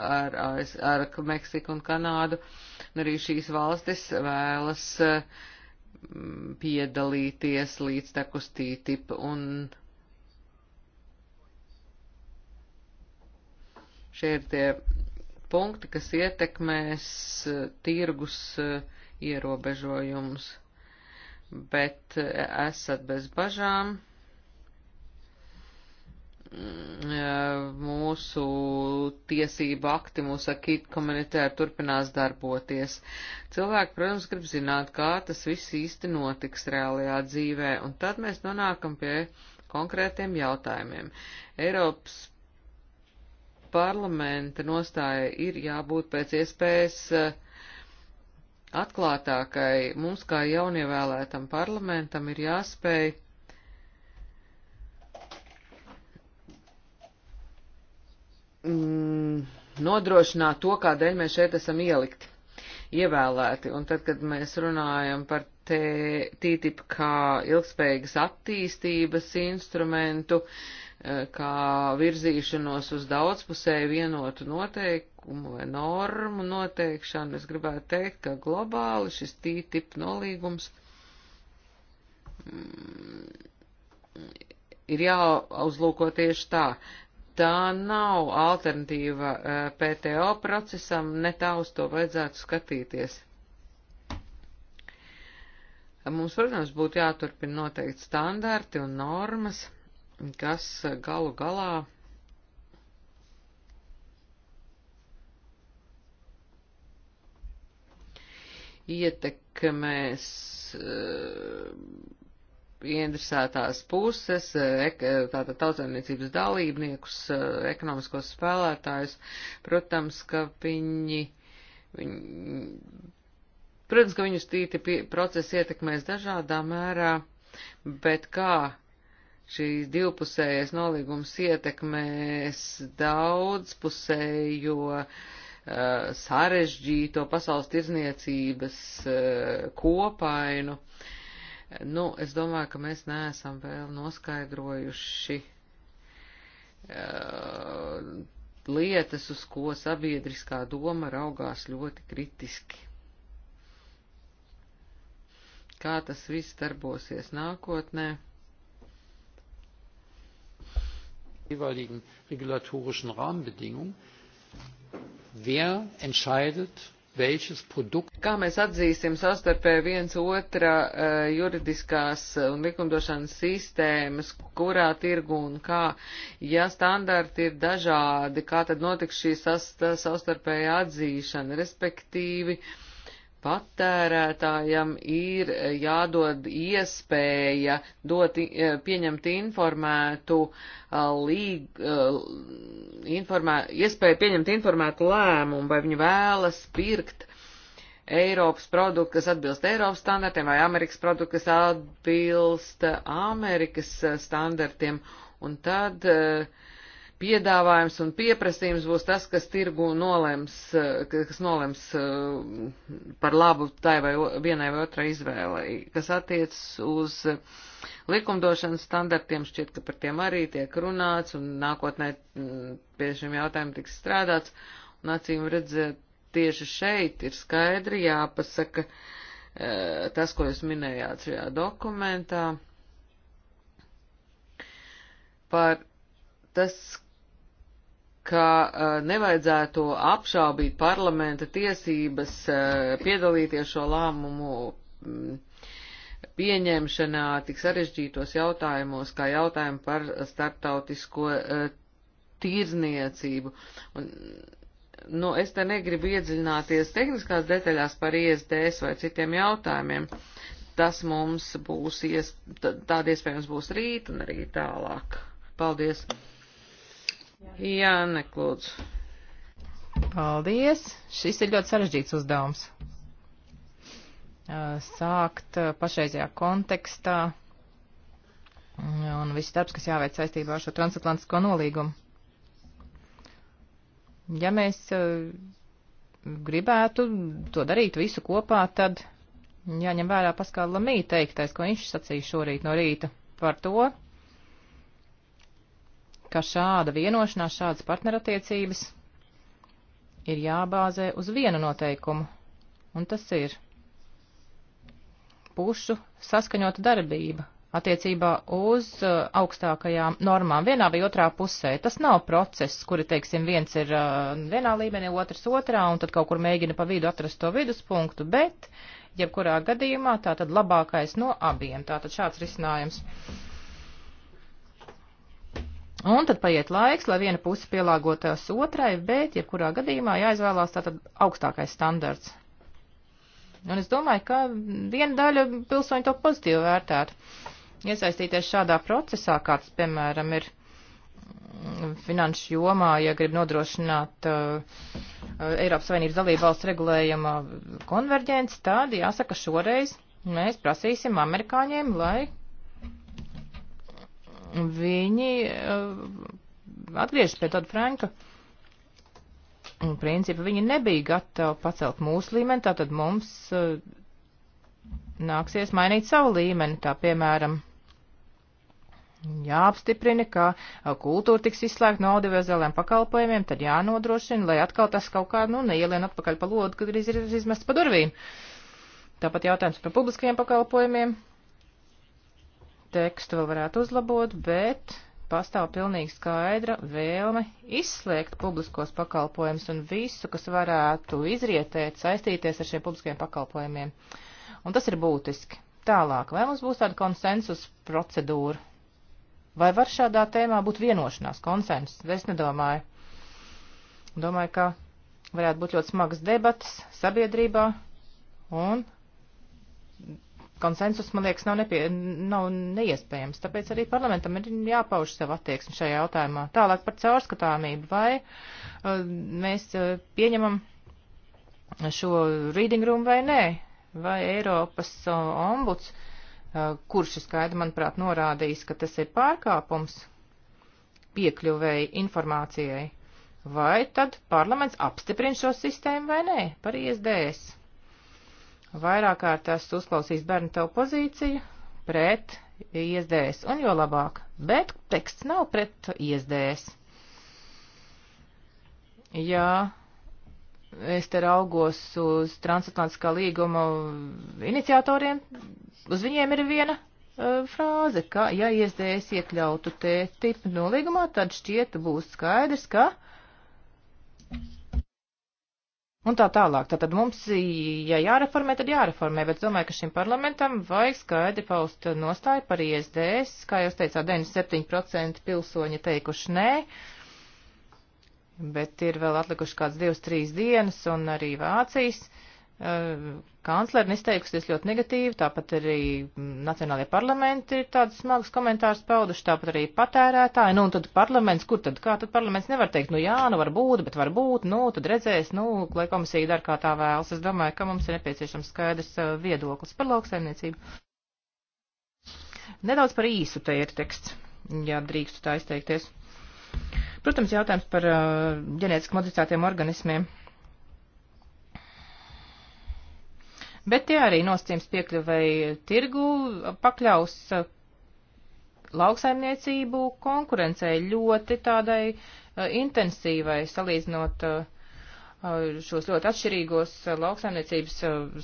ar, ar, ar Meksiku un Kanādu, un arī šīs valstis vēlas mm, piedalīties līdz tekus TTIP, un šie ir tie punkti, kas ietekmēs eh, tirgus ierobežojumus, bet esat bez bažām Mm, mūsu tiesību akti, mūsu akīt komunitēri turpinās darboties. Cilvēki, protams, grib zināt, kā tas viss īsti notiks reālajā dzīvē, un tad mēs nonākam pie konkrētiem jautājumiem. Eiropas parlamenta nostāja ir jābūt pēc iespējas eh, atklātākai. Mums, kā jaunievēlētam parlamentam, ir jāspēj mm, nodrošināt to, kādēļ mēs šeit esam ielikti, ievēlēti. Un tad, kad mēs runājam par TTIP kā ilgspējīgas attīstības instrumentu, eh, kā virzīšanos uz daudzpusēju vienotu noteikumu vai normu noteikšanu, es gribētu teikt, ka globāli šis TTIP nolīgums mm, ir jāuzlūko tieši tā tā nav alternatīva eh, PTO procesam, ne tā uz to vajadzētu skatīties. Mums, protams, būtu jāturpina noteikti standarti un normas, kas galu galā ietekmēs uh, ieinteresētās puses, eh, eh, tātad tautsēmniecības dalībniekus, eh, ekonomiskos spēlētājus, protams, ka viņi, viņi protams, ka viņus tīti procesi ietekmēs dažādā mērā, bet kā šīs divpusējais nolīgums ietekmēs daudzpusējo sarežģīto pasaules tirzniecības kopainu. Nu, Nu, es domāju, ka mēs neesam vēl noskaidrojuši uh, lietas, uz ko sabiedriskā doma raugās ļoti kritiski. Kā tas viss darbosies nākotnē? jeweiligen regulatorischen Rahmenbedingungen. Wer entscheidet, welches Produkt. Kā mēs atzīsim sastarpē viens otra uh, juridiskās eh, un likumdošanas sistēmas, kurā tirgu un kā, ja standarti ir dažādi, kā tad notiks šī sastarpēja atzīšana, respektīvi. Uh, patērētājam ir eh, jādod iespēja dot, eh, pieņemt informētu eh, līg, informē, iespēju pieņemt informētu lēmumu, vai viņi vēlas pirkt Eiropas produktu, kas atbilst Eiropas standartiem, vai Amerikas produktu, kas atbilst Amerikas standartiem. Un tad uh, piedāvājums un pieprasījums būs tas, kas tirgu nolems, eh, kas nolems eh, par labu tai vai vienai vai otrai izvēlei. Kas attiecas uz eh, likumdošanas standartiem, šķiet, ka par tiem arī tiek runāts un nākotnē mm, pie šiem jautājumiem tiks strādāts. Un acīm redzēt, tieši šeit ir skaidri jāpasaka tas, ko jūs minējāt šajā dokumentā. Par tas, ka eh, nevajadzētu apšaubīt parlamenta tiesības eh, piedalīties šo lēmumu mm, pieņemšanā tik sarežģītos jautājumos, kā jautājumu par starptautisko eh, tirzniecību. Un, nu, es te negribu iedziļināties tehniskās detaļās par ISDS vai citiem jautājumiem. Tas mums būs, ies, tāda iespējams būs rīt un arī tālāk. Paldies! Jā, neklūdzu. Paldies. Šis ir ļoti sarežģīts uzdevums. Sākt pašreizajā kontekstā un viss darbs, kas jāveic saistībā ar šo transatlantisko nolīgumu. Ja mēs gribētu to darīt visu kopā, tad jāņem vērā Paskāla Lamī teiktais, ko viņš sacīja šorīt no rīta par to, ka šāda vienošanās, šādas partnerattiecības ir jābāzē uz vienu noteikumu, un tas ir pušu saskaņota darbība attiecībā uz uh, augstākajām normām vienā vai otrā pusē. Tas nav process, kuri, teiksim, viens ir uh, vienā līmenī, otrs otrā, un tad kaut kur mēģina pa vidu atrast to viduspunktu, bet jebkurā gadījumā tā tad labākais no abiem. Tā tad šāds risinājums. Uh, Un tad paiet laiks, lai viena puse pielāgotos otrai, bet jebkurā gadījumā jāizvēlās tātad augstākais standarts. Un es domāju, ka viena daļa pilsoņu to pozitīvi vērtētu. Iesaistīties šādā procesā, kāds, piemēram, ir finanšu jomā, ja grib nodrošināt uh, uh Eiropas Savienības dalību valsts regulējuma konverģents, tad jāsaka šoreiz mēs prasīsim amerikāņiem, lai viņi eh, atgriežas pie tāda Franka un principa. Viņi nebija gatavi pacelt mūsu līmeni, tātad mums eh, nāksies mainīt savu līmeni, tā piemēram. Jāapstiprina, ka eh, kultūra tiks izslēgta no audiovizuāliem pakalpojumiem, tad jānodrošina, lai atkal tas kaut kā, nu, neielien atpakaļ pa lodu, kad arī ir izmests pa durvīm. Tāpat jautājums par publiskajiem pakalpojumiem tekstu vēl varētu uzlabot, bet pastāv pilnīgi skaidra vēlme izslēgt publiskos pakalpojumus un visu, kas varētu izrietēt, saistīties ar šiem publiskiem pakalpojumiem. Un tas ir būtiski. Tālāk, vai mums būs tāda konsensus procedūra? Vai var šādā tēmā būt vienošanās, konsensus? Es nedomāju. Domāju, ka varētu būt ļoti smagas debatas sabiedrībā, un konsensus, man liekas, nav, nepie, nav neiespējams. Tāpēc arī parlamentam ir jāpauž sev attieksmi šajā jautājumā. Tālāk par caurskatāmību. Vai uh, mēs uh, pieņemam šo reading room vai nē? Vai Eiropas uh, ombuds, uh, kurš ir skaidri, manuprāt, norādījis, ka tas ir pārkāpums piekļuvēji informācijai? Vai tad parlaments apstiprina šo sistēmu vai nē par ISDS? vairāk kārt esmu uzklausījis bērnu tavu pozīciju pret ISDS, un jo labāk, bet teksts nav pret ISDS. Jā, es te raugos uz transatlantiskā līguma iniciatoriem, uz viņiem ir viena uh, frāze, ka, ja ISDS iekļautu te tipu nolīgumā, tad šķiet būs skaidrs, ka uh, un tā tālāk. Tātad mums, ja jāreformē, tad jāreformē, bet domāju, ka šim parlamentam vajag skaidri paust nostāju par ISDS, kā jūs teicāt, 97% pilsoņi teikuši nē, bet ir vēl atlikuši kāds 2-3 dienas un arī Vācijas. Uh, Eh, kanclere izteikusies ļoti negatīvi, tāpat arī mm, nacionālajie parlamenti ir tādas smagas komentārus pauduši, tāpat arī patērētāji, nu un tad parlaments, kur tad, kā tad parlaments nevar teikt, nu jā, nu var būt, bet var būt, nu tad redzēs, nu, lai komisija dar kā tā vēlas, es domāju, ka mums ir nepieciešams skaidrs eh, viedoklis par lauksaimniecību. Nedaudz par īsu te ir teksts, ja drīkstu tā izteikties. Protams, jautājums par uh, ģenētiski modificētiem organismiem. Uh, bet tie arī nosacījums piekļuvai tirgu pakļaus eh, lauksaimniecību konkurencei ļoti tādai eh, intensīvai, salīdzinot eh, šos ļoti atšķirīgos lauksaimniecības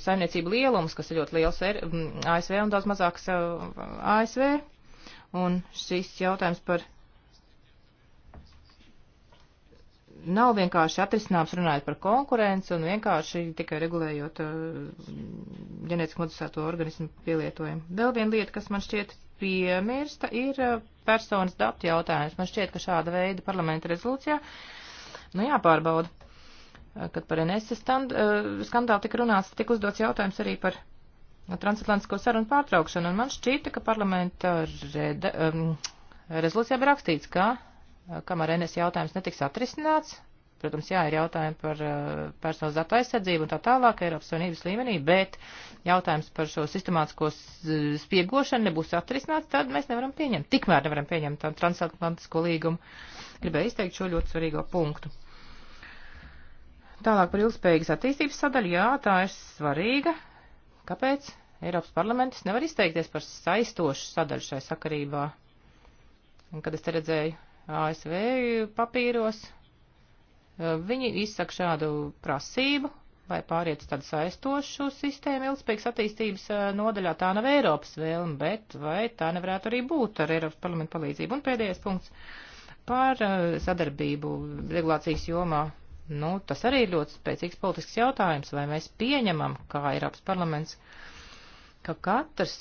saimniecību lielumus, kas ir ļoti liels er, mm, ASV un daudz mazāks ASV. Un šis jautājums par nav vienkārši atrisināms runājot par konkurenci un vienkārši tikai regulējot uh, ģenētiski modificēto organismu pielietojumu. Vēl viena lieta, kas man šķiet piemirsta, ir uh, personas datu jautājums. Man šķiet, ka šāda veida parlamenta rezolūcijā, nu jāpārbauda, uh, kad par NS stand, skandālu tika runāts, tika uzdots jautājums arī par transatlantisko sarunu pārtraukšanu, un man šķita, ka parlamenta reda, um, rezolūcijā bija rakstīts, ka Eh, kamēr NS jautājums netiks atrisināts, protams, jā, ir jautājumi par eh, personas datu aizsardzību un tā tālāk Eiropas Savienības līmenī, bet jautājums par šo sistemātisko spiegošanu nebūs atrisināts, tad mēs nevaram pieņemt, tikmēr nevaram pieņemt tādu transatlantisko līgumu. Gribēju izteikt šo ļoti svarīgo punktu. Tālāk par ilgspējīgas attīstības sadaļu, jā, tā ir svarīga. Kāpēc? Eiropas parlaments nevar izteikties par saistošu sadaļu šai sakarībā. Un, kad es te redzēju ASV papīros, viņi izsaka šādu prasību, lai pāriet uz tādu saistošu sistēmu ilgspējīgas attīstības nodaļā. Tā nav Eiropas vēlme, bet vai tā nevarētu arī būt ar Eiropas parlamentu palīdzību? Un pēdējais punkts par sadarbību regulācijas jomā. Nu, tas arī ir ļoti spēcīgs politisks jautājums, vai mēs pieņemam, kā Eiropas parlaments, ka katrs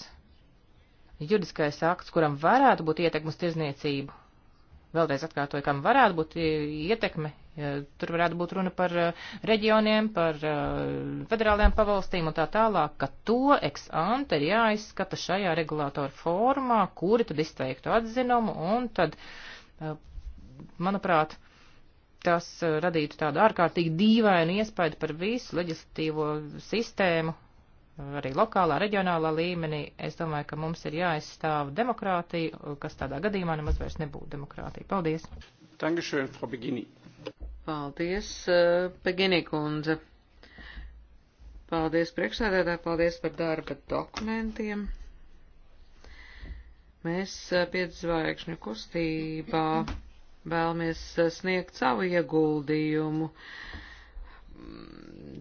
juridiskais akts, kuram varētu būt ietekmes tirzniecību, vēlreiz atkārtoju, kam varētu būt e, ietekme. E, tur varētu būt runa par e, reģioniem, par federālajām pavalstīm un tā tālāk, ka to ex ante ir jāizskata šajā regulātora formā, kuri tad izteiktu atzinumu un tad, manuprāt, tas radītu tādu ārkārtīgi dīvainu iespēju par visu leģislatīvo sistēmu arī lokālā, reģionālā līmenī, es domāju, ka mums ir jāaizstāv demokrātija, kas tādā gadījumā nemaz vairs nebūtu demokrātija. Paldies! Dankeschön, Frau Begini. Paldies, eh, Begini kundze. Paldies priekšsēdētāji, paldies par darba dokumentiem. Mēs eh, piedzvaigžņu kustībā vēlamies eh, sniegt savu ieguldījumu. Uh,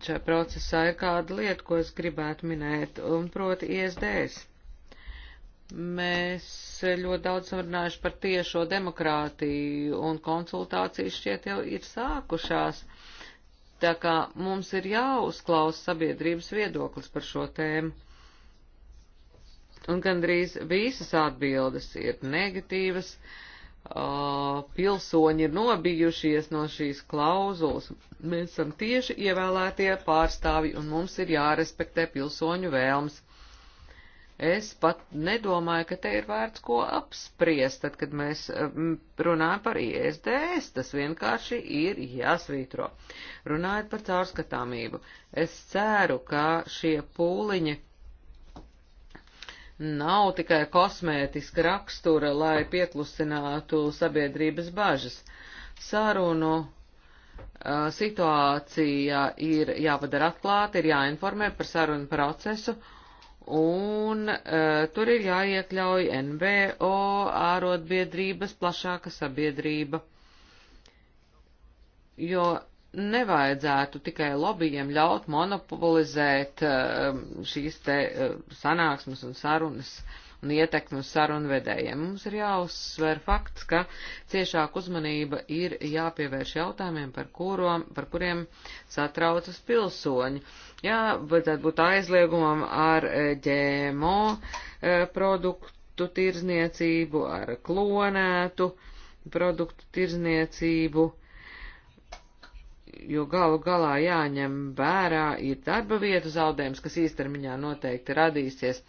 šajā procesā ir kāda lieta, ko es gribētu minēt, un proti ISDS. Mēs ļoti daudz runājuši par tiešo demokrātiju, un konsultācijas šķiet jau ir sākušās. Tā kā mums ir jāuzklaus sabiedrības viedoklis par šo tēmu. Un gandrīz visas atbildes ir negatīvas. Uh, Uh, pilsoņi ir nobijušies no šīs klauzulas. Mēs esam tieši ievēlētie pārstāvi un mums ir jārespektē pilsoņu vēlms. Es pat nedomāju, ka te ir vērts ko apspriest, tad, kad mēs um, runājam par ISDS, tas vienkārši ir jāsvītro. Runājot par caurskatāmību, es ceru, ka šie pūliņi nav tikai kosmētiska rakstura, lai pieklusinātu sabiedrības bažas. Sarunu uh, situācija ir jāpadara atklāta, ir jāinformē par sarunu procesu, un uh, tur ir jāiekļauj NVO, ārotbiedrības, plašāka sabiedrība, jo nevajadzētu tikai lobbyiem ļaut monopolizēt um, šīs te um, sanāksmes un sarunas un ietekmi uz sarunvedējiem. Mums ir jāuzsver fakts, ka ciešāk uzmanība ir jāpievērš jautājumiem, par, kurom, par kuriem satraucas pilsoņi. Jā, vajadzētu būt aizliegumam ar eh, ģēmo eh, produktu tirzniecību, ar klonētu produktu tirzniecību jo galu galā jāņem vērā ir darba vietu zaudējums, kas īstermiņā noteikti radīsies.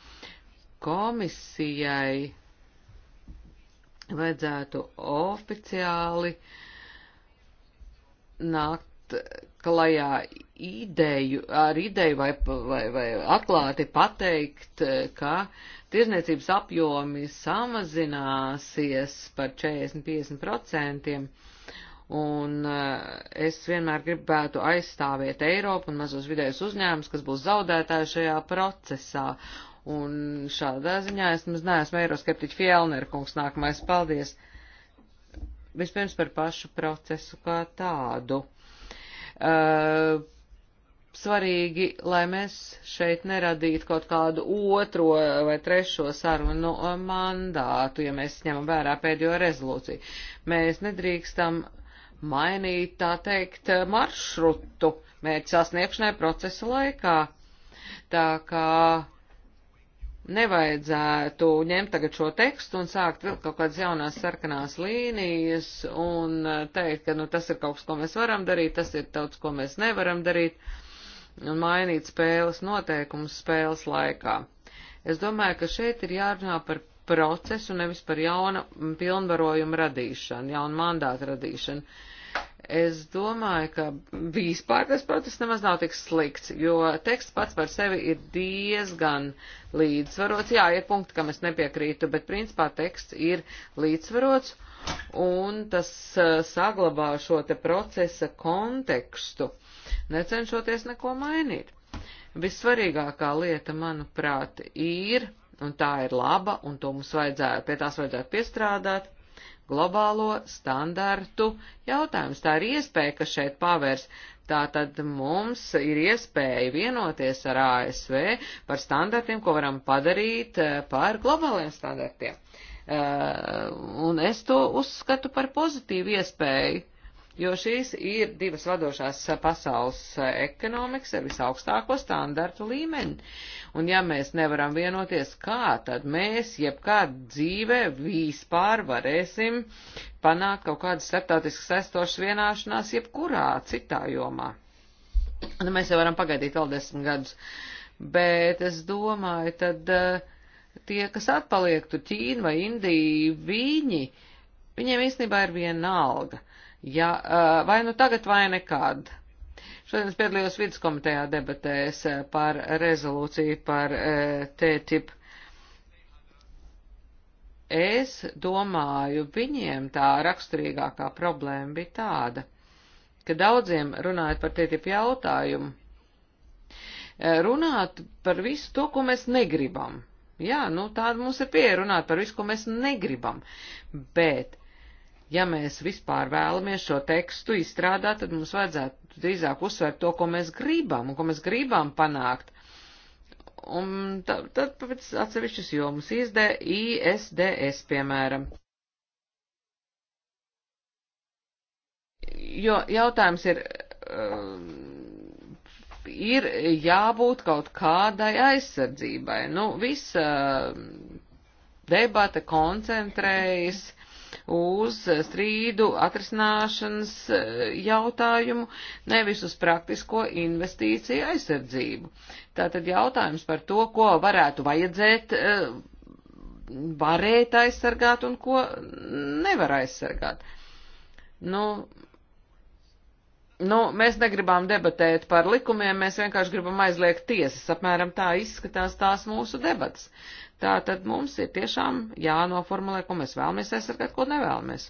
Komisijai vajadzētu oficiāli nākt klajā ideju, ar ideju vai, vai, vai atklāti pateikt, ka tirzniecības apjomi samazināsies par 40-50% un eh, es vienmēr gribētu aizstāvēt Eiropu un mazos vidējos uzņēmumus, kas būs zaudētāji šajā procesā. Un šādā ziņā es maz neesmu eiroskeptiķi Fielner kungs nākamais. Paldies! Vispirms par pašu procesu kā tādu. Uh, svarīgi, lai mēs šeit neradītu kaut kādu otro vai trešo sarunu mandātu, ja mēs ņemam vērā pēdējo rezolūciju. Mēs nedrīkstam uh, mainīt, tā teikt, maršrutu mērķu sasniegšanai procesa laikā. Tā kā nevajadzētu ņemt tagad šo tekstu un sākt vilkt kaut kādas jaunās sarkanās līnijas un teikt, ka nu, tas ir kaut kas, ko mēs varam darīt, tas ir daudz, ko mēs nevaram darīt un mainīt spēles noteikumus spēles laikā. Es domāju, ka šeit ir jārunā par procesu, nevis par jauna pilnvarojuma radīšanu, jaunu mandātu radīšanu. Es domāju, ka vispār tas protests nemaz nav tik slikts, jo teksts pats par sevi ir diezgan līdzsvarots. Jā, ir punkti, kam es nepiekrītu, bet principā teksts ir līdzsvarots un tas eh, saglabā šo te procesa kontekstu, necenšoties neko mainīt. Vissvarīgākā lieta, manuprāt, ir, un tā ir laba, un to mums vajadzētu, pie tās vajadzētu piestrādāt, globālo standartu jautājums. Tā ir iespēja, kas šeit pavērs. Tātad mums ir iespēja vienoties ar ASV par standartiem, ko varam padarīt eh, par globāliem standartiem. Eh, un es to uzskatu par pozitīvu iespēju, jo šīs ir divas vadošās pasaules eh, ekonomikas ar visaugstāko standartu līmeni. Un ja mēs nevaram vienoties, kā tad mēs jebkād dzīvē vispār varēsim panākt kaut kādas starptautiskas saistošas vienāšanās jebkurā citā jomā. Nu, mēs jau varam pagaidīt vēl desmit gadus, bet es domāju, tad eh, tie, kas atpaliek tur Ķīna vai Indija, viņi, viņiem īstenībā ir viena alga. Ja, eh, vai nu tagad vai nekad Šodien es piedalījos vidskomitejā debatēs eh, par rezolūciju par eh, TTIP. Es domāju, viņiem tā raksturīgākā problēma bija tāda, ka daudziem runājot par TTIP jautājumu, eh, runāt par visu to, ko mēs negribam. Jā, nu tāda mums ir pieeja runāt par visu, ko mēs negribam, bet ja mēs vispār vēlamies šo tekstu izstrādāt, tad mums vajadzētu drīzāk uzsvērt to, ko mēs gribam un ko mēs gribam panākt. Un tad, tad pēc atsevišķas jomas izdē ISDS, piemēram. Jo jautājums ir, um, ir jābūt kaut kādai aizsardzībai. Nu, visa debata koncentrējas uz strīdu atrisināšanas eh, jautājumu, nevis uz praktisko investīciju aizsardzību. Tātad jautājums par to, ko varētu vajadzēt, eh, varēt aizsargāt un ko nevar aizsargāt. Nu, Nu, mēs negribam debatēt par likumiem, mēs vienkārši gribam aizliegt tiesas. Apmēram tā izskatās tās mūsu debats. Tā tad mums ir tiešām jānoformulē, ko mēs vēlamies aizsargāt, ko nevēlamies.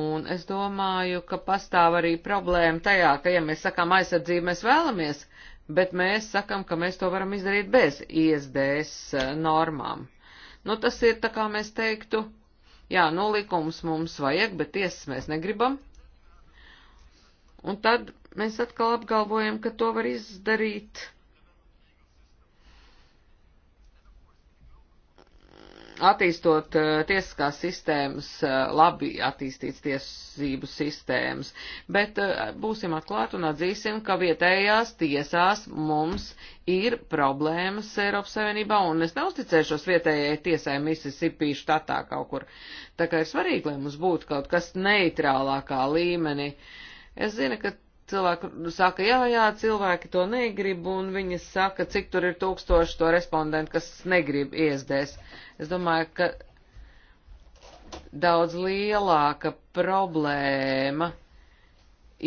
Un es domāju, ka pastāv arī problēma tajā, ka, ja mēs sakām aizsardzību, mēs vēlamies, bet mēs sakam, ka mēs to varam izdarīt bez ISDS eh, normām. Nu, tas ir tā kā mēs teiktu, jā, nu likums mums vajag, bet tiesas mēs negribam. Un tad mēs atkal apgalvojam, ka to var izdarīt attīstot eh, tiesiskās sistēmas, eh, labi attīstīts tiesību sistēmas, bet eh, būsim atklāti un atzīsim, ka vietējās tiesās mums ir problēmas Eiropas Savienībā, un es neusticēšos vietējai tiesai Mississippi štatā kaut kur. Tā kā ir svarīgi, lai mums būtu kaut kas neitrālākā līmenī. Uh, Es zinu, ka cilvēki saka, jā, jā, cilvēki to negrib, un viņi saka, cik tur ir tūkstoši to respondentu, kas negrib iesdēs. Es domāju, ka daudz lielāka problēma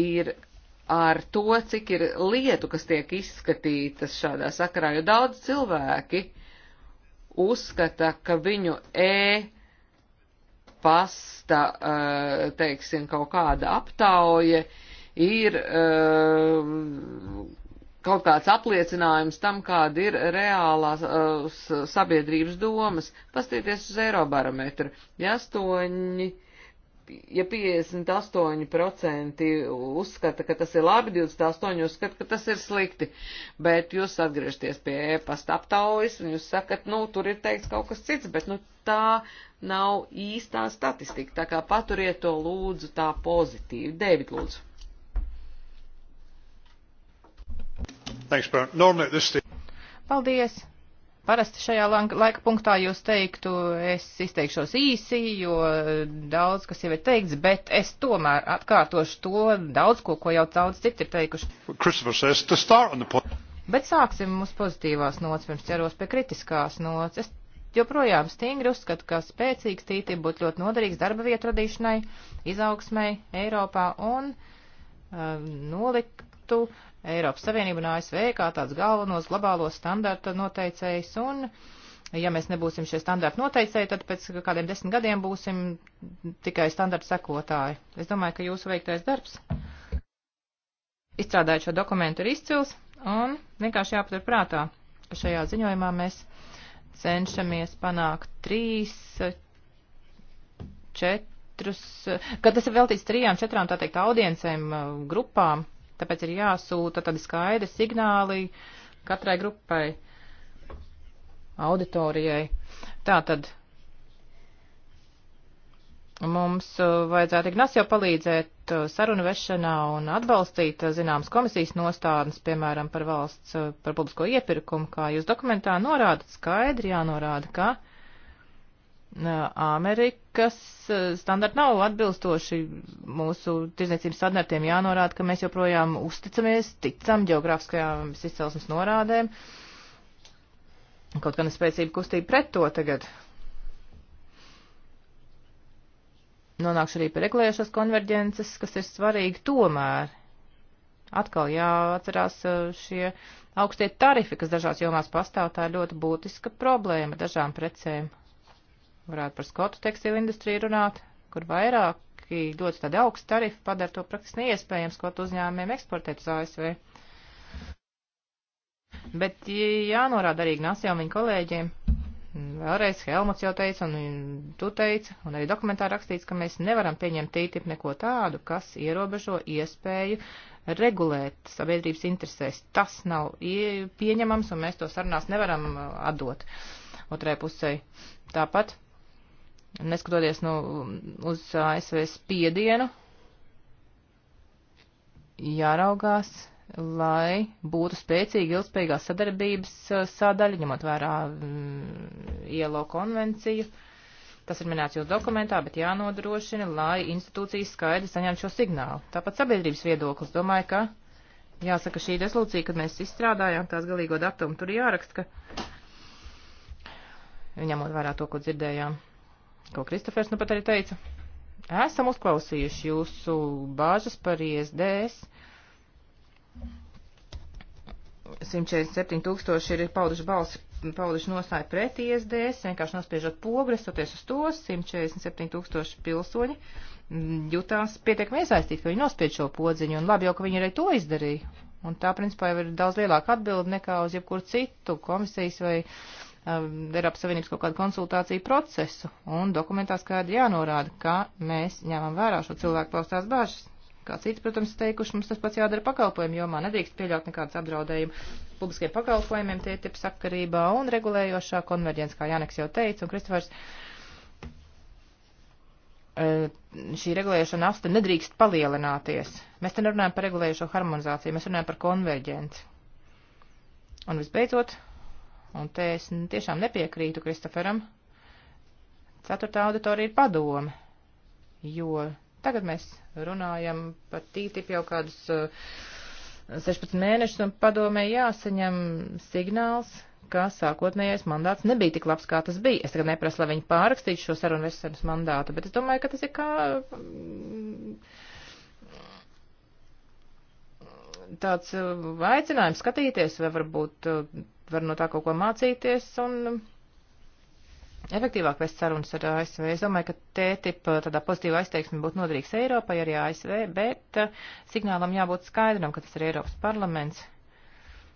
ir ar to, cik ir lietu, kas tiek izskatītas šādā sakarā, jo daudz cilvēki uzskata, ka viņu e pasta, eh, teiksim, kaut kāda aptauja ir eh, kaut kāds apliecinājums tam, kāda ir reālās eh, sabiedrības domas. Pastieties uz Eirobarometru. Ja 8, ja 58% uzskata, ka tas ir labi, 28% uzskata, ka tas ir slikti, bet jūs atgriežaties pie e-pasta aptaujas un jūs sakat, nu, tur ir teikts kaut kas cits, bet, nu, tā nav īstā statistika, tā kā paturiet to lūdzu tā pozitīvi. Dēvid, lūdzu. Thanks, Paldies! Parasti šajā laika punktā jūs teiktu, es izteikšos īsi, jo daudz kas jau ir teikts, bet es tomēr atkārtošu to daudz ko, ko jau daudz citi ir teikuši. Bet sāksim uz pozitīvās nots, pirms ķeros pie kritiskās nots. Es joprojām stingri uzskatu, ka spēcīgs tītība būtu ļoti noderīgs darba vietu radīšanai, izaugsmai Eiropā un um, noliktu Eiropas Savienību un ASV kā tāds galvenos globālos standarta noteicējs un ja mēs nebūsim šie standarti noteicēji, tad pēc kādiem desmit gadiem būsim tikai standarta sekotāji. Es domāju, ka jūsu veiktais darbs, izstrādājot šo dokumentu, ir izcils un vienkārši jāpatur prātā, ka šajā ziņojumā mēs cenšamies panākt trīs, četrus, kad tas ir veltīts trijām, četrām, tā teikt, audiencēm, uh, grupām, tāpēc ir jāsūta tādi skaidri signāli katrai grupai, auditorijai. Tā tad mums uh, vajadzētu Ignacio palīdzēt Eh, sarunu vešanā un atbalstīt eh, zināmas komisijas nostādnes, piemēram, par valsts, eh, par publisko iepirkumu, kā jūs dokumentā norādat, skaidri jānorāda, ka Amerikas standarti nav atbilstoši mūsu tirzniecības standartiem, jānorāda, ka mēs joprojām uzticamies, ticam geogrāfiskajām izcelsmes norādēm. Kaut gan es spēcīgi kustību pret to tagad nonākšu arī pie regulējušās konverģences, kas ir svarīgi tomēr. Atkal jāatcerās uh, šie augstie tarifi, kas dažās jomās pastāv, tā ir ļoti būtiska problēma dažām precēm. Varētu par skotu tekstilu industriju runāt, kur vairāki ļoti tādi augsti tarifi padara to praktiski neiespējams skotu uzņēmumiem eksportēt uz ASV. Bet jānorāda arī Gnasijam viņa kolēģiem, Vēlreiz Helmuts jau teica, un tu teici, un arī dokumentā rakstīts, ka mēs nevaram pieņemt tītip neko tādu, kas ierobežo iespēju regulēt sabiedrības interesēs. Tas nav pieņemams, un mēs to sarunās nevaram uh, atdot otrai pusē. Tāpat, neskatoties nu, uz ASV spiedienu, jāraugās lai būtu spēcīga ilgspējīgā sadarbības uh, sadaļa, ņemot vērā mm, ILO konvenciju. Tas ir minēts jūsu dokumentā, bet jānodrošina, lai institūcijas skaidri saņemtu šo signālu. Tāpat sabiedrības viedoklis. Domāju, ka jāsaka šī rezolūcija, kad mēs izstrādājām tās galīgo datumu, tur jāraksta, ka ņemot vērā to, ko dzirdējām, ko Kristofers nu pat arī teica, esam uzklausījuši jūsu bāžas par ISDS. Uh, 147 tūkstoši ir pauduši balsi, pauduši nostāju pret ISDS, vienkārši nospiežot pogri, stoties uz tos, 147 tūkstoši pilsoņi mm, jutās pietiekami iesaistīti, ka viņi nospiež šo podziņu, un labi jau, ka viņi arī to izdarīja. Un tā, principā, jau ir daudz lielāka atbilde nekā uz jebkuru citu komisijas vai um, Eiropas Savienības kaut kādu konsultāciju procesu. Un dokumentā skaidri jānorāda, ka mēs ņemam vērā šo cilvēku paustās bažas. Kā citi, protams, teikuši, mums tas pats jādara pakalpojumu jomā. Nedrīkst pieļaut nekādas apdraudējumu publiskiem pakalpojumiem, tie ir sakarībā un regulējošā konverģents, kā Jāneks jau teica, un Kristofers. Eh, šī regulēšana asta nedrīkst palielināties. Mēs te nerunājam par regulējušo harmonizāciju, mēs runājam par konverģenci. Un visbeidzot, un te es tiešām nepiekrītu Kristoferam, ceturtā auditorija ir padome, jo Tagad mēs runājam par TTIP jau kādus 16 uh, mēnešus, un padomē jāsaņem signāls, ka sākotnējais mandāts nebija tik labs, kā tas bija. Es tagad neprasu, lai viņi pārrakstītu šo sarunu vesenas mandātu, bet es domāju, ka tas ir kā mm, tāds uh, aicinājums skatīties, vai varbūt uh, var no tā kaut ko mācīties un efektīvāk pēc sarunas ar ASV. Es domāju, ka TTIP uh, tādā pozitīvā izteiksme būtu noderīgs Eiropai, arī ASV, bet uh, signālam jābūt skaidram, ka tas ir Eiropas parlaments.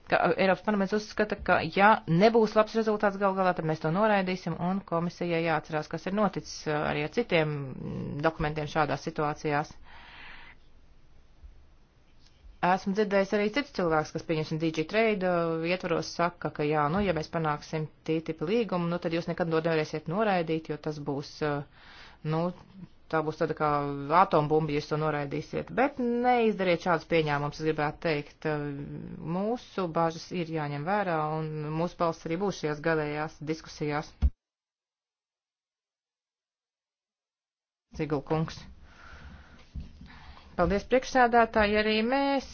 Ka uh, Eiropas parlaments uzskata, ka ja nebūs labs rezultāts gal galā, tad mēs to noraidīsim, un komisijai jāatcerās, kas ir noticis arī ar citiem mm, dokumentiem šādās situācijās. Uh, Esmu dzirdējis arī citus cilvēkus, kas, pieņemsim, DJ trade uh, ietvaros saka, ka jā, nu, ja mēs panāksim TTIP līgumu, nu, tad jūs nekad to nevarēsiet noraidīt, jo tas būs, uh, nu, tā būs tāda kā atombumba, ja jūs to noraidīsiet. Bet neizdariet šādus pieņēmumus, es gribētu teikt. Uh, mūsu bāžas ir jāņem vērā, un mūsu balss arī būs šajās galējās diskusijās. Zigulkungs. kungs. Paldies priekšsēdētāji, arī mēs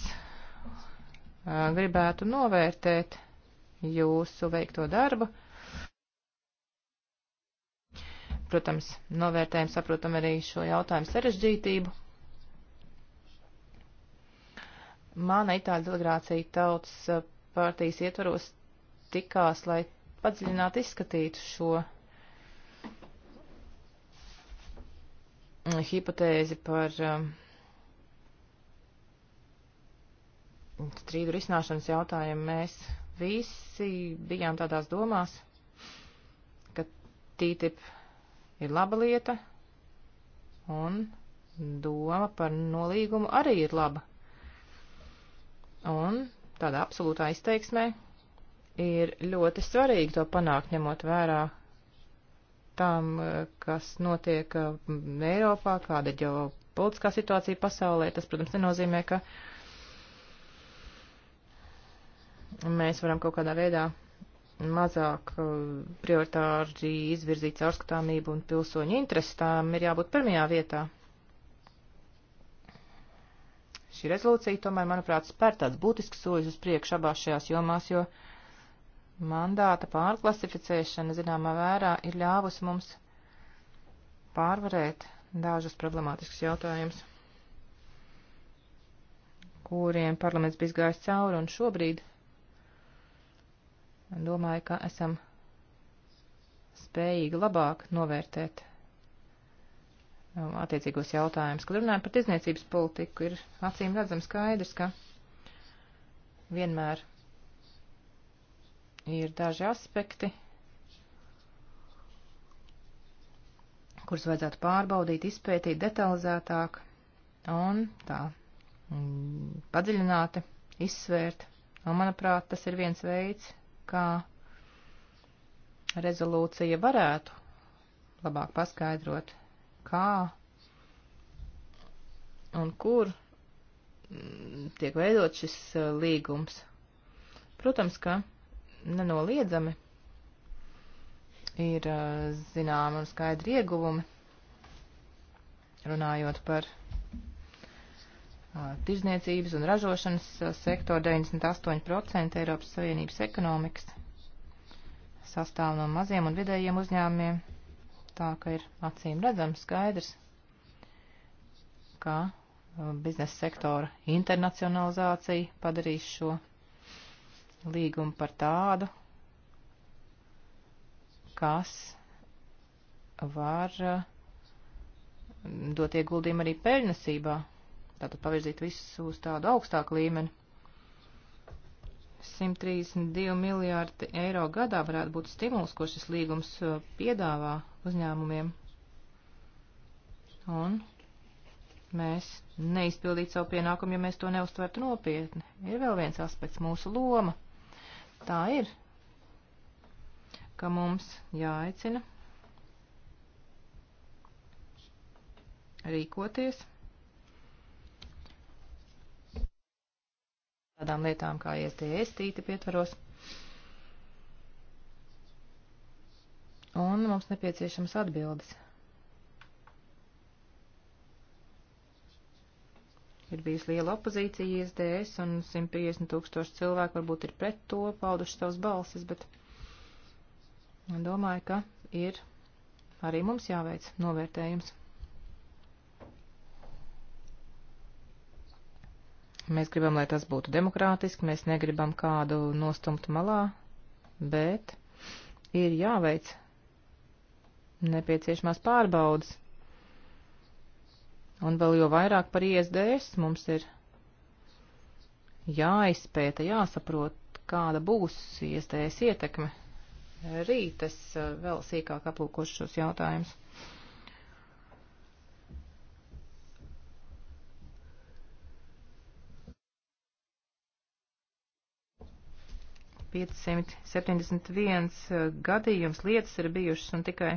gribētu novērtēt jūsu veikto darbu. Protams, novērtējam, saprotam arī šo jautājumu sarežģītību. Mana itāļu delegācija tautas partijas ietvaros tikās, lai padziļināti izskatītu šo hipotēzi par um, strīdu risināšanas jautājumu mēs visi bijām tādās domās, ka TTIP ir laba lieta un doma par nolīgumu arī ir laba. Un tādā absolūtā izteiksmē ir ļoti svarīgi to panākt, ņemot vērā tam, kas notiek uh, Eiropā, kāda ir ģeopolitiskā situācija pasaulē. Tas, protams, nenozīmē, ka uh, mēs varam kaut kādā veidā mazāk uh, prioritāri izvirzīt caurskatāmību un pilsoņu intereses, tām ir jābūt pirmajā vietā. Šī rezolūcija tomēr, manuprāt, spēr tāds būtisks soļus uz priekšu abās šajās jomās, jo mandāta pārklasificēšana zināmā vērā ir ļāvusi mums pārvarēt dažus problemātiskus jautājumus, kuriem parlaments bija gājis cauri un šobrīd domāju, ka esam spējīgi labāk novērtēt um, attiecīgos jautājumus. Kad runājam par tirzniecības politiku, ir acīm redzams skaidrs, ka vienmēr ir daži aspekti, kurus vajadzētu pārbaudīt, izpētīt detalizētāk un tā mm, padziļināti, izsvērt. Un, manuprāt, tas ir viens veids, ka rezolūcija varētu labāk paskaidrot, kā un kur tiek veidot šis e, līgums. Protams, ka nenoliedzami ir e, zināma un skaidra ieguvumi, runājot par tirzniecības un ražošanas sektora 98% Eiropas Savienības ekonomikas sastāv no maziem un vidējiem uzņēmumiem, tā ka ir acīm redzams skaidrs, ka biznesa sektora internacionalizācija padarīs šo līgumu par tādu, kas var dot ieguldījumu arī peļņasībā tātad pavirzīt visus uz tādu augstāku līmeni. 132 miljārdi eiro gadā varētu būt stimuls, ko šis līgums uh, piedāvā uzņēmumiem. Un mēs neizpildītu savu pienākumu, ja mēs to neuztvertu nopietni. Ir vēl viens aspekts - mūsu loma. Tā ir, ka mums jāaicina rīkoties. tādām lietām kā ISDS tīti pietvaros. Un mums nepieciešams atbildes. Ir bijusi liela opozīcija ISDS un 150 tūkstoši cilvēku varbūt ir pret to, pauduši savas balsis, bet domāju, ka ir arī mums jāveic novērtējums. Mēs gribam, lai tas būtu demokrātiski, mēs negribam kādu nostumt malā, bet ir jāveic nepieciešamās pārbaudas. Un vēl jo vairāk par ISDS mums ir jāizpēta, jāsaprot, kāda būs ISDS ietekme. Rīt es eh, vēl sīkāk aplūkošu šos jautājumus. 571 eh, gadījums lietas ir bijušas un tikai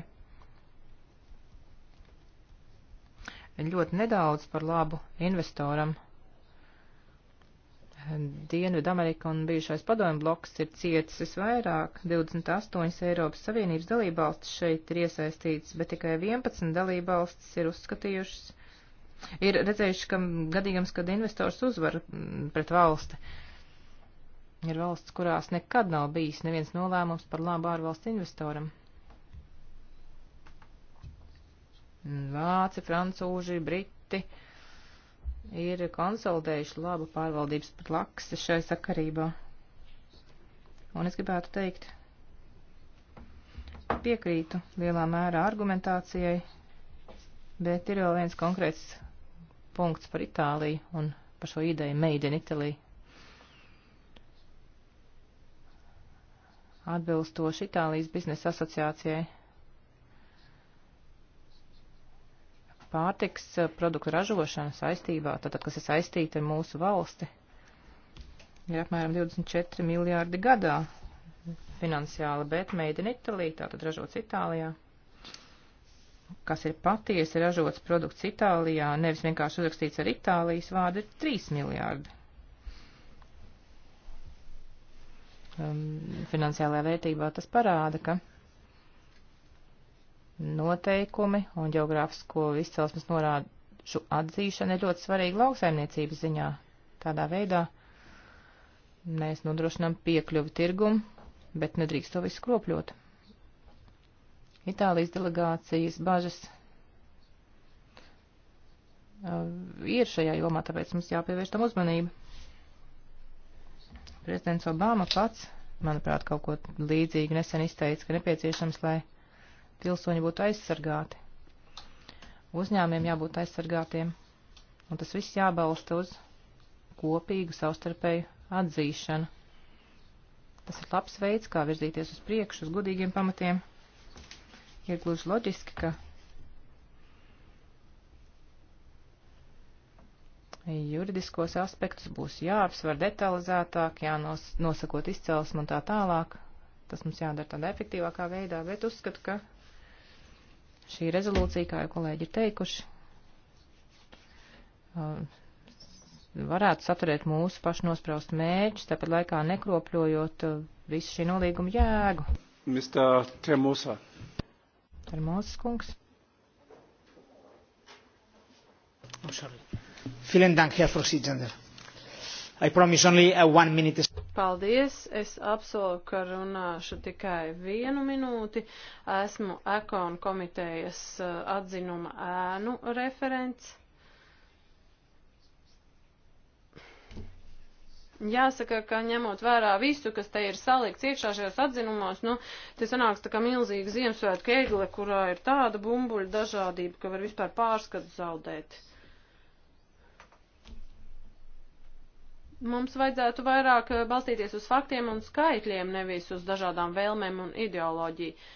ļoti nedaudz par labu investoram. Dienvidu Amerika un bijušais padomju bloks ir cietis visvairāk, 28 Eiropas Savienības dalībvalstis šeit ir iesaistīts, bet tikai 11 dalībvalstis ir uzskatījušas, ir redzējuši, ka gadījums, kad investors uzvar mm, pret valsti. Uh, Ir valsts, kurās nekad nav bijis neviens nolēmums par labu ārvalstu investoram. Vāci, francūži, briti ir konsolidējuši labu pārvaldības plaksi šai sakarībā. Un es gribētu teikt, piekrītu lielā mērā argumentācijai, bet ir vēl viens konkrēts punkts par Itāliju un par šo ideju Made in Italy. atbilstoši Itālijas biznesa asociācijai. Pārtiks eh, produktu ražošana saistībā, tātad, kas ir saistīta ar mūsu valsti, ir apmēram 24 miljārdi gadā finansiāli, bet made in Italy, tātad ražots Itālijā kas ir patiesi ražots produkts Itālijā, nevis vienkārši uzrakstīts ar Itālijas vārdu, ir 3 miljārdi. um, finansiālajā vērtībā, tas parāda, ka noteikumi un geogrāfisko izcelsmes norādu atzīšana ir ļoti svarīga lauksaimniecības ziņā. Tādā veidā mēs nodrošinām piekļuvi tirgumu, bet nedrīkst to visu kropļot. Itālijas delegācijas bažas uh, ir šajā jomā, tāpēc mums jāpievērš tam uzmanība. Prezidents Obama pats, manuprāt, kaut ko līdzīgu nesen izteica, ka nepieciešams, lai pilsoņi būtu aizsargāti. Uzņēmiem jābūt aizsargātiem. Un tas viss jābalsta uz kopīgu savstarpēju atzīšanu. Tas ir labs veids, kā virzīties uz priekšu, uz godīgiem pamatiem. Ir gluži loģiski, ka juridiskos aspektus būs jāapsver detalizētāk, jānosakot izcelsmu un tā tālāk. Tas mums jādara tādā efektīvākā veidā, bet uzskatu, ka šī rezolūcija, kā jau kolēģi ir teikuši, uh, varētu saturēt mūsu pašu nospraust mērķus, tāpat laikā nekropļojot uh, visu šī nolīguma jēgu. Mr. Termosa. Termosas kungs. Oh, sorry. Uh, Paldies, es apsolu, ka runāšu tikai vienu minūti. Esmu Ekon komitejas uh, atzinuma ēnu referents. Jāsaka, ka ņemot vērā visu, kas te ir salikts iekšā šajos atzinumos, nu, te sanāks tā kā milzīga Ziemassvētku egle, kurā ir tāda bumbuļa dažādība, ka var vispār pārskatu zaudēt. Mums vajadzētu vairāk eh, balstīties uz faktiem un skaitļiem, nevis uz dažādām vēlmēm un ideoloģiju. Uh,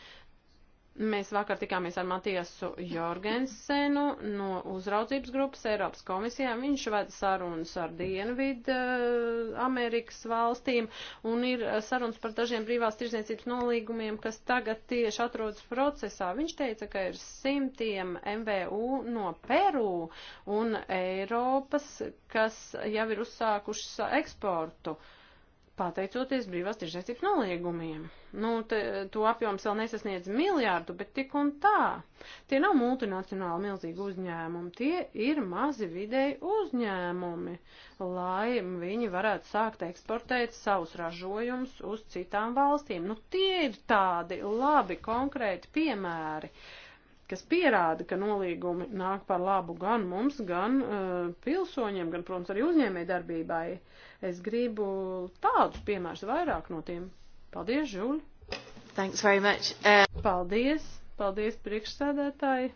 Mēs vakar tikāmies ar Matiesu Jorgensenu no uzraudzības grupas Eiropas komisijā. Viņš ved sarunas ar Dienvidu eh, Amerikas valstīm un ir eh, sarunas par dažiem brīvās tirzniecības nolīgumiem, kas tagad tieši atrodas procesā. Viņš teica, ka ir simtiem MVU no Peru un Eiropas, kas jau ir uzsākušas eksportu. Uh, pateicoties brīvās tiešsaistības noliegumiem. Nu, te, to apjoms vēl nesasniedz miljārdu, bet tik un tā. Tie nav multinacionāli milzīgi uzņēmumi, tie ir mazi vidēji uzņēmumi, lai viņi varētu sākt eksportēt savus ražojumus uz citām valstīm. Nu, tie ir tādi labi konkrēti piemēri. Uh, kas pierāda, ka nolīgumi nāk par labu gan mums, gan uh, pilsoņiem, gan, protams, arī uzņēmē darbībai. Es gribu tādus piemērus vairāk no tiem. Paldies, Žuļ! Thanks very much. Uh... Paldies! Paldies, priekšsēdētāji!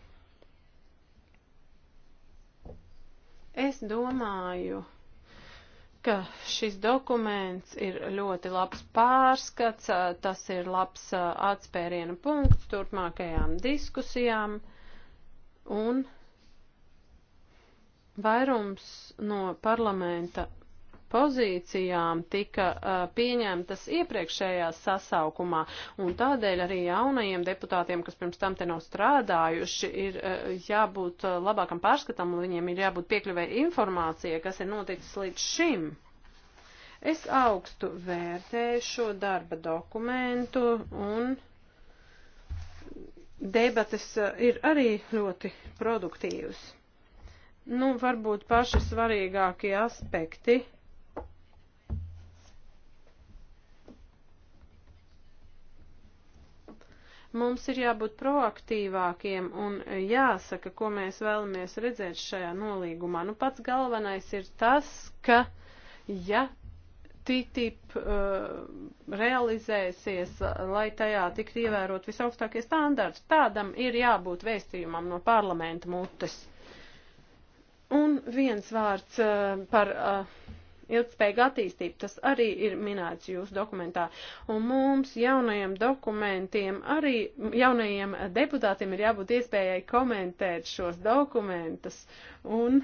Es domāju ka šis dokuments ir ļoti labs pārskats, tas ir labs atspēriena punkts turpmākajām diskusijām, un vairums no parlamenta pozīcijām tika uh, pieņemtas iepriekšējā sasaukumā, un tādēļ arī jaunajiem deputātiem, kas pirms tam te nav strādājuši, ir uh, jābūt uh, labākam pārskatam, un viņiem ir jābūt piekļuvēji informācija, kas ir noticis līdz šim. Es augstu vērtēju šo darba dokumentu un debates ir arī ļoti produktīvas. Nu, varbūt paši svarīgākie aspekti Mums ir jābūt proaktīvākiem un jāsaka, ko mēs vēlamies redzēt šajā nolīgumā. Nu, pats galvenais ir tas, ka, ja TTIP uh, realizēsies, uh, lai tajā tik ievērot visaugstākie standarti, tādam ir jābūt vēstījumam no parlamenta mutes. Un viens vārds uh, par. Uh, ilgspējīgu attīstību. Tas arī ir minēts jūsu dokumentā. Un mums jaunajiem dokumentiem, arī jaunajiem deputātiem ir jābūt iespējai komentēt šos dokumentus. Un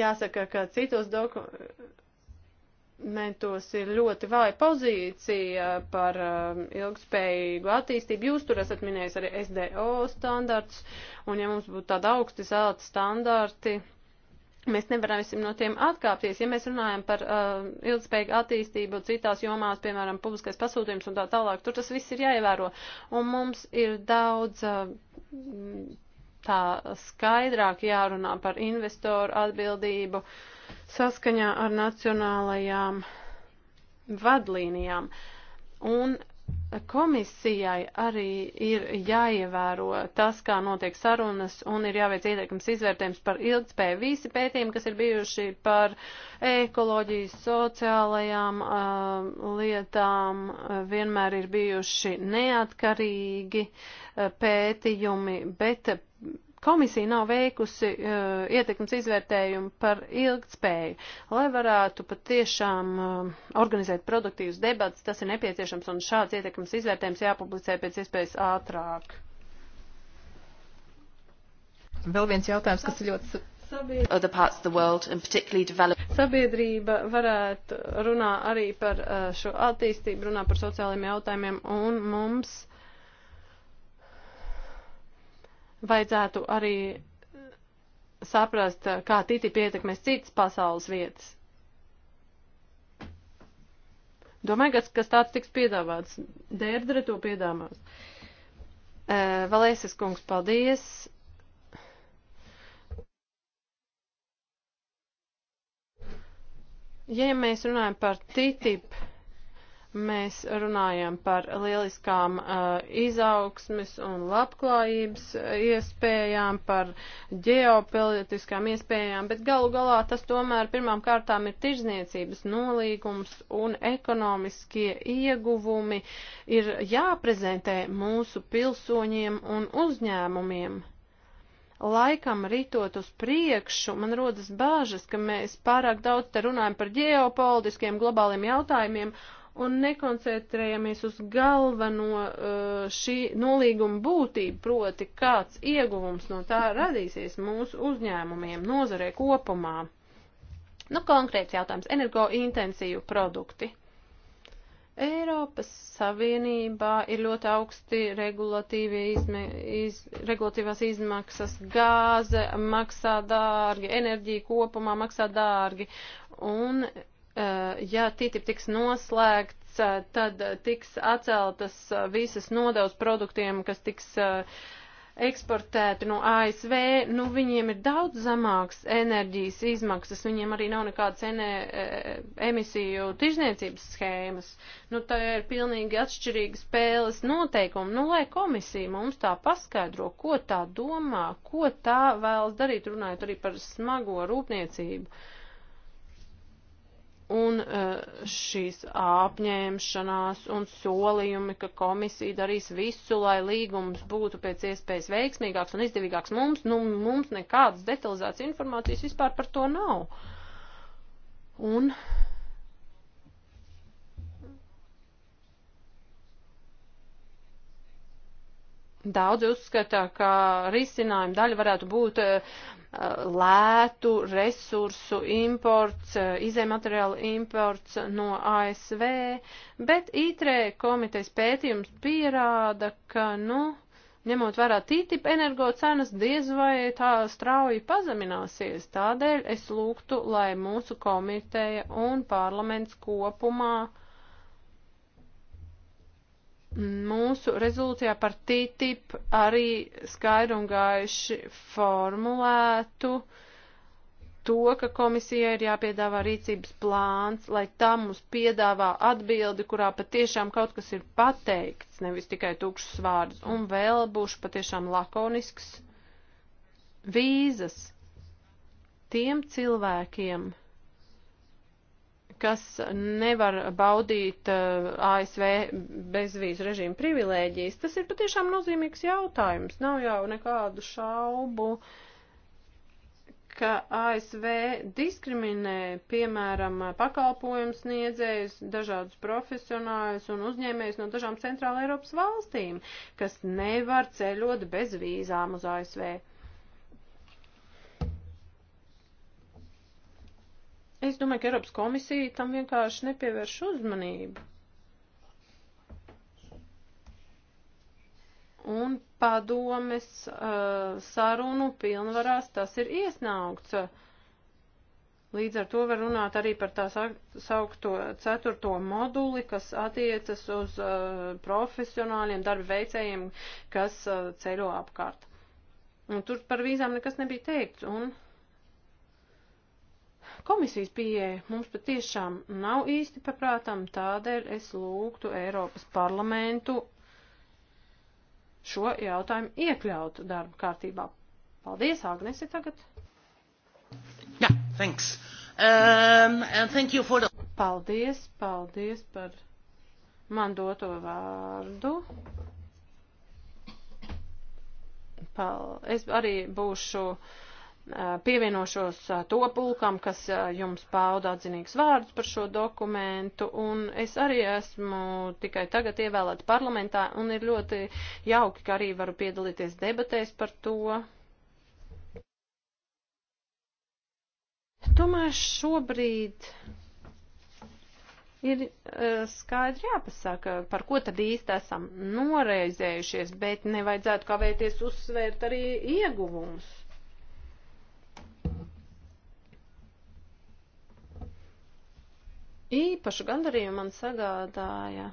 jāsaka, ka citos dokumentos mentos ir ļoti vāja pozīcija par um, ilgspējīgu attīstību. Jūs tur esat minējis arī SDO standarts, un ja mums būtu tādi augsti zelta standarti, mēs nevarēsim no tiem atkāpties. Ja mēs runājam par uh, ilgspējīgu attīstību citās jomās, piemēram, publiskais pasūtījums un tā tālāk, tur tas viss ir jāievēro. Un mums ir daudz. Uh, tā skaidrāk jārunā par investoru atbildību saskaņā ar nacionālajām vadlīnijām. Un komisijai arī ir jāievēro tas, kā notiek sarunas un ir jāveic ieteikums izvērtējums par ilgspēju. Visi pētījumi, kas ir bijuši par ekoloģijas sociālajām uh, lietām, uh, vienmēr ir bijuši neatkarīgi uh, pētījumi, bet Komisija nav veikusi uh, ietekmes izvērtējumu par ilgtspēju. Lai varētu patiešām uh, organizēt produktīvas debatas, tas ir nepieciešams un šāds ietekmes izvērtējums jāpublicē pēc iespējas ātrāk. Vēl viens jautājums, kas ir ļoti Sabiedrība varētu runā arī par eh, šo attīstību, runā par sociālajiem jautājumiem, un mums Vajadzētu arī saprast, kā TTIP ietekmēs citas pasaules vietas. Domāju, kas, kas tāds tiks piedāvāts. Dērdre to piedāvās. E, Valēsis kungs, paldies. Ja mēs runājam par TTIP mēs runājam par lieliskām uh, izaugsmes un labklājības uh, iespējām, par ģeopolitiskām iespējām, bet galu galā tas tomēr pirmām kārtām ir tirzniecības nolīgums un ekonomiskie ieguvumi ir jāprezentē mūsu pilsoņiem un uzņēmumiem. Laikam ritot uz priekšu, man rodas bāžas, ka mēs pārāk daudz te runājam par ģeopolitiskiem globāliem jautājumiem un nekoncentrējamies uz galveno eh, šī nolīguma būtību, proti, kāds ieguvums no tā radīsies mūsu uzņēmumiem, nozarē kopumā. Nu, konkrēts jautājums - energointensīvu produkti. Eiropas Savienībā ir ļoti augsti izme, iz, regulatīvās izmaksas, gāze maksā dārgi, enerģija kopumā maksā dārgi, un Eh, ja TTIP tiks noslēgts, eh, tad tiks atceltas eh, visas nodevas produktiem, kas tiks eksportēti no ASV, nu viņiem ir daudz zamāks enerģijas izmaksas, viņiem arī nav nekādas ene, emisiju tirzniecības schēmas. Nu tā ir pilnīgi atšķirīga spēles noteikuma. Nu lai komisija mums tā paskaidro, ko tā domā, ko tā vēlas darīt, runājot arī par smago rūpniecību. Uh, un eh, šīs apņēmšanās un solījumi, ka komisija darīs visu, lai līgums būtu pēc iespējas veiksmīgāks un izdevīgāks mums, nu, mums nekādas detalizētas informācijas vispār par to nav. Un Daudzi uzskata, ka risinājuma daļa varētu būt eh, lētu resursu imports, eh, izējumateriālu imports no ASV, bet ITRE komitejas pētījums pierāda, ka, nu, ņemot vērā TTIP energo cenas, diez vai tā strauji pazemināsies. Tādēļ es lūgtu, lai mūsu komiteja un parlaments kopumā uh, Mūsu rezolūcijā par TTIP arī skaidri un gaiši formulētu to, ka komisijai ir jāpiedāvā rīcības plāns, lai tā mums piedāvā atbildi, kurā patiešām kaut kas ir pateikts, nevis tikai tukšs vārds, un vēl būšu patiešām lakonisks vīzas tiem cilvēkiem, kas nevar baudīt eh, ASV bezvīzu režīmu privilēģijas. Tas ir patiešām nozīmīgs jautājums. Nav jau nekādu šaubu, ka ASV diskriminē, piemēram, pakalpojums sniedzējus, dažādus profesionāļus un uzņēmējus no dažām centrāla Eiropas valstīm, kas nevar ceļot bez vīzām uz ASV. Es domāju, ka Eiropas komisija tam vienkārši nepievērš uzmanību. Un padomes uh, sarunu pilnvarās tas ir iesnaugts. Līdz ar to var runāt arī par tā saukto ceturto moduli, kas attiecas uz uh, profesionāļiem darba veicējiem, kas uh, ceļo apkārt. Un tur par vīzām nekas nebija teikts. Un Komisijas pieeja mums patiešām nav īsti paprātam, tādēļ es lūgtu Eiropas parlamentu šo jautājumu iekļaut darba kārtībā. Paldies, Agnese, tagad. Jā, yeah, thanks. Um, and thank you for the... Paldies, paldies par man doto vārdu. Pal... Es arī būšu Eh, pievienošos eh, to pulkam, kas eh, jums pauda atzinīgs vārdus par šo dokumentu, un es arī esmu tikai tagad ievēlēts parlamentā, un ir ļoti jauki, ka arī varu piedalīties debatēs par to. Tomēr šobrīd ir skaidri jāpasaka, par ko tad īsti esam noreizējušies, bet nevajadzētu kavēties uzsvērt arī ieguvumus. Īpašu gandarījumu man sagādāja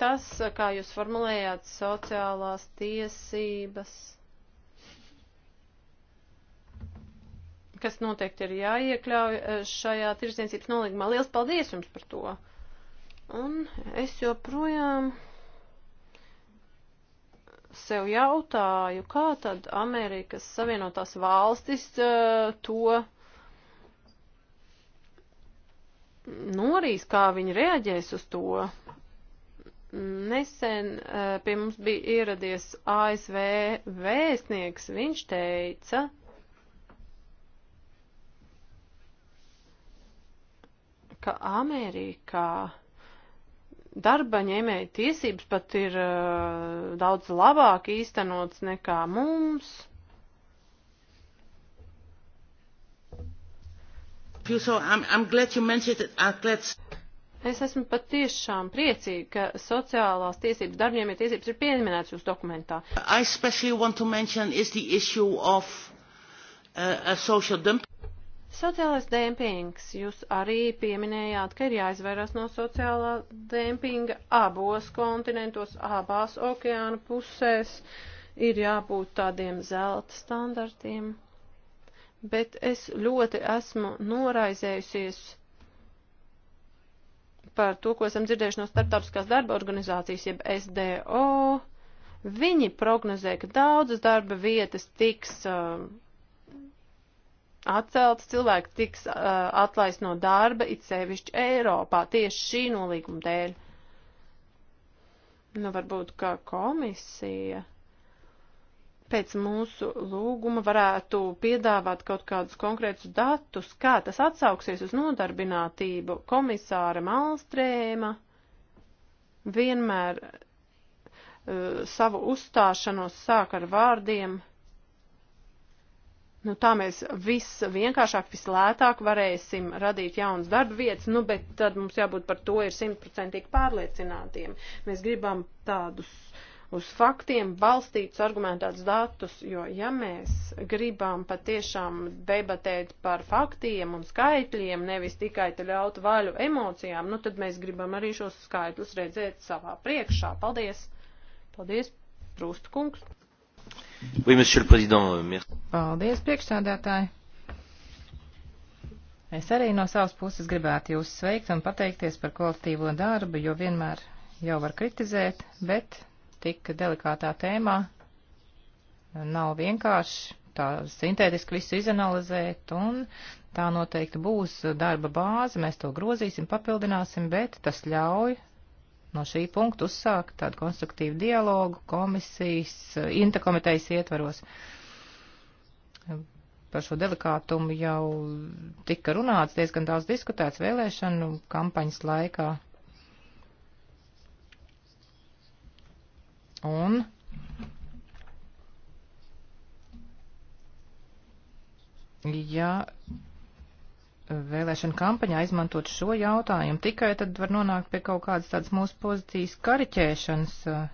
tas, kā jūs formulējāt sociālās tiesības, kas noteikti ir jāiekļauj e, šajā tirdzniecības nolīgumā. Liels paldies jums par to! Un es joprojām sev jautāju, kā tad Amerikas Savienotās valstis e, to norīs, kā viņi reaģēs uz to. Nesen eh, pie mums bija ieradies ASV vēstnieks, viņš teica, ka Amerikā darba ņēmēja tiesības pat ir uh, daudz labāk īstenots nekā mums. Piuso, I'm, I'm glad you mentioned it. I'm glad... Es esmu patiešām priecīga, ka sociālās tiesības, darbņēmēja tiesības ir pieminētas jūsu dokumentā. I especially want to mention is the issue of uh, social dumping. Sociālais dempings. Jūs arī pieminējāt, ka ir jāizvairās no sociālā dempinga abos kontinentos, abās okeāna pusēs. Ir jābūt tādiem zelta standartiem bet es ļoti esmu noraizējusies par to, ko esam dzirdējuši no starptautiskās darba organizācijas, jeb SDO. Viņi prognozē, ka daudzas darba vietas tiks uh, atceltas, cilvēki tiks uh, atlaist no darba, it sevišķi Eiropā, tieši šī nolīguma dēļ. Nu, varbūt kā komisija pēc mūsu lūguma varētu piedāvāt kaut kādus konkrētus datus, kā tas atsauksies uz nodarbinātību. Komisāra Malstrēma vienmēr uh, savu uzstāšanos sāk ar vārdiem. Nu, tā mēs viss vienkāršāk, vislētāk varēsim radīt jaunas darba vietas, nu, bet tad mums jābūt par to ir simtprocentīgi pārliecinātiem. Mēs gribam tādus uh, uz faktiem balstītus argumentētus datus, jo ja mēs gribam patiešām debatēt par faktiem un skaitļiem, nevis tikai te ļaut vaļu emocijām, nu tad mēs gribam arī šos skaitļus redzēt savā priekšā. Paldies! Paldies, Prūsta kungs! Oui, monsieur le président, euh, merci. Paldies, priekšsādātāji! Es arī no savas puses gribētu jūs sveikt un pateikties par kvalitīvo darbu, jo vienmēr jau var kritizēt, bet tik delikātā tēmā nav vienkārši tā sintētiski visu izanalizēt, un tā noteikti būs darba bāze, mēs to grozīsim, papildināsim, bet tas ļauj no šī punkta uzsākt tādu konstruktīvu dialogu komisijas, interkomitejas ietvaros. Par šo delikātumu jau tika runāts, diezgan daudz diskutēts vēlēšanu kampaņas laikā. Un ja vēlēšana kampaņā izmantot šo jautājumu tikai, tad var nonākt pie kaut kādas tādas mūsu pozīcijas kariķēšanas. Eh,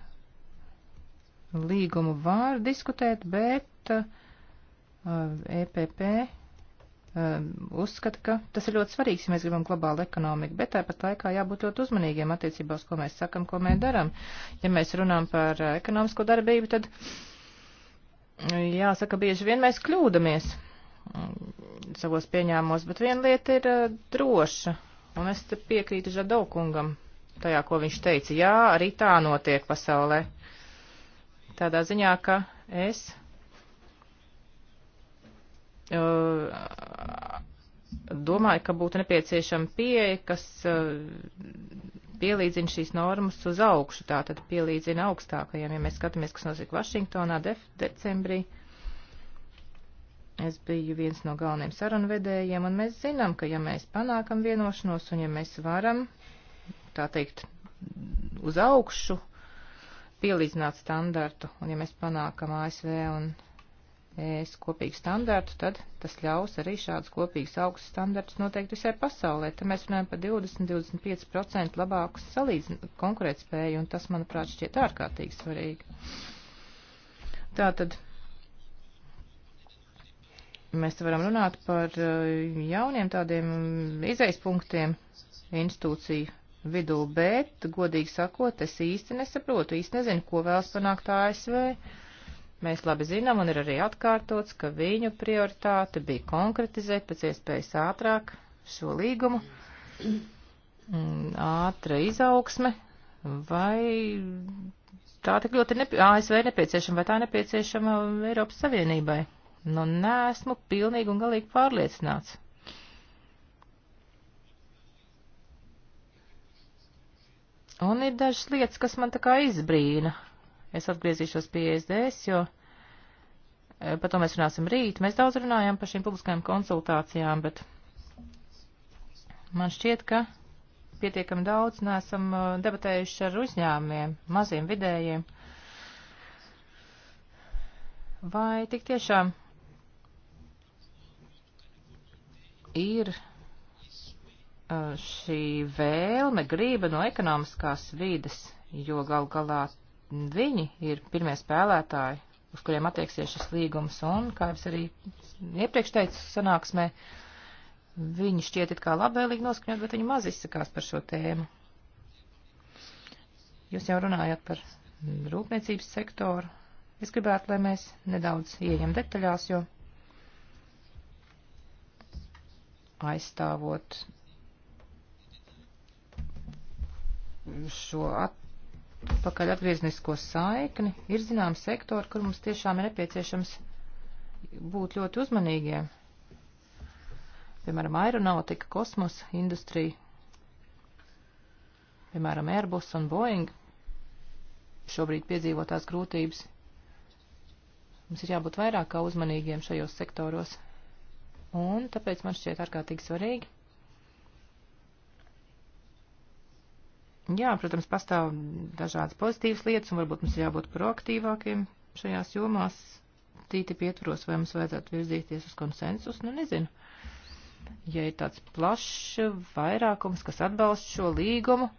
Līgumu var diskutēt, bet EPP eh, e Ehm, uzskata, ka tas ir ļoti svarīgs, ja mēs gribam globālu ekonomiku, bet tāpat laikā jābūt ļoti uzmanīgiem attiecībā uz, ko mēs sakam, ko mēs darām. Ja mēs runām par eh, ekonomisko darbību, tad jāsaka, bieži vien mēs kļūdamies mm, savos pieņēmumos, bet viena lieta ir eh, droša, un es piekrītu Žadaukungam tajā, ko viņš teica. Jā, arī tā notiek pasaulē. Tādā ziņā, ka es uh, domāju, ka būtu nepieciešama pieeja, kas uh, pielīdzina šīs normas uz augšu, tātad pielīdzina augstākajiem. Ja mēs skatāmies, kas notika Vašingtonā de decembrī, es biju viens no galvenajiem sarunvedējiem, un mēs zinām, ka ja mēs panākam vienošanos un ja mēs varam, tā teikt, uz augšu pielīdzināt standartu, un ja mēs panākam ASV un ES kopīgu standārtu, tad tas ļaus arī šādus kopīgus augstus standārtus noteikt visai pasaulē. Te mēs runājam par 20-25% labāku salīdzinu konkurētspēju, un tas, manuprāt, šķiet ārkārtīgi svarīgi. Tātad mēs varam runāt par uh, jauniem tādiem izejas punktiem institūciju vidū, bet, godīgi sakot, es īsti nesaprotu, īsti nezinu, ko vēlas panākt ASV. Uh, Mēs labi zinām, un ir arī atkārtots, ka viņu prioritāte bija konkretizēt pēc iespējas ātrāk šo līgumu, mm, ātra izaugsme, vai tā tik ļoti nepie... ASV nepieciešama, vai tā nepieciešama Eiropas Savienībai. Nu, nesmu pilnīgi un galīgi pārliecināts. Un ir dažas lietas, kas man tā kā izbrīna Es atgriezīšos pie ISDS, e jo e, par to mēs runāsim rīt. Mēs daudz runājām par šīm publiskajām konsultācijām, bet man šķiet, ka pietiekami daudz neesam e, debatējuši ar uzņēmumiem, maziem vidējiem. Vai tik tiešām ir šī vēlme, grība no ekonomiskās vides, jo gal galā viņi ir pirmie spēlētāji, uz kuriem attieksies šis līgums, un, kā jau es arī iepriekš teicu sanāksmē, viņi šķiet it kā labvēlīgi noskaņot, bet viņi maz izsakās par šo tēmu. Jūs jau runājat par rūpniecības sektoru. Es gribētu, lai mēs nedaudz ieejam detaļās, jo aizstāvot šo at pakaļ atgrieznisko saikni, ir zinām sektori, kur mums tiešām ir nepieciešams būt ļoti uzmanīgiem. Piemēram, aeronautika, kosmosa industrija, piemēram, Airbus un Boeing šobrīd piedzīvo tās grūtības. Mums ir jābūt vairāk kā uzmanīgiem šajos sektoros, un tāpēc man šķiet ārkārtīgi svarīgi Jā, protams, pastāv dažādas pozitīvas lietas, un varbūt mums ir jābūt proaktīvākiem šajās jomās. Tīti pietvaros, vai mums vajadzētu virzīties uz konsensus, nu nezinu. Ja ir tāds plašs vairākums, kas atbalsta šo līgumu,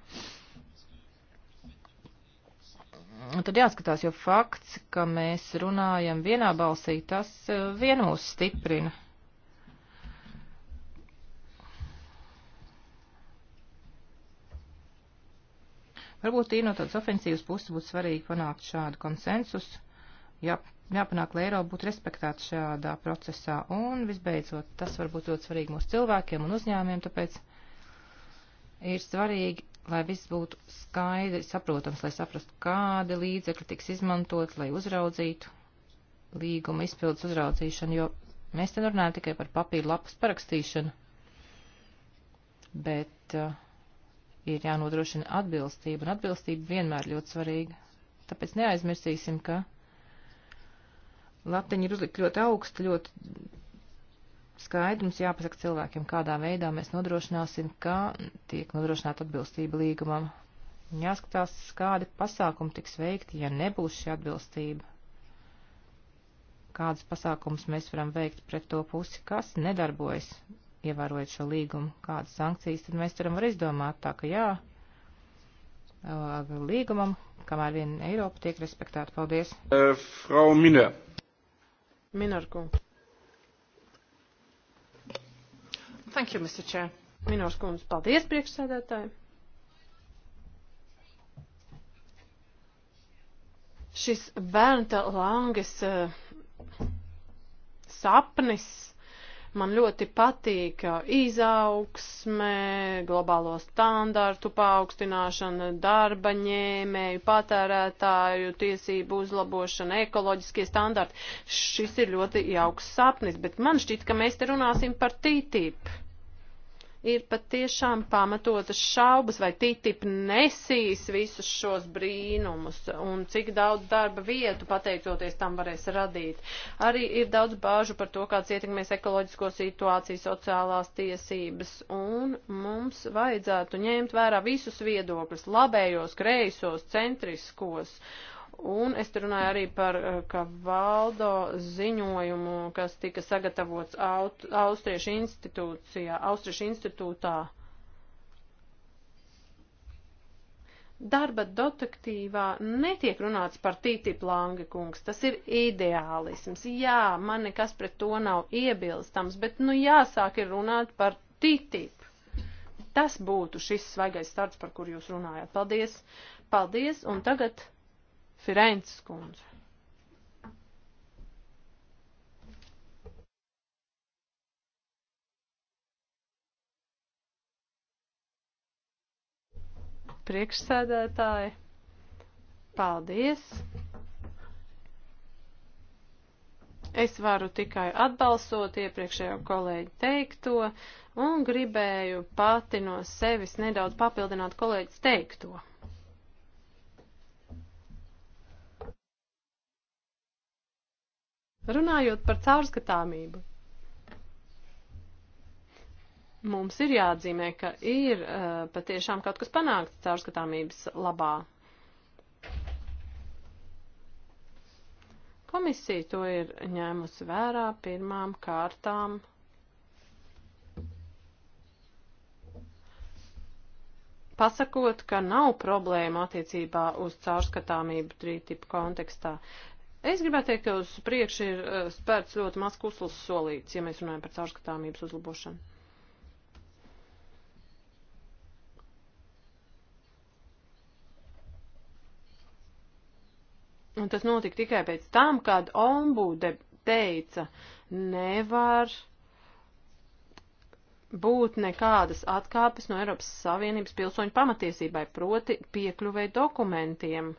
tad jāskatās, jo fakts, ka mēs runājam vienā balsī, tas eh, vienos stiprina. Varbūt tīri no tādas ofensīvas puses būtu svarīgi panākt šādu konsensusu, jā, jāpanāk, lai Eiropa būtu respektēta šādā procesā. Un visbeidzot, tas varbūt ļoti svarīgi mūsu cilvēkiem un uzņēmiem, tāpēc ir svarīgi, lai viss būtu skaidri saprotams, lai saprastu, kādi līdzekļi tiks izmantot, lai uzraudzītu līguma izpildus uzraudzīšanu, jo mēs te runājam tikai par papīra lapas parakstīšanu, bet uh, ir jānodrošina atbilstība, un atbilstība vienmēr ļoti svarīga. Tāpēc neaizmirsīsim, ka latiņa ir uzlikt ļoti augsta, ļoti skaidrs, jāpasaka cilvēkiem, kādā veidā mēs nodrošināsim, ka tiek nodrošināta atbilstība līgumam. Jāskatās, kādi pasākumi tiks veikti, ja nebūs šī atbilstība. Kādas pasākumus mēs varam veikt pret to pusi, kas nedarbojas ievērojot šo līgumu, kādas sankcijas tad mēs varam var izdomāt. Tā ka jā, līgumam, kamēr vien Eiropa tiek respektēta. Paldies. Uh, Frau Miner. Minorku. Thank you, Mr. Chair. Minors kundze, paldies priekšsēdētāji. Šis Bernta Langes uh, sapnis Man ļoti patīk uh, izaugsme, globālo standartu paaugstināšana, darba ņēmēju, patērētāju, tiesību uzlabošana, ekoloģiskie standarti. Šis ir ļoti jauks sapnis, bet man šķiet, ka mēs te runāsim par TTIP ir patiešām pamatotas šaubas, vai TTIP nesīs visus šos brīnumus un cik daudz darba vietu pateicoties tam varēs radīt. Arī ir daudz bāžu par to, kāds ietekmēs ekoloģisko situāciju, sociālās tiesības, un mums vajadzētu ņemt vērā visus viedokļus, labējos, kreisos, centriskos Un es te runāju arī par eh, Kavaldo ziņojumu, kas tika sagatavots aut, Austriešu institūcijā, Austriešu institūtā. Darba detektīvā netiek runāts par TTIP Lange kungs, tas ir ideālisms. Jā, man nekas pret to nav iebilstams, bet nu jāsāk ir runāt par TTIP. Tas būtu šis svaigais starts, par kur jūs runājat. Paldies, paldies, un tagad Firences kundze. Priekšsēdētāji, paldies! Es varu tikai atbalstot iepriekšējo kolēģi teikto un gribēju pati no sevis nedaudz papildināt kolēģis teikto. Runājot par caurskatāmību, mums ir jāatzīmē, ka ir uh, patiešām kaut kas panākts caurskatāmības labā. Komisija to ir ņēmusi vērā pirmām kārtām. Pasakot, ka nav problēma attiecībā uz caurskatāmību trītipu kontekstā, Es gribētu teikt, ka uz priekšu ir eh, spērts ļoti maz kuslis solīts, ja mēs runājam par caurskatāmības uzlabošanu. Un tas notika tikai pēc tam, kad ombude teica, nevar būt nekādas atkāpes no Eiropas Savienības pilsoņu pamatiesībai, proti piekļuvei dokumentiem.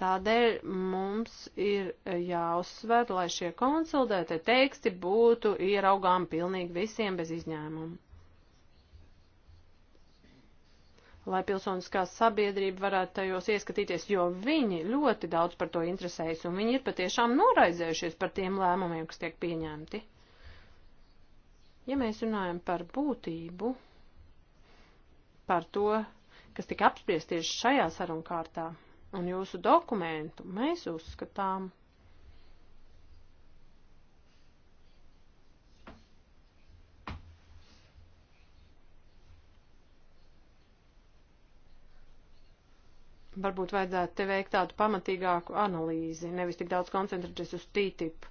Tādēļ mums ir jāuzsver, lai šie konsolidētie teksti būtu ieraugām pilnīgi visiem bez izņēmumu. Lai pilsoniskā sabiedrība varētu tajos ieskatīties, jo viņi ļoti daudz par to interesējas un viņi ir patiešām noraizējušies par tiem lēmumiem, kas tiek pieņemti. Ja mēs runājam par būtību, par to, kas tika apspriesties šajā sarunkārtā, un jūsu dokumentu, mēs uzskatām, varbūt vajadzētu te veikt tādu pamatīgāku analīzi, nevis tik daudz koncentrēties uz TTIP.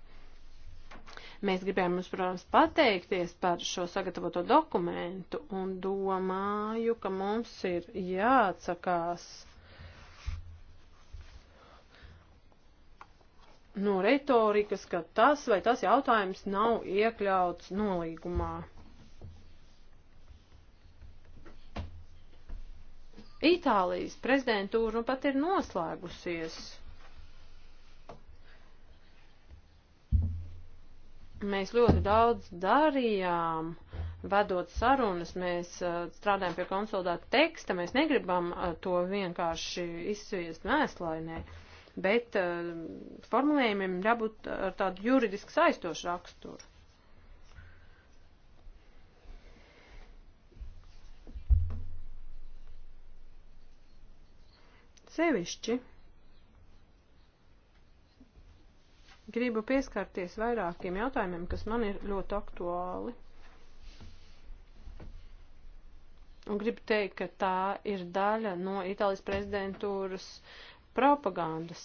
Mēs gribējām jums, protams, pateikties par šo sagatavoto dokumentu un domāju, ka mums ir jāatsakās no nu, retorikas, ka tas vai tas jautājums nav iekļauts nolīgumā. Itālijas prezidentūra nu pat ir noslēgusies. Mēs ļoti daudz darījām, vedot sarunas, mēs uh, strādājam pie konsolidēta teksta, mēs negribam uh, to vienkārši izsviest mēslainē. Ne bet uh, formulējumiem jābūt ar tādu juridiski saistošu raksturu. Sevišķi gribu pieskarties vairākiem jautājumiem, kas man ir ļoti aktuāli. Un gribu teikt, ka tā ir daļa no Itālijas prezidentūras uh, propagandas.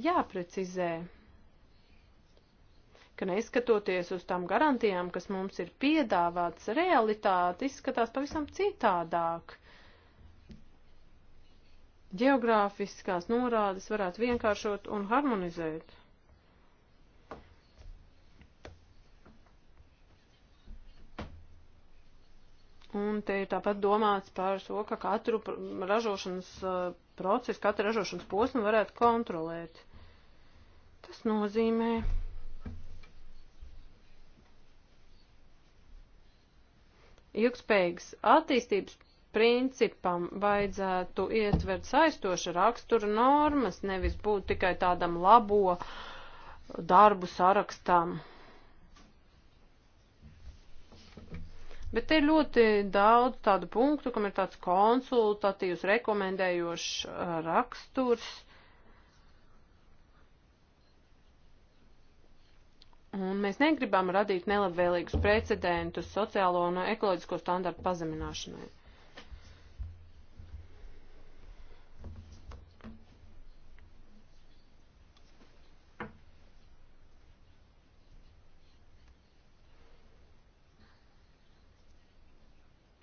Jāprecizē, ka neskatoties uz tām garantijām, kas mums ir piedāvāts, realitāte izskatās pavisam citādāk. Geogrāfiskās norādes varētu vienkāršot un harmonizēt. Un te ir tāpat domāts par to, ka katru ražošanas procesu, katru ražošanas posmu varētu kontrolēt. Tas nozīmē. Ilgspējīgas attīstības principam vajadzētu ietvert saistoša rakstura normas, nevis būt tikai tādam labo darbu sarakstam. Bet ir ļoti daudz tādu punktu, kam ir tāds konsultatīvs, rekomendējošs uh, raksturs. Un mēs negribam radīt nelabvēlīgus precedentus sociālo un ekoloģisko standartu pazemināšanai.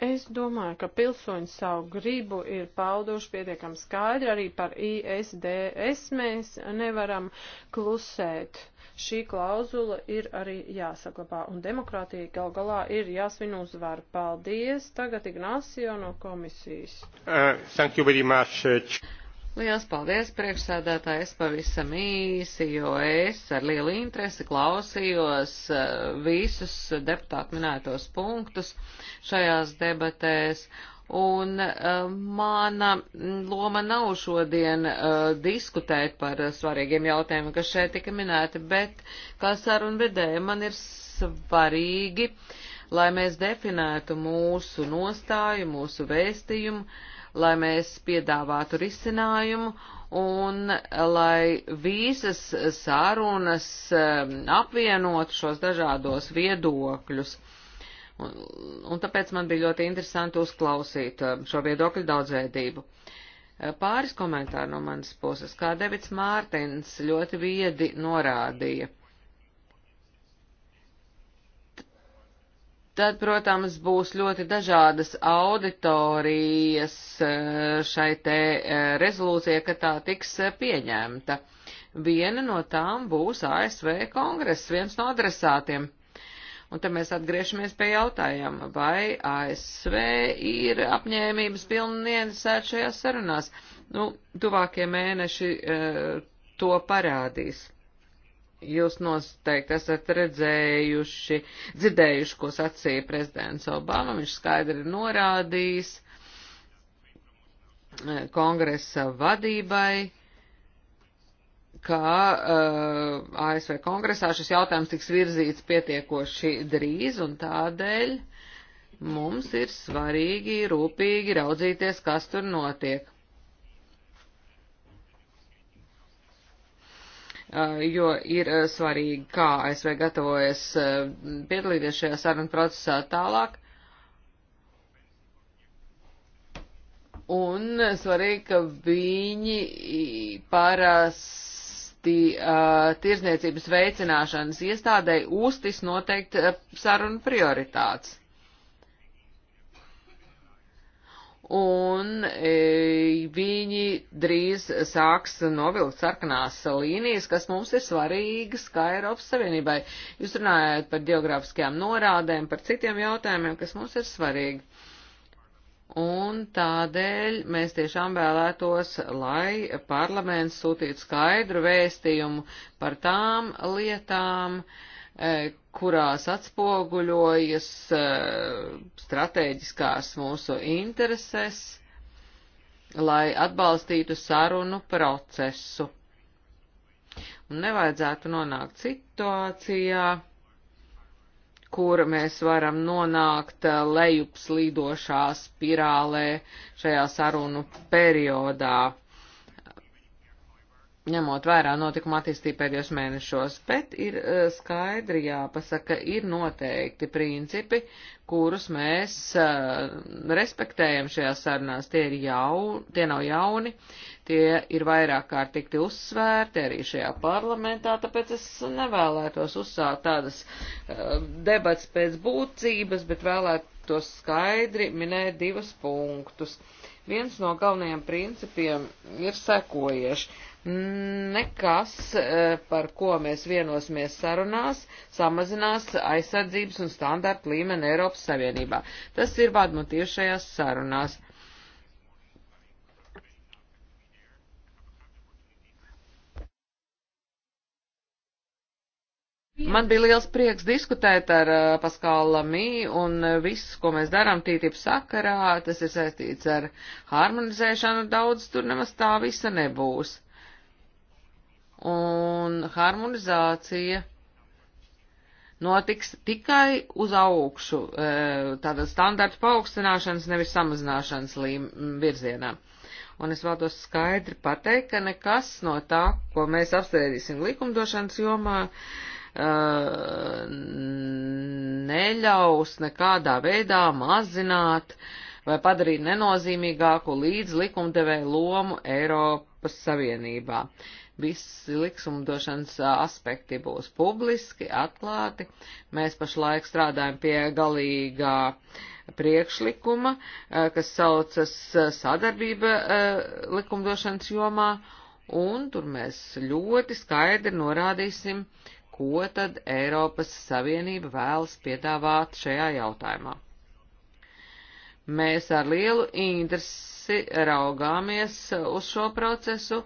Es domāju, ka pilsoņi savu gribu ir pauduši pietiekami skaidri, arī par ISDS mēs nevaram klusēt. Šī klauzula ir arī jāsaglabā, un demokrātija gal galā ir jāsvin uzvaru. Paldies! Tagad Ignacio no komisijas. Uh, Liels paldies, priekšsēdētāji, es pavisam īsi, jo es ar lielu interesi klausījos eh, visus deputātu minētos punktus šajās debatēs. Un uh, mana loma nav šodien uh, diskutēt par svarīgiem jautājumiem, kas šeit tika minēti, bet kā sarunu vedēja man ir svarīgi, lai mēs definētu mūsu nostāju, mūsu vēstījumu. Uh, lai mēs piedāvātu risinājumu un lai visas sarunas um, apvienotu šos dažādos viedokļus. Un, un tāpēc man bija ļoti interesanti uzklausīt um, šo viedokļu daudzveidību. Uh, pāris komentāru no manas puses, kā Devits Mārtins ļoti viedi norādīja. tad, protams, būs ļoti dažādas auditorijas e, šai te e, rezolūcijai, ka tā tiks e, pieņemta. Viena no tām būs ASV kongress, viens no adresātiem. Un te mēs atgriežamies pie jautājuma, vai ASV ir apņēmības pilni ienesēt šajās sarunās. Nu, tuvākie mēneši to parādīs. Jūs noteikti esat redzējuši, dzirdējuši, ko sacīja prezidents Obama. Viņš skaidri norādījis eh, kongresa vadībai, ka uh, eh, ASV kongresā šis jautājums tiks virzīts pietiekoši drīz, un tādēļ mums ir svarīgi rūpīgi raudzīties, kas tur notiek. Eh, jo ir eh, svarīgi, kā ASV gatavojas eh, piedalīties šajā sarunu procesā tālāk. Un svarīgi, ka viņi parasti uh, tirzniecības veicināšanas iestādēji uztis noteikti sarunu prioritātes. un e, viņi drīz sāks novilkt sarkanās līnijas, kas mums ir svarīgas kā Eiropas Savienībai. Jūs runājat par geogrāfiskajām norādēm, par citiem jautājumiem, kas mums ir svarīgi. Un tādēļ mēs tiešām vēlētos, lai parlaments sūtītu skaidru vēstījumu par tām lietām, e, kurās atspoguļojas eh, stratēģiskās mūsu intereses, lai atbalstītu sarunu procesu. Un nevajadzētu nonākt situācijā, kur mēs varam nonākt eh, lejupslīdošā spirālē šajā sarunu periodā ņemot vērā notikuma attīstību pēdējos mēnešos, bet ir eh, skaidri jāpasaka, ir noteikti principi, kurus mēs eh, respektējam šajās sarunās. Tie, ir jaun, tie nav jauni, tie ir vairāk kārt tikti uzsvērti arī šajā parlamentā, tāpēc es nevēlētos uzsākt tādas eh, debats pēc būtības, bet vēlētos skaidri minēt divus punktus. Viens no galvenajiem principiem ir sekojuši nekas, e, par ko mēs vienosimies sarunās, samazinās aizsardzības un standarta līmeni Eiropas Savienībā. Tas ir vadmotīvs šajās sarunās. Man bija liels prieks diskutēt ar uh, e, Paskālu Lamī, un e, viss, ko mēs darām tītību sakarā, tas ir saistīts ar harmonizēšanu, daudz tur nemaz tā visa nebūs un harmonizācija notiks tikai uz augšu, e, tātad standartu paaugstināšanas, nevis samazināšanas virzienā. Un es vēlos skaidri pateikt, ka nekas no tā, ko mēs apspriedīsim likumdošanas jomā, e, neļaus nekādā veidā mazināt vai padarīt nenozīmīgāku līdz likumdevēju lomu Eiropas Savienībā visi liksumdošanas aspekti būs publiski, atklāti. Mēs pašlaik strādājam pie galīgā priekšlikuma, kas saucas sadarbība likumdošanas jomā, un tur mēs ļoti skaidri norādīsim, ko tad Eiropas Savienība vēlas piedāvāt šajā jautājumā. Mēs ar lielu interesi raugāmies uz šo procesu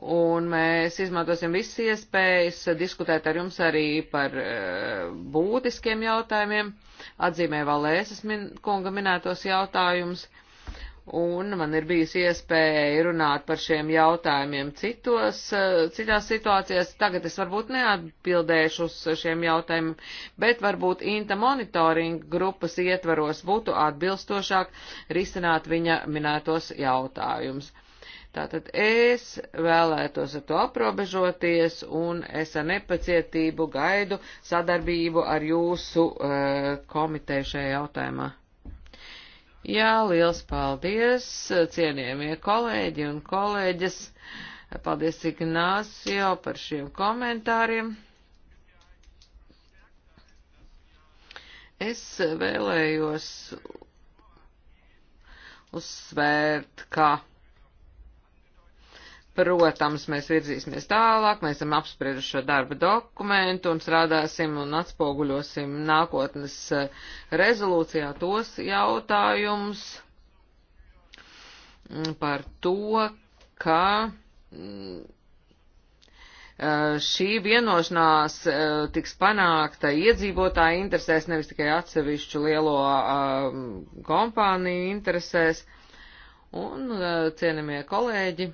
un mēs izmantosim visas iespējas diskutēt ar jums arī par uh, būtiskiem jautājumiem, atzīmē Valēsas min kunga minētos jautājumus, un man ir bijis iespēja runāt par šiem jautājumiem citos, uh, citās situācijās. Tagad es varbūt neatbildēšu uz šiem jautājumiem, bet varbūt Inta monitoringa grupas ietvaros būtu atbilstošāk risināt viņa minētos jautājumus. Tātad es vēlētos ar to aprobežoties un es ar nepacietību gaidu sadarbību ar jūsu uh, komiteju šajā jautājumā. Jā, liels paldies, cienījamie kolēģi un kolēģis. Paldies Ignācio par šiem komentāriem. Es vēlējos uzsvērt, ka Protams, mēs virzīsimies tālāk, mēs esam apsprieduši šo darba dokumentu un strādāsim un atspoguļosim nākotnes eh, rezolūcijā tos jautājumus mm, par to, ka mm, eh, šī vienošanās eh, tiks panākta iedzīvotāju interesēs, nevis tikai atsevišķu lielo kompāniju interesēs. Un, cienamie kolēģi,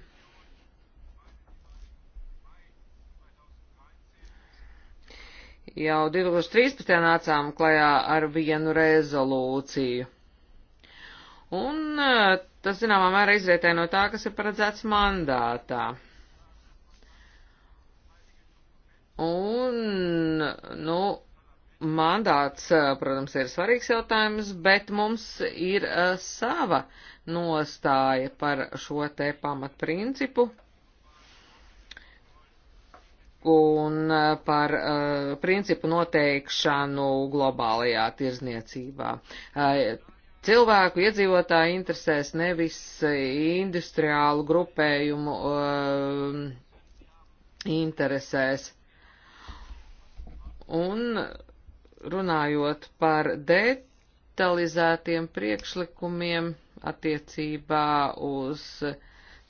Jau 2013. nācām klajā ar vienu rezolūciju. Un e, tas, zināmā mērā, izrietē no tā, kas ir paredzēts mandātā. Un, nu, mandāts, e, protams, ir svarīgs jautājums, bet mums ir uh, sava nostāja par šo te pamatprincipu un eh, par uh, principu noteikšanu globālajā tirzniecībā. Uh, cilvēku iedzīvotāju interesēs nevis industriālu grupējumu uh, interesēs. Un runājot par detalizētiem priekšlikumiem attiecībā uz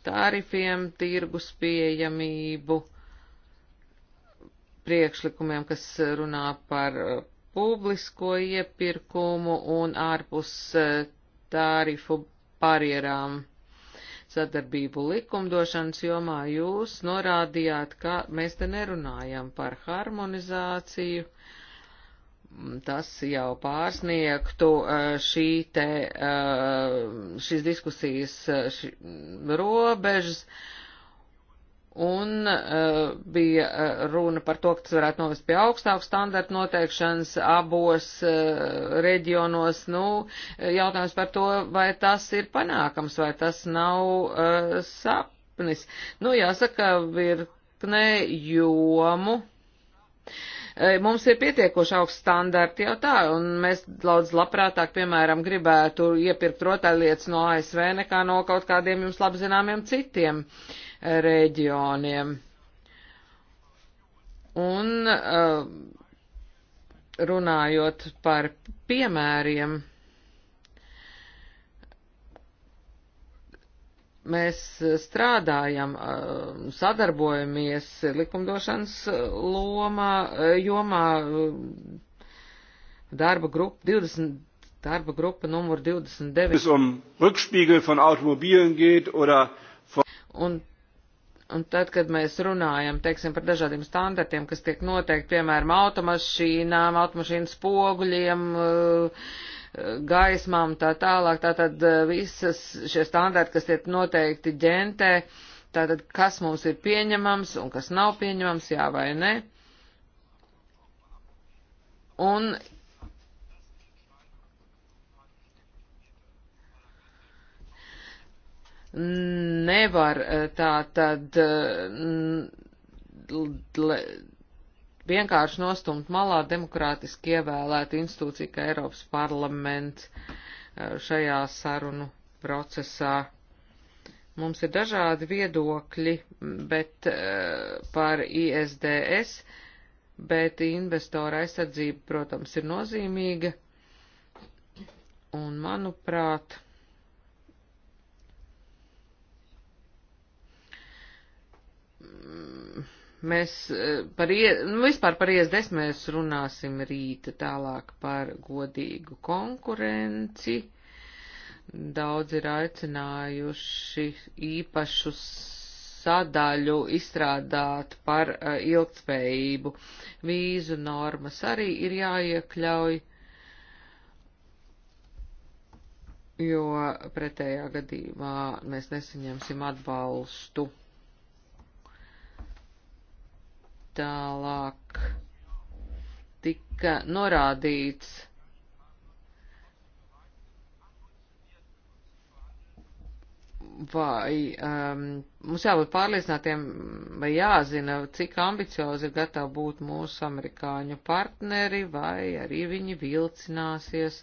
tarifiem, tirgus pieejamību, priekšlikumiem, kas runā par uh, publisko iepirkumu un ārpus uh, tārifu barjerām sadarbību likumdošanas jomā jūs norādījāt, ka mēs te nerunājam par harmonizāciju, mm, tas jau pārsniegtu uh, šī te, šīs diskusijas ši, mm, robežas, Un uh, bija eh, runa par to, ka tas varētu novest pie augstāku standartu noteikšanas abos uh, reģionos. Nu, jautājums par to, vai tas ir panākams, vai tas nav uh, sapnis. Nu, jāsaka, virkne jomu. Uh, mums ir pietiekoši augsts standarti jau tā, un mēs daudz labprātāk, piemēram, gribētu iepirkt rotaļlietas no ASV nekā no kaut kādiem jums labzināmiem citiem. Uh, reģioniem. Un uh, runājot par piemēriem, mēs strādājam, eh, sadarbojamies likumdošanas eh, lomā, jomā darba grupa 20. Darba grupa numur 29. Um geht, oder von... Un Un tad, kad mēs runājam, teiksim, par dažādiem standartiem, kas tiek noteikti, piemēram, automašīnām, automašīnas poguļiem, eh, gaismām, tā tālāk, tātad eh, visas šie standarti, kas tiek noteikti ģentē, tātad kas mums ir pieņemams un kas nav pieņemams, jā vai ne. Un nevar eh, tā tad eh, vienkārši nostumt malā demokrātiski ievēlēt institūciju kā Eiropas parlaments eh, šajā sarunu procesā. Mums ir dažādi viedokļi bet, par ISDS, bet investora aizsardzība, protams, ir nozīmīga. Un, manuprāt, Mm, mēs eh, par, ie, nu, vispār par IS10 mēs runāsim rīta tālāk par godīgu konkurenci. Daudz ir aicinājuši īpašu sadaļu izstrādāt par uh, eh, ilgtspējību. Vīzu normas arī ir jāiekļauj, jo pretējā gadījumā mēs nesaņemsim atbalstu. Tālāk tika norādīts, vai um, mums jābūt pārliecinātiem, vai jāzina, cik ambiciozi ir gatavi būt mūsu amerikāņu partneri, vai arī viņi vilcināsies.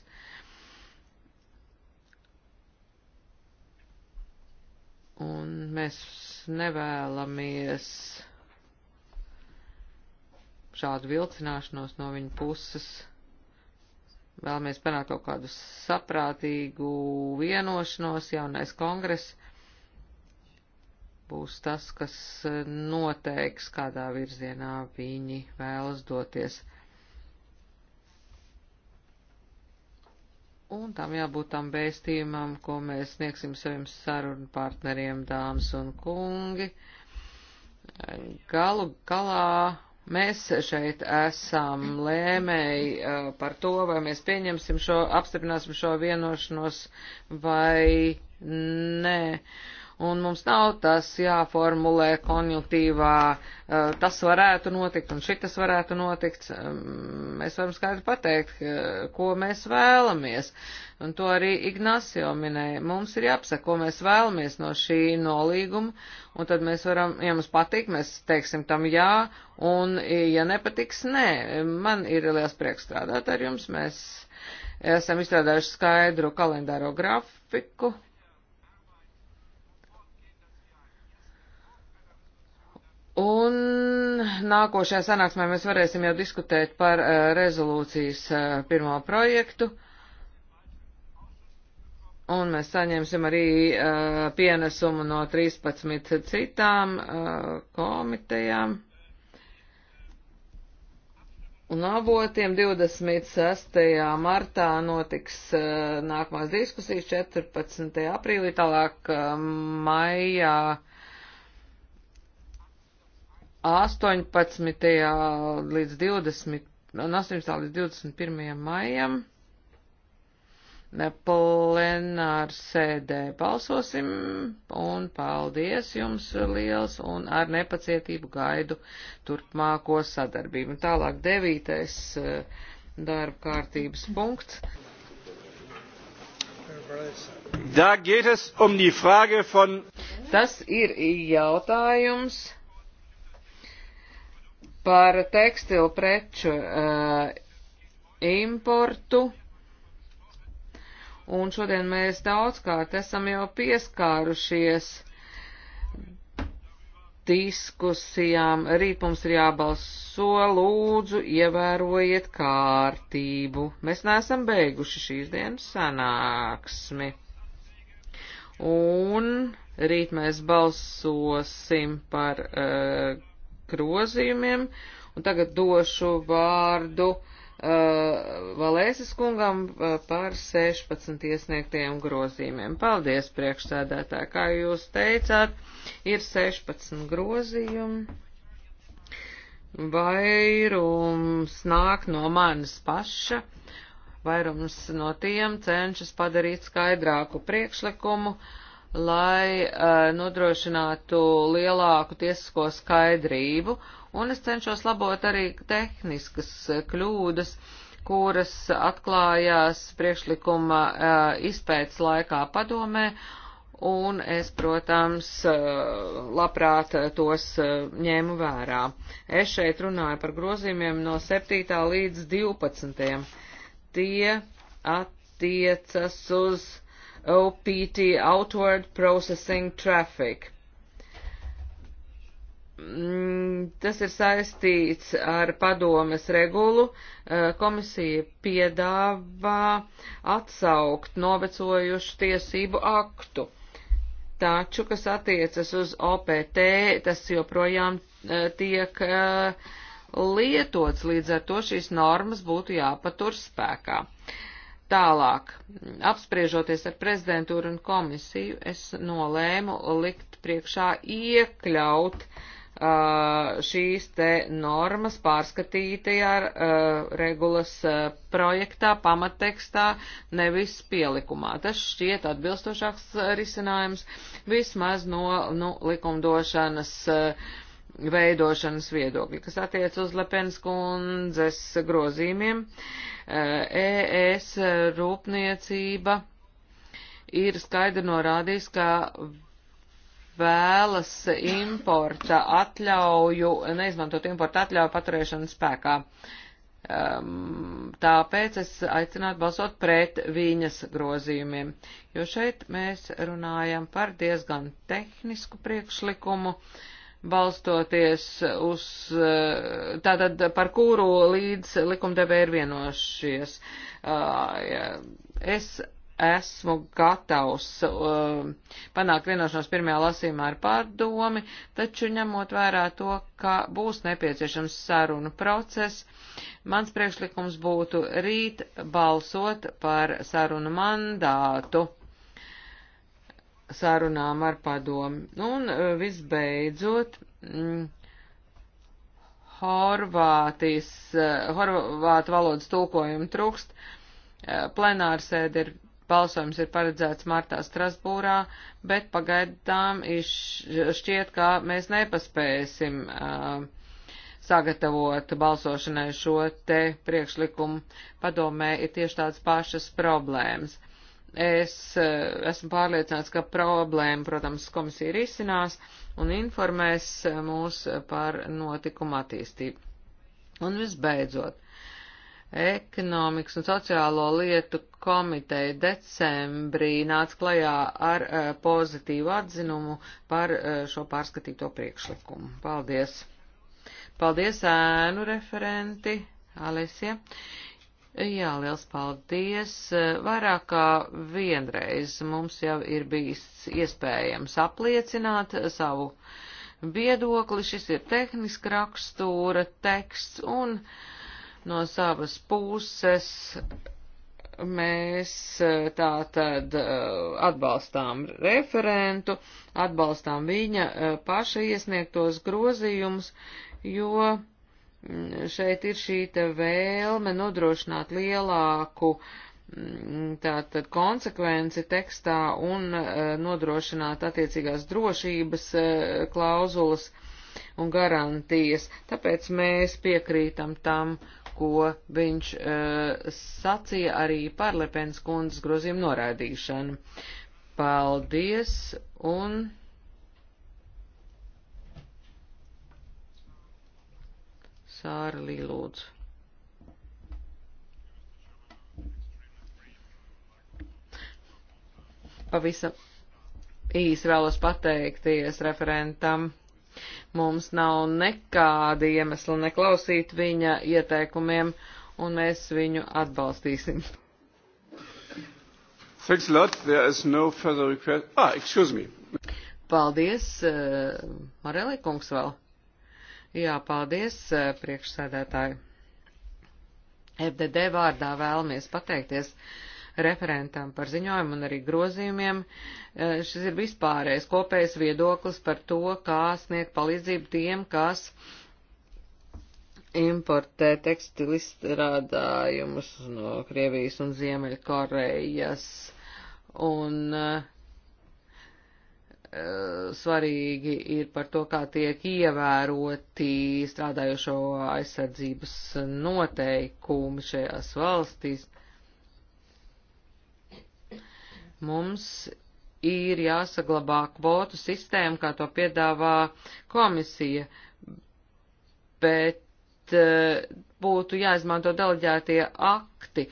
Un mēs nevēlamies šādu vilcināšanos no viņa puses. Vēlamies panākt kaut kādu saprātīgu vienošanos, jaunais kongress būs tas, kas e, noteiks, kādā virzienā viņi vēlas doties. Un tam jābūt tam vēstījumam, ko mēs sniegsim saviem sarunu partneriem, dāmas un kungi. Galu galā Mēs šeit esam lēmēji uh, par to, vai mēs pieņemsim šo, apstiprināsim šo vienošanos vai nē un mums nav tas jāformulē konjunktīvā, tas varētu notikt un šitas varētu notikt. Mēs varam skaidri pateikt, ko mēs vēlamies, un to arī Ignacio minēja. Mums ir jāpasaka, ko mēs vēlamies no šī nolīguma, un tad mēs varam, ja mums patīk, mēs teiksim tam jā, un ja nepatiks, nē. Man ir liels prieks strādāt ar jums, mēs esam izstrādājuši skaidru kalendāro grafiku Un nākošajā sanāksmē mēs varēsim jau diskutēt par uh, rezolūcijas uh, pirmo projektu. Un mēs saņemsim arī uh, pienesumu no 13 citām uh, komitejām un avotiem 26. martā notiks uh, nākamās diskusijas, 14. aprīlī, tālāk uh, maijā 18. līdz 20. un 18. līdz 21. maijam plenāru sēdē balsosim un paldies jums liels un ar nepacietību gaidu turpmāko sadarbību. Tālāk devītais eh, darba kārtības punkts. Da geht es um die Frage von. Tas ir jautājums par tekstilu preču uh, importu. Un šodien mēs daudzkārt esam jau pieskārušies diskusijām. Rīt mums ir jābalso, lūdzu, ievērojiet kārtību. Mēs neesam beiguši šīs dienas sanāksmi. Un rīt mēs balsosim par uh, grozījumiem, un tagad došu vārdu uh, Valēsis kungam uh, par 16 iesniegtajiem grozījumiem. Paldies, priekšsēdētā, kā jūs teicāt, ir 16 grozījumi. Vairums nāk no manis paša, vairums no tiem cenšas padarīt skaidrāku priekšlikumu, uh, lai uh, nodrošinātu lielāku tiesisko skaidrību, un es cenšos labot arī tehniskas eh, kļūdas, kuras atklājās priekšlikuma uh, izpētes laikā padomē, un es, protams, uh, labprāt tos uh, ņēmu vērā. Es šeit runāju par grozījumiem no 7. līdz 12. Tie attiecas uz OPT Outward Processing Traffic. Mm, tas ir saistīts ar padomes regulu. Eh, komisija piedāvā atsaukt novecojušu tiesību aktu. Taču, kas attiecas uz OPT, tas joprojām eh, tiek eh, lietots, līdz ar to šīs normas būtu jāpatur spēkā. Uh, Tālāk, apspriežoties ar prezidentūru un komisiju, es nolēmu likt priekšā iekļaut uh, šīs te normas pārskatītajā uh, regulas uh, projektā, pamattekstā, nevis pielikumā. Tas šķiet atbilstošāks uh, risinājums vismaz no nu, likumdošanas. Uh, veidošanas viedokļi, kas attiec uz Lepens kundzes grozījumiem. ES eh, e rūpniecība ir skaidri norādījis, ka vēlas importa atļauju, neizmantot importa atļauju paturēšanu spēkā. Um, tāpēc es aicinātu balsot pret viņas grozījumiem, jo šeit mēs runājam par diezgan tehnisku priekšlikumu, uh, balstoties uz, tātad par kuru līdz likumdevē ir vienošies. Es esmu gatavs panākt vienošanos pirmajā lasīmā ar pārdomi, taču ņemot vērā to, ka būs nepieciešams sarunu process, mans priekšlikums būtu rīt balsot par sarunu mandātu sarunām ar padomu. Nu, un e, visbeidzot, mm, Horvātijas, e, Horvātu valodas tulkojumu trūkst. E, plenārsēde ir, balsojums ir paredzēts martā Strasbūrā, bet pagaidām šķiet, ka mēs nepaspēsim uh, sagatavot balsošanai šo te priekšlikumu. Padomē ir tieši tādas pašas problēmas. Es eh, esmu pārliecināts, ka problēma, protams, komisija risinās un informēs eh, mūs par notikumu attīstību. Un visbeidzot, ekonomikas un sociālo lietu komiteja decembrī nāca klajā ar eh, pozitīvu atzinumu par šo pārskatīto priekšlikumu. Paldies! Paldies ēnu referenti, Alesija. Jā, liels paldies. Vairāk kā vienreiz mums jau ir bijis iespējams apliecināt savu viedokli. Šis ir tehniska rakstura teksts un no savas puses mēs e, tā tad e, atbalstām referentu, atbalstām viņa e, paša iesniegtos grozījumus, jo šeit ir šī vēlme nodrošināt lielāku mm, tātad konsekvenci tekstā un eh, nodrošināt attiecīgās drošības eh, klauzulas un garantijas. Tāpēc mēs piekrītam tam, ko viņš eh, sacīja arī par Lepens kundzes grozījumu noraidīšanu. Paldies un Sāra Līlūdzu. Pavisam īsi vēlos pateikties referentam. Mums nav nekāda iemesla neklausīt viņa ieteikumiem, un mēs viņu atbalstīsim. Thanks a lot. There is no further request. Ah, excuse me. Paldies, uh, eh, Marelī kungs vēl. Jā, paldies, eh, priekšsēdētāji. FDD vārdā vēlamies pateikties referentam par ziņojumu un arī grozījumiem. Eh, šis ir vispārējais kopējs viedoklis par to, kā sniegt palīdzību tiem, kas importē tekstilizstrādājumus no Krievijas un Ziemeļkorejas. Un uh, Eh, svarīgi ir par to, kā tiek ievēroti strādājošo aizsardzības noteikumi šajās valstīs. Mums ir jāsaglabā kvotu sistēma, kā to piedāvā komisija, bet eh, būtu jāizmanto deleģētie akti,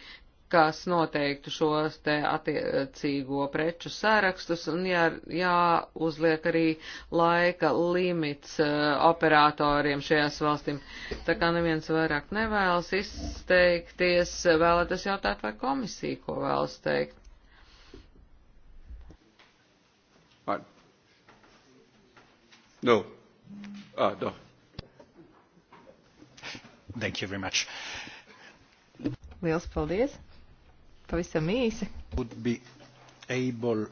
kas noteiktu šos te attiecīgo preču sārakstus un jā, jāuzliek arī laika limits uh, operatoriem šajās valstīm. Tā kā neviens vairāk nevēlas izteikties, vēlētas jautāt, vai komisija ko vēlas teikt. Pardon. No. Ah, no. Thank you very much. Liels paldies! pavisam īsi. Able...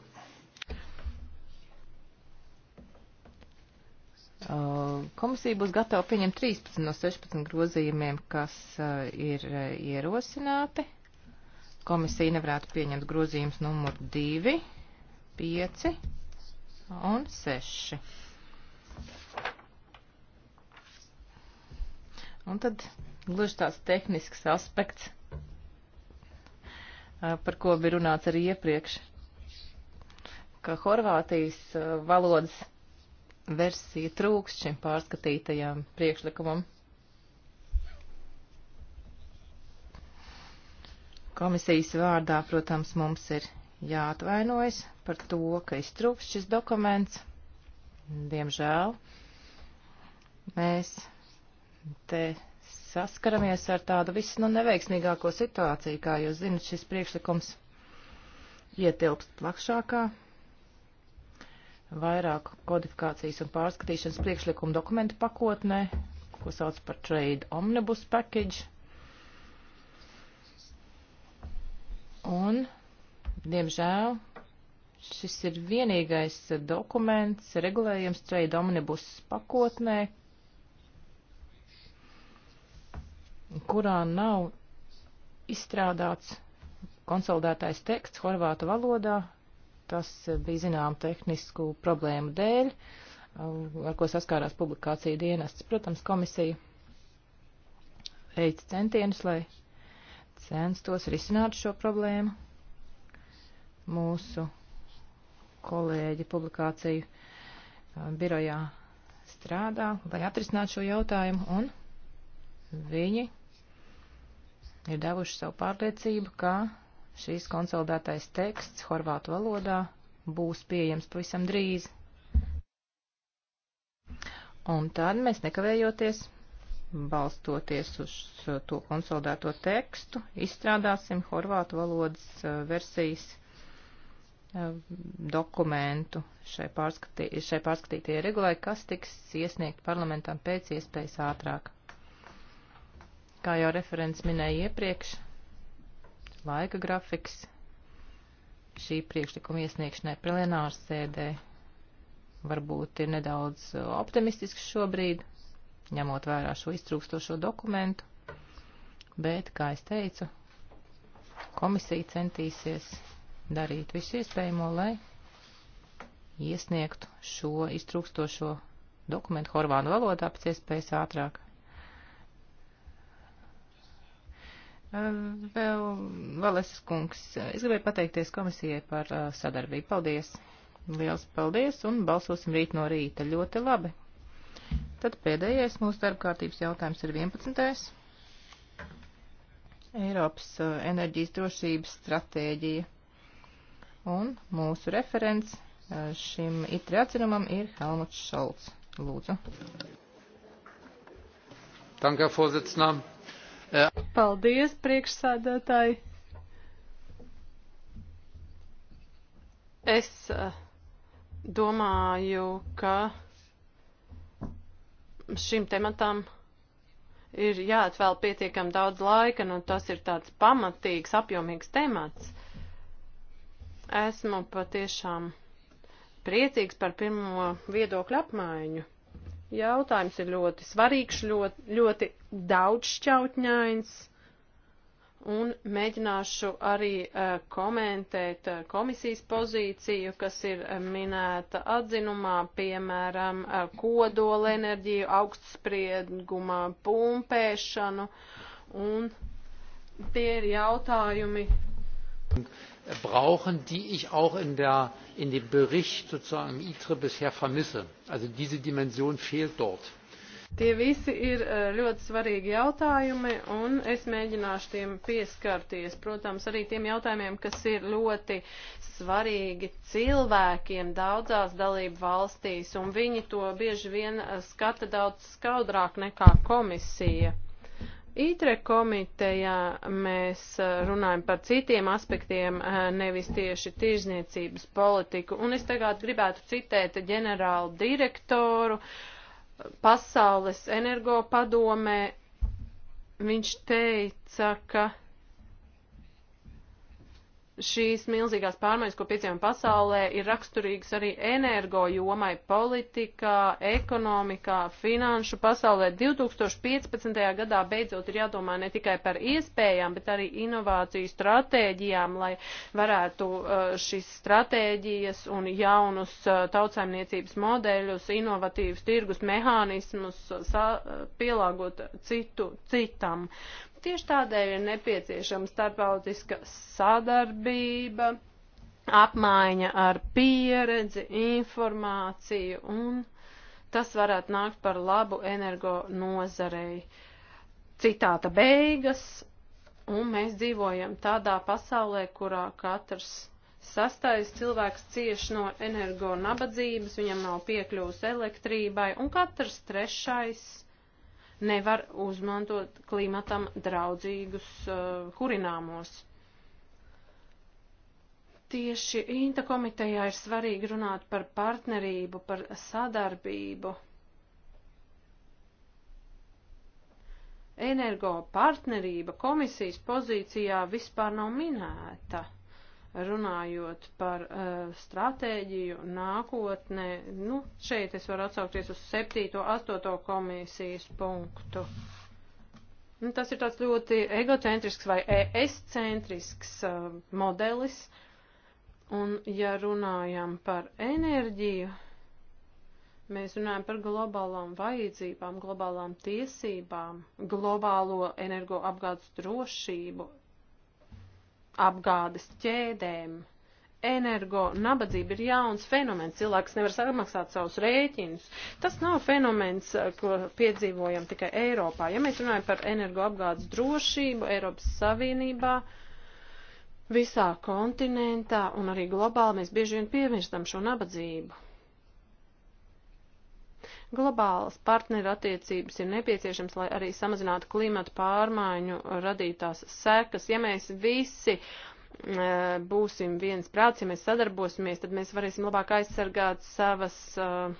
Uh, komisija būs gatava pieņemt 13 no 16 grozījumiem, kas uh, ir uh, ierosināti. Komisija nevarētu pieņemt grozījumus numur 2, 5 un 6. Un tad gluži tāds tehnisks aspekts par ko bija runāts arī iepriekš, ka Horvātijas valodas versija trūks šim pārskatītajam priekšlikumam. Komisijas vārdā, protams, mums ir jāatvainojas par to, ka iztrūks šis dokuments. Diemžēl mēs te saskaramies ar tādu visu nu, neveiksmīgāko situāciju, kā jūs zinat, šis priekšlikums ietilpst plašākā vairāku kodifikācijas un pārskatīšanas priekšlikumu dokumentu pakotnē, ko sauc par Trade Omnibus Package. Un, diemžēl, šis ir vienīgais dokuments, regulējums Trade Omnibus pakotnē, kurā nav izstrādāts konsolidētais teksts horvātu valodā. Tas bija zinām tehnisku problēmu dēļ, ar ko saskārās publikācija dienests. Protams, komisija veids centienus, lai censtos risināt šo problēmu. Mūsu kolēģi publikāciju birojā strādā, lai atrisinātu šo jautājumu, un Viņi ir devuši savu pārliecību, ka šīs konsolidētais teksts horvātu valodā būs pieejams pavisam drīz. Un tad mēs nekavējoties, balstoties uz to konsolidēto tekstu, izstrādāsim horvātu valodas eh, versijas eh, dokumentu šai, pārskatī, šai pārskatītajai regulai, kas tiks iesniegt parlamentam pēc iespējas ātrāk. Kā jau referents minēja iepriekš, laika grafiks šī priekšlikuma iesniegšanai plenārs sēdē varbūt ir nedaudz e, optimistisks šobrīd, ņemot vērā šo iztrūkstošo dokumentu, bet, kā es teicu, komisija centīsies darīt visu iespējamo, lai iesniegtu šo iztrūkstošo dokumentu horvānu valodā pēc iespējas ātrāk. Vēl Valesas kungs, es gribēju pateikties komisijai par sadarbību. Paldies! Liels paldies un balsosim rīt no rīta. Ļoti labi. Tad pēdējais mūsu darba kārtības jautājums ir 11. Eiropas enerģijas drošības stratēģija. Un mūsu referents šim itri atzinumam ir Helmuts Šalts. Lūdzu. Danke, Herr Vorsitzender. Paldies, priekšsādātāji. Es eh, domāju, ka šim tematam ir jāatvēl pietiekam daudz laika, nu tas ir tāds pamatīgs, apjomīgs temats. Esmu patiešām priecīgs par pirmo viedokļu apmaiņu. Jautājums ir ļoti svarīgs, ļoti, ļoti daudzšķautņains, un mēģināšu arī uh, komentēt uh, komisijas pozīciju, kas ir uh, minēta atzinumā, piemēram, uh, kodolenerģiju, augstspriedguma pumpēšanu, un tie ir jautājumi brauchen die ich auch in dem bericht sozusagen im itre bisher vermisse. also diese dimension fehlt dort. Tie visi ir äh, ļoti svarīgi jautājumi, un es mēģināšu tiem pieskarties. Protams, arī tiem jautājumiem, kas ir ļoti svarīgi cilvēkiem daudzās dalību valstīs, un viņi to bieži vien äh, skata daudz skaudrāk nekā komisija. ITRE komitejā mēs eh, runājam par citiem aspektiem, eh, nevis tieši tirzniecības politiku. Un es tagad gribētu citēt ģenerālu direktoru Pasaules energopadomē. Viņš teica, ka šīs milzīgās pārmaiņas, ko piedzīvojam pasaulē, ir raksturīgas arī energo jomai, politikā, ekonomikā, finanšu pasaulē. 2015. gadā beidzot ir jādomā ne tikai par iespējām, bet arī inovāciju stratēģijām, lai varētu uh, šīs stratēģijas un jaunus uh, tautsaimniecības modeļus, inovatīvus tirgus mehānismus uh, pielāgot citu, citam. Uh, Tieši tādēļ ir nepieciešama starptautiska sadarbība, apmaiņa ar pieredzi, informāciju un tas varētu nākt par labu energo nozarei. Citāta beigas, un mēs dzīvojam tādā pasaulē, kurā katrs sastais cilvēks cieš no energo nabadzības, viņam nav piekļūs elektrībai, un katrs trešais nevar uzmantot klimatam draudzīgus uh, eh, kurināmos. Tieši Inta komitejā ir svarīgi runāt par partnerību, par sadarbību. Energo partnerība komisijas pozīcijā vispār nav minēta runājot par uh, stratēģiju nākotnē, nu, šeit es varu atsaukties uz 7. 8. komisijas punktu. Nu, tas ir tāds ļoti egocentrisks vai es-centrisks uh, eh, modelis. Un, ja runājam par enerģiju, mēs runājam par globālām vajadzībām, globālām tiesībām, globālo energoapgādes drošību, apgādes ķēdēm. Energo nabadzība ir jauns fenomens. Cilvēks nevar samaksāt savus rēķinus. Tas nav fenomens, eh, ko piedzīvojam tikai Eiropā. Ja mēs runājam par energo apgādes drošību Eiropas Savienībā, visā kontinentā un arī globāli, mēs bieži vien piemirstam šo nabadzību. Globālas partneru attiecības ir nepieciešams, lai arī samazinātu klimatu pārmaiņu radītās sekas. Ja mēs visi mm, e, būsim viens prāts, ja mēs sadarbosimies, tad mēs varēsim labāk aizsargāt savas uh,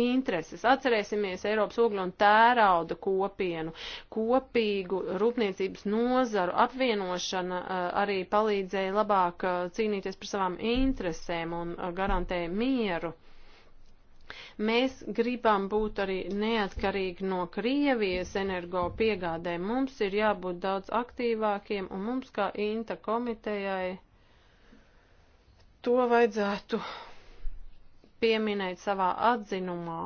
intereses. Atcerēsimies Eiropas ogļu un tērauda kopienu, kopīgu rūpniecības nozaru apvienošana uh, arī palīdzēja labāk uh, cīnīties par savām interesēm un garantēja mieru. Mēs gribam būt arī neatkarīgi no Krievijas energo piegādē. Mums ir jābūt daudz aktīvākiem un mums kā INTA komitejai to vajadzētu pieminēt savā atzinumā.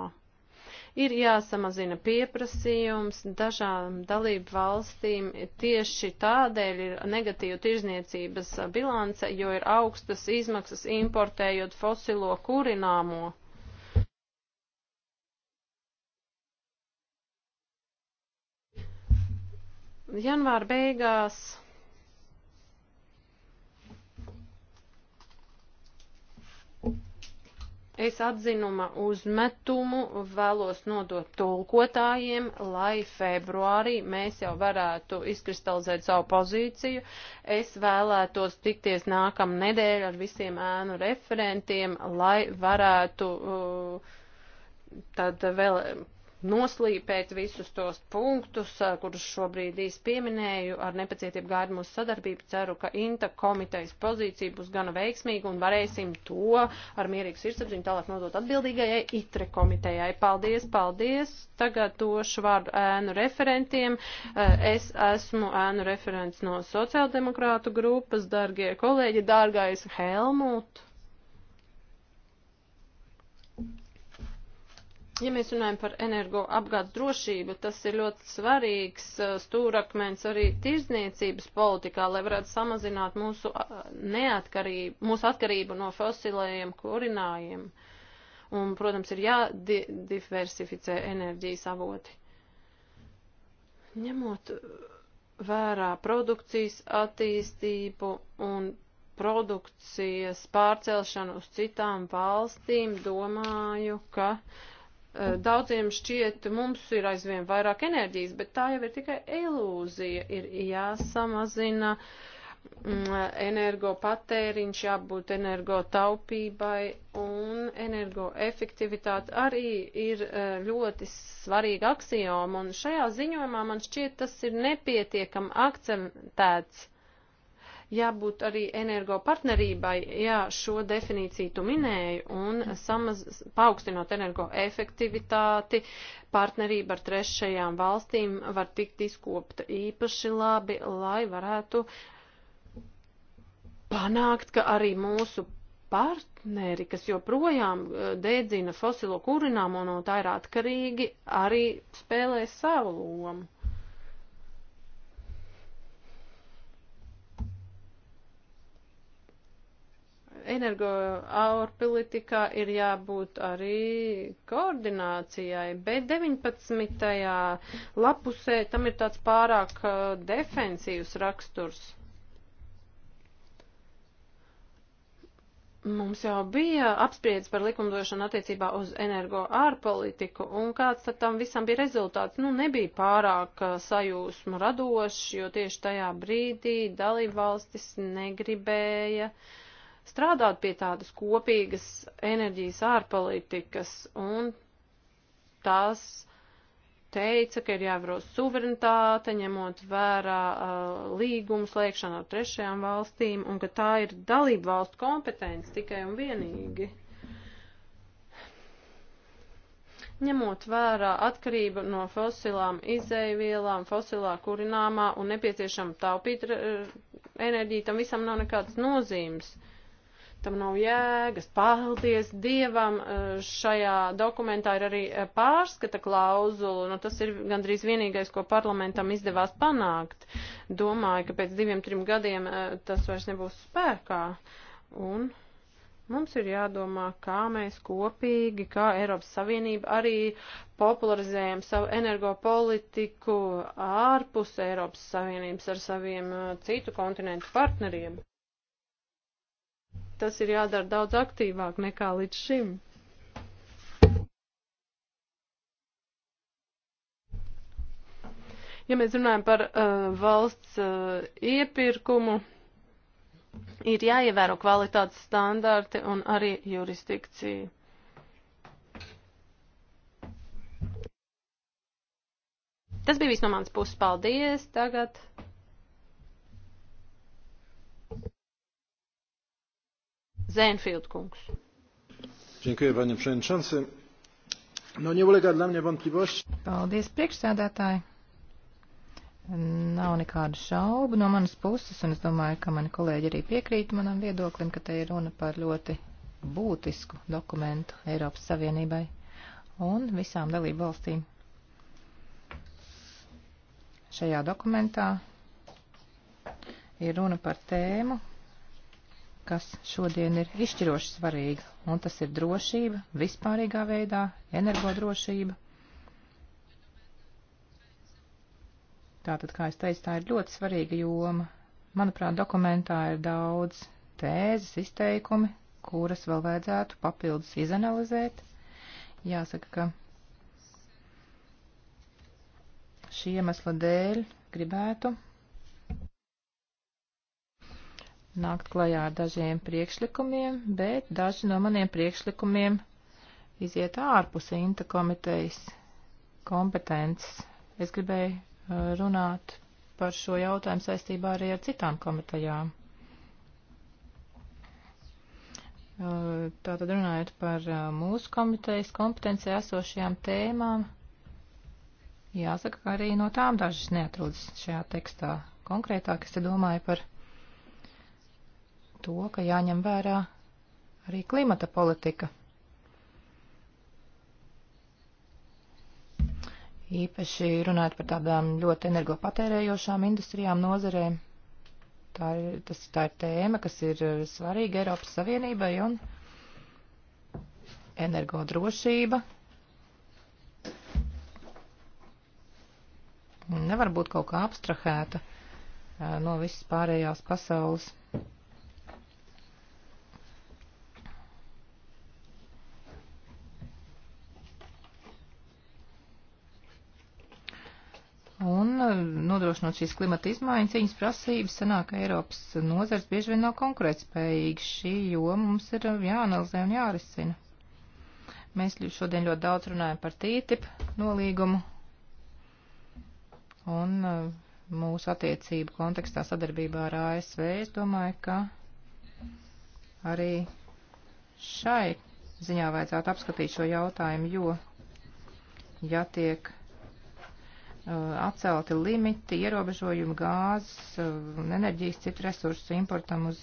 Ir jāsamazina pieprasījums, dažām dalību valstīm tieši tādēļ ir negatīva tirzniecības bilance, jo ir augstas izmaksas importējot fosilo kurināmo. Janvāra beigās. Es atzinuma uzmetumu vēlos nodot tulkotājiem, lai februārī mēs jau varētu izkristalizēt savu pozīciju. Es vēlētos tikties nākam nedēļ ar visiem ēnu referentiem, lai varētu uh, tad vēl noslīpēt visus tos punktus, kurus šobrīd īsti pieminēju, ar nepacietību gaidu mūsu sadarbību. Ceru, ka INTA komitejas pozīcija būs gana veiksmīga un varēsim to ar mierīgu sirdsapziņu tālāk nodot atbildīgajai ITRE komitejai. Paldies, paldies! Tagad došu vārdu ēnu referentiem. Es esmu ēnu referents no sociāldemokrātu grupas, dargie kolēģi, dārgais Helmut. Ja mēs runājam par energoapgādes drošību, tas ir ļoti svarīgs uh, stūrakmens arī tirzniecības politikā, lai varētu samazināt mūsu, uh, neatkarību, mūsu atkarību no fosilējiem kurinājiem. Un, protams, ir jādiversificē enerģijas avoti. Ņemot vērā produkcijas attīstību un produkcijas pārcelšanu uz citām valstīm, domāju, ka uh, Eh, daudziem šķiet, mums ir aizvien vairāk enerģijas, bet tā jau ir tikai ilūzija. Ir jāsamazina mm, energopatēriņš, jābūt energotaupībai un energoefektivitāte arī ir eh, ļoti svarīga aksijoma. Un šajā ziņojumā man šķiet, tas ir nepietiekam akcentēts jābūt arī energopartnerībai, jā, šo definīciju tu minēji, un samaz, paaugstinot energoefektivitāti, partnerība ar trešajām valstīm var tikt izkopta īpaši labi, lai varētu panākt, ka arī mūsu partneri, kas joprojām eh, dēdzina fosilo kurināmo no tā ir atkarīgi, arī spēlē savu lomu. energo ārpolitikā ir jābūt arī koordinācijai, bet 19. lapusē tam ir tāds pārāk uh, defensīvs raksturs. Mums jau bija apspriedz par likumdošanu attiecībā uz energo ārpolitiku, un kāds tad tam visam bija rezultāts? Nu, nebija pārāk uh, sajūsmu radošs, jo tieši tajā brīdī dalībvalstis negribēja uh, strādāt pie tādas kopīgas enerģijas ārpolitikas, un tās teica, ka ir jāievēros suverenitāte, ņemot vērā uh, līgumu slēgšanu ar trešajām valstīm, un ka tā ir dalību valstu kompetence tikai un vienīgi. ņemot vērā atkarību no fosilām izēvielām, fosilā kurināmā un nepieciešama taupīt uh, enerģiju, tam visam nav nekādas nozīmes. Uh, tam nav jēgas. Paldies Dievam, e, šajā dokumentā ir arī e, pārskata klauzula, nu tas ir gandrīz vienīgais, ko parlamentam izdevās panākt. Domāju, ka pēc diviem, trim gadiem e, tas vairs nebūs spēkā. Un mums ir jādomā, kā mēs kopīgi, kā Eiropas Savienība arī popularizējam savu energopolitiku ārpus Eiropas Savienības ar saviem citu kontinentu partneriem. Tas ir jādara daudz aktīvāk nekā līdz šim. Ja mēs runājam par uh, valsts uh, iepirkumu, ir jāievēro kvalitātes standarti un arī jurisdikcija. Tas bija viss no manas puses. Paldies! Tagad Zēnfield kungs. Dziękuję, panie przewodniczący. No, nie ulega dla mnie wątpliwości. Paldies, priekšsēdētāji. Nav nekādu šaubu no manas puses, un es domāju, ka mani kolēģi arī piekrīt manam viedoklim, ka te ir runa par ļoti būtisku dokumentu Eiropas Savienībai un visām dalību valstīm. Šajā dokumentā ir runa par tēmu, kas šodien ir izšķiroši svarīga, un tas ir drošība vispārīgā veidā, energodrošība. Tātad, kā es teicu, tā ir ļoti svarīga joma. Manuprāt, dokumentā ir daudz tēzes, izteikumi, kuras vēl vajadzētu papildus izanalizēt. Jāsaka, ka šī iemesla dēļ gribētu nākt klajā ar dažiem priekšlikumiem, bet daži no maniem priekšlikumiem iziet ārpus Inta komitejas kompetences. Es gribēju uh, runāt par šo jautājumu saistībā arī ar citām komitejām. Uh, tātad runājot par uh, mūsu komitejas kompetenci esošajām tēmām, jāsaka, ka arī no tām dažas neatrodas šajā tekstā. Konkrētāk es te domāju par to, ka jāņem vērā arī klimata politika. Īpaši runājot par tādām ļoti energopatērējošām industrijām, nozarēm. Tā ir, tas, tā ir tēma, kas ir svarīga Eiropas Savienībai un energodrošība. Nevar būt kaut kā abstrahēta eh, no visas pārējās pasaules. un uh, nodrošinot šīs klimata izmaiņas, viņas prasības sanāk, ka Eiropas nozars bieži vien nav konkurētspējīgs. Šī joma mums ir uh, jāanalizē un jārisina. Mēs šodien ļoti daudz runājam par TTIP nolīgumu un uh, mūsu attiecību kontekstā sadarbībā ar ASV. Es domāju, ka arī šai ziņā vajadzētu apskatīt šo jautājumu, jo, ja tiek Eh, atcelti limiti, ierobežojumi gāzes un eh, enerģijas citu resursu importam uz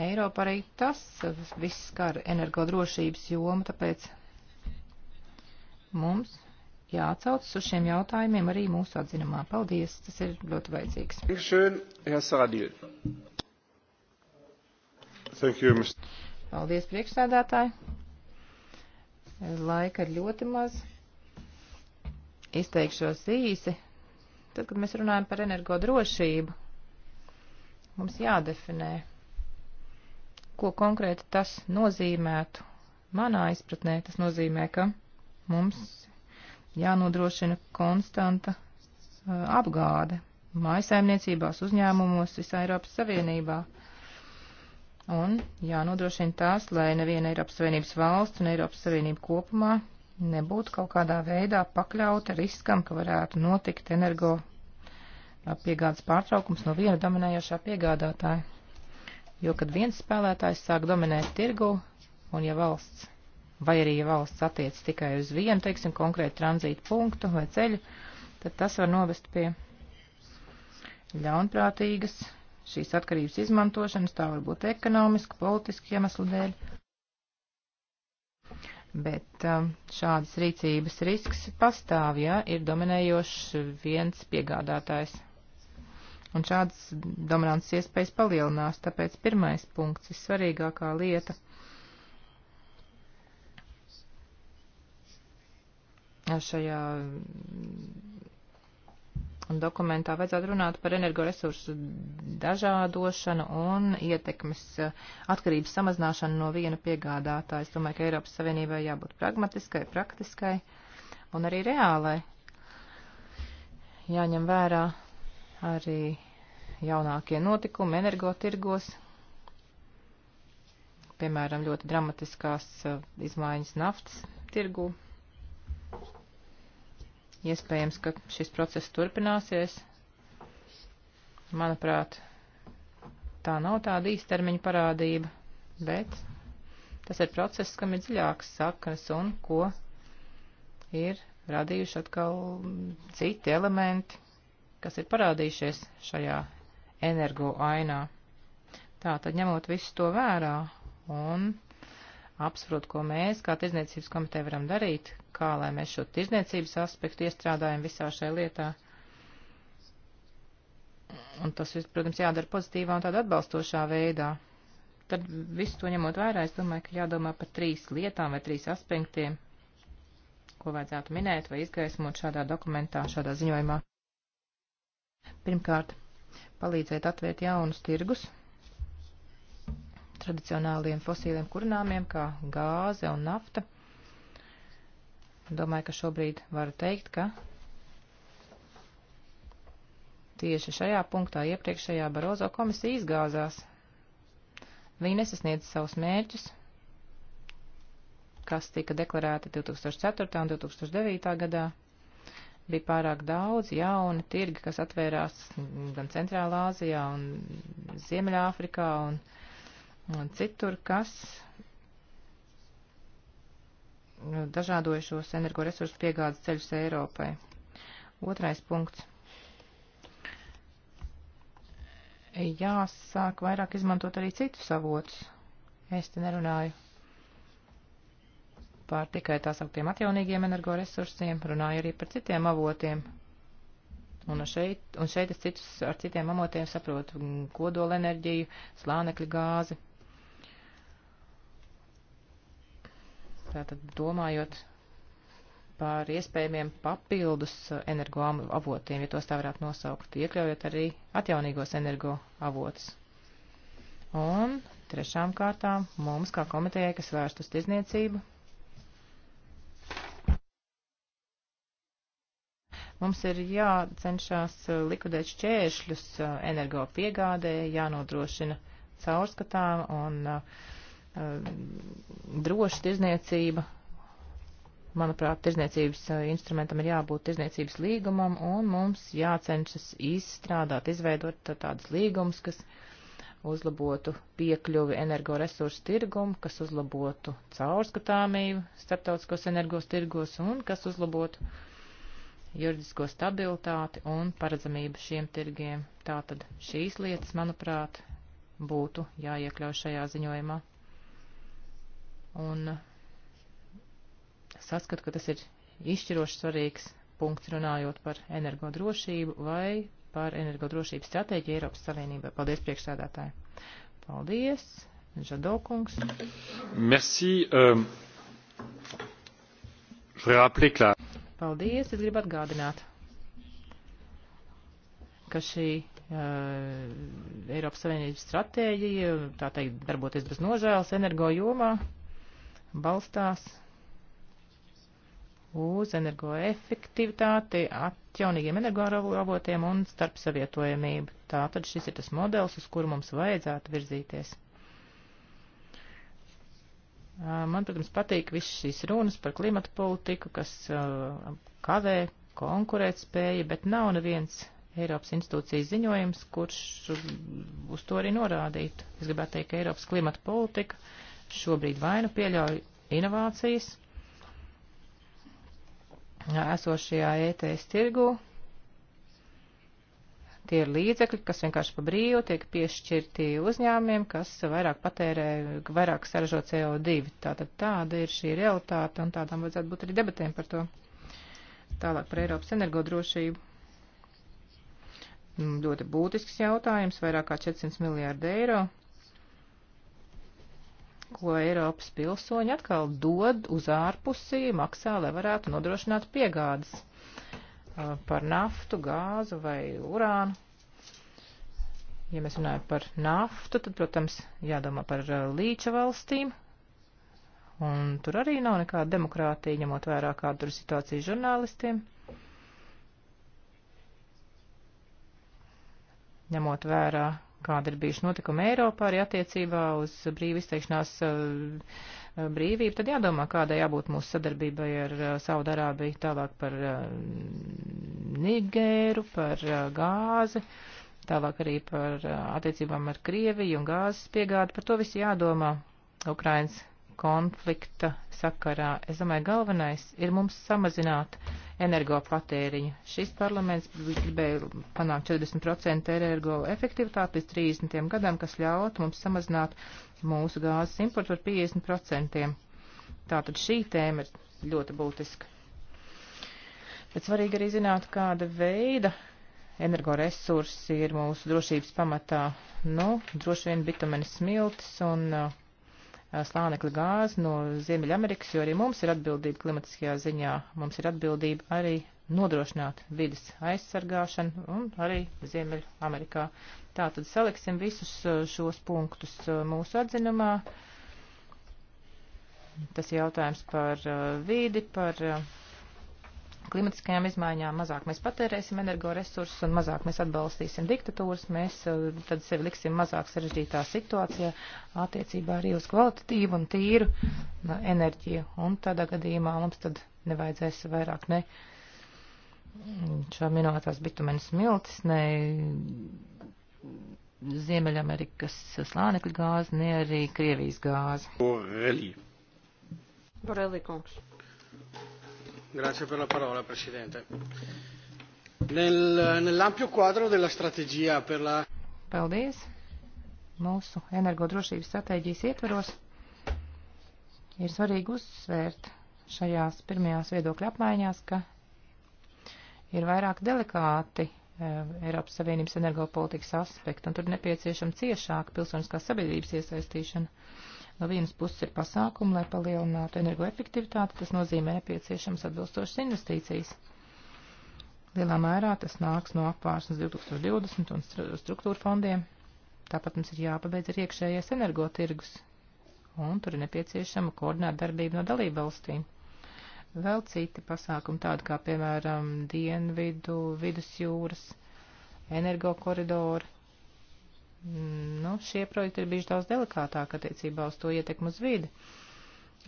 Eiropu arī tas eh, viss skar energodrošības jomu, tāpēc mums jāatsaucas uz šiem jautājumiem arī mūsu atzinumā. Paldies, tas ir ļoti vajadzīgs. Paldies, priekšsēdētāji. Laika ir ļoti maz izteikšos īsi. Tad, kad mēs runājam par energodrošību, mums jādefinē, ko konkrēti tas nozīmētu. Manā izpratnē tas nozīmē, ka mums jānodrošina konstanta uh, apgāde mājasaimniecībās, uzņēmumos, visā Eiropas Savienībā. Un jānodrošina tās, lai neviena Eiropas Savienības valsts un Eiropas Savienība kopumā nebūtu kaut kādā veidā pakļauta riskam, ka varētu notikt energo piegādes pārtraukums no viena dominējošā piegādātāja. Jo, kad viens spēlētājs sāk dominēt tirgu, un ja valsts, vai arī ja valsts attiec tikai uz vienu, teiksim, konkrētu tranzītu punktu vai ceļu, tad tas var novest pie ļaunprātīgas šīs atkarības izmantošanas, tā varbūt ekonomiski, politiski iemeslu dēļ. Bet um, šādas rīcības risks pastāv, ja ir dominējošs viens piegādātājs. Un šādas dominances iespējas palielinās, tāpēc pirmais punkts ir svarīgākā lieta. Šajā un dokumentā vajadzētu runāt par energoresursu dažādošanu un ietekmes eh, atkarības samazināšanu no viena piegādātāja. Es domāju, ka Eiropas Savienībai jābūt pragmatiskai, praktiskai un arī reālai. Jāņem vērā arī jaunākie notikumi energotirgos, piemēram, ļoti dramatiskās eh, izmaiņas naftas tirgu Iespējams, ka šis process turpināsies. Manuprāt, tā nav tāda īstermiņa parādība, bet tas ir process, kam ir dziļāks saknes un ko ir radījuši atkal citi elementi, kas ir parādījušies šajā energo ainā. Tā tad ņemot visu to vērā un apsprot, ko mēs, kā tirzniecības komiteja, varam darīt, kā lai mēs šo tirzniecības aspektu iestrādājam visā šajā lietā. Un tas, protams, jādara pozitīvā un tādā atbalstošā veidā. Tad visu to ņemot vērā, es domāju, ka jādomā par trīs lietām vai trīs aspektiem, ko vajadzētu minēt vai izgaismot šādā dokumentā, šādā ziņojumā. Pirmkārt, palīdzēt atvērt jaunus tirgus tradicionāliem fosīliem kurināmiem, kā gāze un nafta. Domāju, ka šobrīd varu teikt, ka tieši šajā punktā iepriekšējā Barozo komisija izgāzās. Viņi nesasniedz savus mērķus, kas tika deklarēti 2004. un 2009. gadā bija pārāk daudz jauni tirgi, kas atvērās gan Centrālā Āzijā un Ziemeļāfrikā, un un citur, kas dažādojušos energoresursu piegādes ceļus Eiropai. Otrais punkts. Jāsāk vairāk izmantot arī citus avotus. Es te nerunāju par tikai tā sauktiem atjaunīgiem energoresursiem, runāju arī par citiem avotiem. Un šeit, un šeit es citus, ar citiem avotiem saprotu kodolenerģiju, slānekļa gāzi, tātad domājot par iespējamiem papildus energoavotiem, ja tos tā varētu nosaukt, iekļaujot arī atjaunīgos energoavotus. Un trešām kārtām mums, kā komitejai, kas vērst uz tirzniecību, mums ir jācenšas likvidēt šķēršļus eh, energo piegādē, jānodrošina caurskatām un uh, Ehm, droša tirzniecība. Manuprāt, tirzniecības eh, instrumentam ir jābūt tirzniecības līgumam, un mums jācenšas izstrādāt, izveidot tādus līgumus, kas uzlabotu piekļuvi energoresursu tirgumu, kas uzlabotu caurskatāmību starptautiskos energos tirgos un kas uzlabotu juridisko stabilitāti un paredzamību šiem tirgiem. Tātad šīs lietas, manuprāt, būtu jāiekļauj šajā ziņojumā. Un saskatu, ka tas ir izšķiroši svarīgs punkts runājot par energodrošību vai par energodrošības stratēģiju Eiropas Savienībā. Paldies, priekšsēdētāji. Paldies, Žadokungs. Merci. Um, Paldies, es gribu atgādināt, ka šī uh, Eiropas Savienības stratēģija, tā teikt, darboties bez nožēlas energo jomā, balstās uz energoefektivitāti, atjaunīgiem energoavotiem un starpsavietojamību. Tātad šis ir tas modelis, uz kuru mums vajadzētu virzīties. Man, protams, patīk viss šīs runas par klimatu politiku, kas kavē konkurētspēju, bet nav neviens Eiropas institūcijas ziņojums, kurš uz to arī norādītu. Es gribētu teikt, ka Eiropas klimata politika uh, šobrīd vainu pieļauj inovācijas esošajā ETS tirgū. Tie ir līdzekļi, kas vienkārši pa brīvu tiek piešķirti uzņēmumiem, kas vairāk patērē, vairāk saražo CO2. Tātad tāda ir šī realitāte un tādām vajadzētu būt arī debatēm par to. Tālāk par Eiropas energodrošību. Mm, ļoti būtisks jautājums, vairāk kā 400 miljārdi eiro ko Eiropas pilsoņi atkal dod uz ārpusi, maksā, lai varētu nodrošināt piegādes par naftu, gāzu vai urānu. Ja mēs runājam par naftu, tad, protams, jādomā par līča valstīm, un tur arī nav nekāda demokrātija, ņemot vērā kāda tur situācija žurnālistiem. Ņemot vērā kāda ir bijuši notikumi Eiropā arī attiecībā uz brīvu izteikšanās eh, brīvību, tad jādomā, kādai jābūt mūsu sadarbībai ar eh, Saudarābiju, tālāk par eh, Nigēru, par gāzi, tālāk arī par attiecībām ar Krieviju un gāzes piegādi. Par to visu jādomā Ukrainas konflikta sakarā. Es domāju, galvenais ir mums samazināt energopatēriņu. Šis parlaments gribēja panākt 40% energo efektivitāti līdz 30. gadam, kas ļautu mums samazināt mūsu gāzes importu par 50%. Tātad šī tēma ir ļoti būtiska. Bet svarīgi arī zināt, kāda veida energoresursi ir mūsu drošības pamatā. Nu, droši vien bitumenes smiltis un uh, slānekļa gāzi no Ziemeļamerikas, jo arī mums ir atbildība klimatiskajā ziņā. Mums ir atbildība arī nodrošināt vidas aizsargāšanu un arī Ziemeļamerikā. Tātad saliksim visus šos punktus mūsu atzinumā. Tas ir jautājums par vīdi, par klimatiskajām izmaiņām, mazāk mēs patērēsim energoresursus un mazāk mēs atbalstīsim diktatūras, mēs eh, tad sevi liksim mazāk sarežģītā situācijā attiecībā arī uz kvalitatīvu un tīru enerģiju. Un tādā gadījumā mums tad nevajadzēs vairāk ne šā minētās bitumenes smiltis, ne Ziemeļamerikas slānekļa gāzi, ne arī Krievijas gāzi. Borelī. Borelī kungs. Grazie per la parola, Presidente. Nel, nell'ampio quadro della strategia per la. Paldies. Mūsu energodrošības stratēģijas ietveros ir svarīgi uzsvērt šajās pirmajās viedokļa apmaiņās, ka ir vairāk delikāti eh, Eiropas Savienības energopolitikas aspekti, un tur nepieciešama ciešāka pilsoniskās sabiedrības iesaistīšana. No vienas puses ir pasākumi, lai palielinātu energoefektivitāti, tas nozīmē nepieciešams atbilstošas investīcijas. Lielā mērā tas nāks no apvārsnes 2020 un struktūra fondiem. Tāpat mums ir jāpabeidz arī iekšējais energotirgus, un tur ir nepieciešama koordinēta darbība no dalību valstīm. Vēl citi pasākumi tādi kā, piemēram, dienvidu, vidusjūras, energokoridori, nu, šie projekti ir bijuši daudz delikātāk attiecībā uz to ietekmu uz vidi.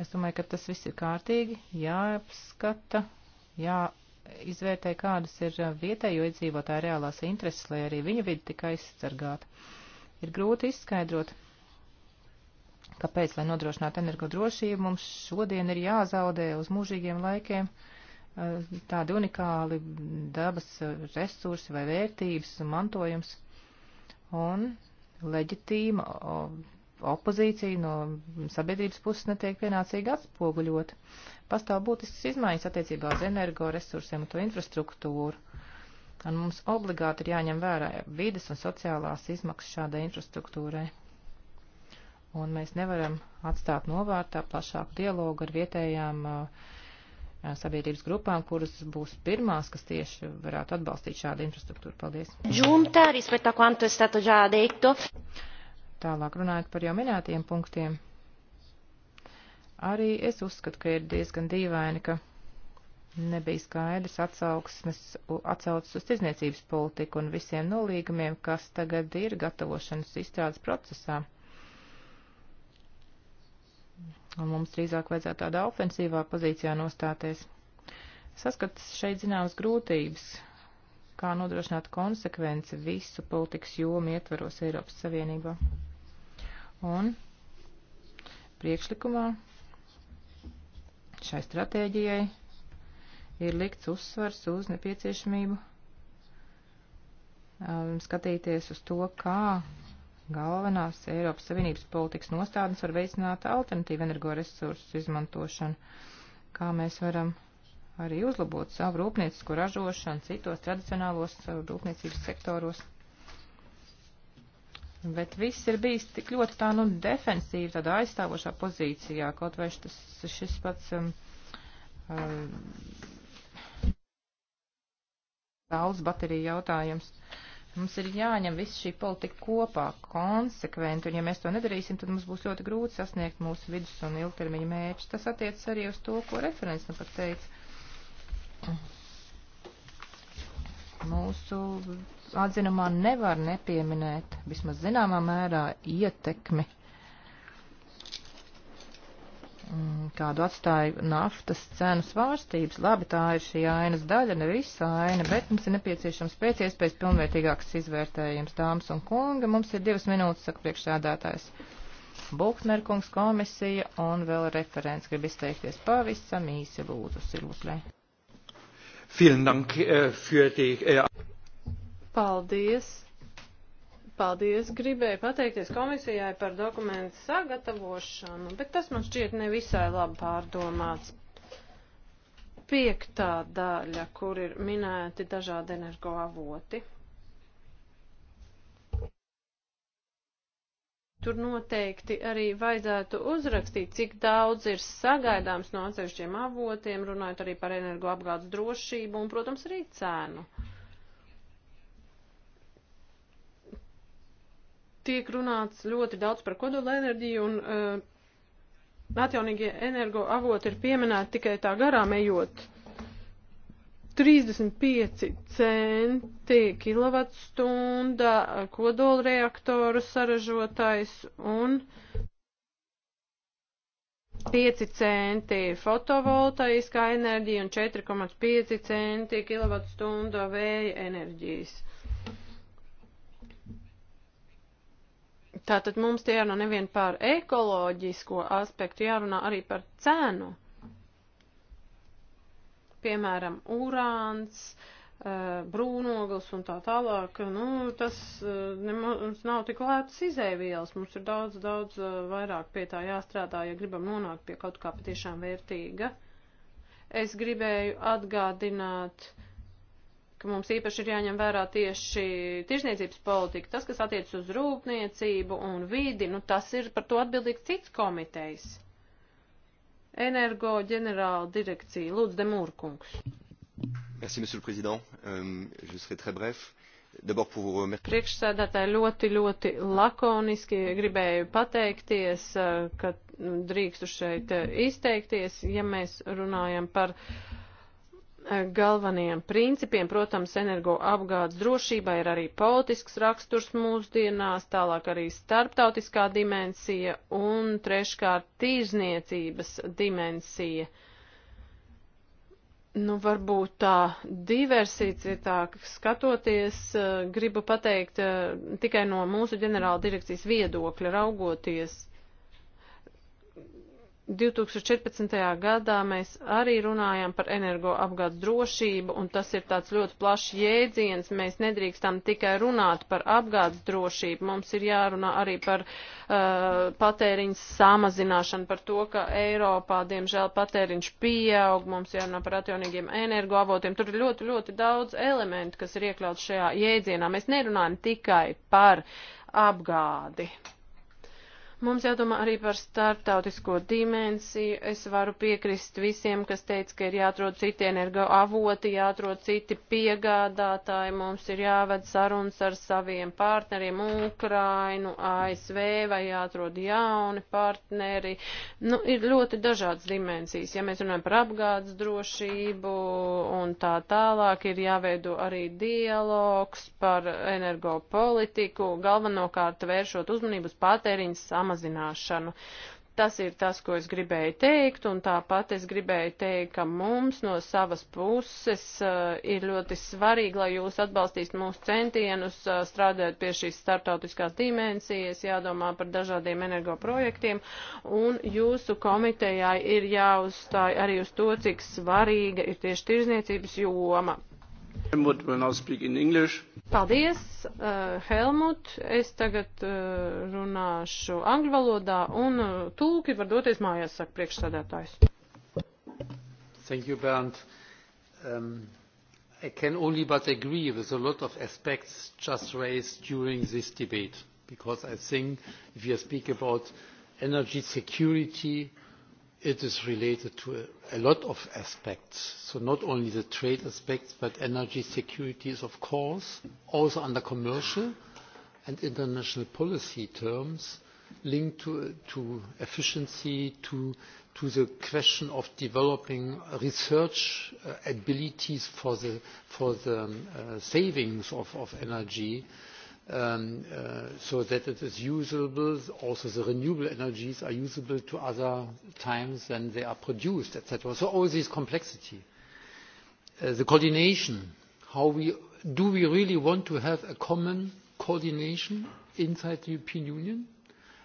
Es domāju, ka tas viss ir kārtīgi, jāapskata, jāizvērtē, kādas ir vietējo iedzīvotāju reālās intereses, lai arī viņa vidi tika aizsargāta. Ir grūti izskaidrot, kāpēc, lai nodrošinātu energodrošību, mums šodien ir jāzaudē uz mūžīgiem laikiem tādi unikāli dabas resursi vai vērtības un mantojums un leģitīma opozīcija no sabiedrības puses netiek pienācīgi atspoguļot. Pastāv būtisks izmaiņas attiecībā uz energoresursiem un to infrastruktūru, un mums obligāti ir jāņem vērā vides un sociālās izmaksas šādai infrastruktūrai. Un mēs nevaram atstāt novārtā plašāku dialogu ar vietējām uh, sabiedrības grupām, kuras būs pirmās, kas tieši varētu atbalstīt šādu infrastruktūru. Paldies. Giunta, rispetto a quanto è stato già detto. Tālāk runājot par jau minētajiem punktiem. Arī es uzskatu, ka ir diezgan dīvaini, ka nebija skaidrs atsauksmes, atsaucas uz tirzniecības politiku un visiem nolīgumiem, kas tagad ir gatavošanas izstrādes procesā un mums drīzāk vajadzētu tādā ofensīvā pozīcijā nostāties. Saskats šeit zināmas grūtības, kā nodrošināt konsekvenci visu politikas jomu ietvaros Eiropas Savienībā. Un priekšlikumā šai stratēģijai ir likts uzsvars uz nepieciešamību um, skatīties uz to, kā galvenās Eiropas Savienības politikas nostādnes var veicināt alternatīvu energoresursu izmantošanu, kā mēs varam arī uzlabot savu rūpniecisko ražošanu citos tradicionālos rūpniecības sektoros. Bet viss ir bijis tik ļoti tā, nu, defensīvi, tādā aizstāvošā pozīcijā, kaut vai šis, šis pats um, um, saules baterija jautājums. Uh, Mums ir jāņem viss šī politika kopā, konsekventi, un ja mēs to nedarīsim, tad mums būs ļoti grūti sasniegt mūsu vidus un ilgtermiņa mērķus. Tas attiecas arī uz to, ko referents nu pat teica. Mūsu atzinumā nevar nepieminēt, vismaz zināmā mērā, ietekmi Mm, kādu atstāja naftas cenu svārstības. Labi, tā ir šī ainas daļa, ne visa aina, bet mums ir nepieciešams pēc iespējas pilnvērtīgāks izvērtējums, dāmas un kunga. Mums ir divas minūtes, saka priekšsēdētājs. Buhnerkungs komisija un vēl referents grib izteikties pavisam īsi lūdzu Silvuslē. Eh, eh, Paldies Paldies, gribēju pateikties komisijai par dokumentu sagatavošanu, bet tas man šķiet nevisai labi pārdomāts. Piektā daļa, kur ir minēti dažādi energoavoti. Tur noteikti arī vajadzētu uzrakstīt, cik daudz ir sagaidāms no atsevišķiem avotiem, runājot arī par energoapgādes drošību un, protams, arī cēnu. Tiek runāts ļoti daudz par kodolenerģiju un uh, atjaunīgie energoavoti ir pieminēti tikai tā garām ejot. 35 centi kilovatstunda eh, kodolreaktoru saražotais un 5 centi fotovoltaiskā enerģija un 4,5 centi kilovatstunda vēja enerģijas. Uh, Tātad mums tie jārunā nevien par ekoloģisko aspektu, jārunā arī par cenu. Piemēram, urāns, eh, brūnoglis un tā tālāk. Nu, tas eh, mums nav tik lētas izēvielas. Mums ir daudz, daudz eh, vairāk pie tā jāstrādā, ja gribam nonākt pie kaut kā patiešām vērtīga. Es gribēju atgādināt ka mums īpaši ir jāņem vērā tieši tirzniecības politika. Tas, kas attiec uz rūpniecību un vidi, nu tas ir par to atbildīgs cits komitejs. Energo ģenerāla direkcija. Lūdzu, Demūrkungs. Merci, monsieur le président. Um, je serai très bref. D'abord pour vous remercier. Priekšsēdētāji ļoti, ļoti lakoniski gribēju pateikties, ka drīkstu šeit izteikties, ja mēs runājam par uh, galvenajiem principiem. Protams, energoapgādes drošība ir arī politisks raksturs mūsdienās, tālāk arī starptautiskā dimensija un treškārt tīrzniecības dimensija. Nu, varbūt tā diversitātāk skatoties, eh, gribu pateikt eh, tikai no mūsu ģenerāla direkcijas viedokļa raugoties. 2014. gadā mēs arī runājam par energoapgādes drošību, un tas ir tāds ļoti plašs jēdziens. Mēs nedrīkstam tikai runāt par apgādes drošību, mums ir jārunā arī par uh, patēriņu samazināšanu, par to, ka Eiropā, diemžēl, patēriņš pieaug, mums jārunā par atjaunīgiem energoavotiem. Tur ir ļoti, ļoti daudz elementu, kas ir iekļauts šajā jēdzienā. Mēs nerunājam tikai par apgādi. Mums jādomā arī par starptautisko dimensiju. Es varu piekrist visiem, kas teica, ka ir jāatrod citi energoavoti, jāatrod citi piegādātāji, mums ir jāved sarunas ar saviem partneriem - Ukrainu, ASV vai jāatrod jauni partneri. Nu, ir ļoti dažādas dimensijas. Ja mēs runājam par apgādes drošību un tā tālāk, ir jāveido arī dialogs par energopolitiku, galvenokārt vēršot uzmanību uz patēriņu samazināšanu samazināšanu. Tas ir tas, ko es gribēju teikt, un tāpat es gribēju teikt, ka mums no savas puses uh, ir ļoti svarīgi, lai jūs atbalstīst mūsu centienus, uh, strādājot pie šīs startautiskās dimensijas, jādomā par dažādiem energoprojektiem, un jūsu komitejai ir jāuzstāj arī uz to, cik svarīga ir tieši tirzniecības joma Helmut will now speak in English. Paldies, uh, Helmut. Es tagad uh, runāšu angļu valodā un uh, tulki var doties mājās, saka priekšsādātājs. Thank you, Bernd. Um, I can only but agree with a lot of aspects just raised during this debate, because I think if you speak about energy security, it is related to a, a lot of aspects. So not only the trade aspects, but energy security is, of course, also under commercial and international policy terms linked to, to efficiency, to, to the question of developing research uh, abilities for the, for the um, uh, savings of, of energy uh, um, uh, so that it is usable. Also, the renewable energies are usable to other times than they are produced, etc. So all this complexity. Uh, the coordination, how we do we really want to have a common coordination inside the European Union?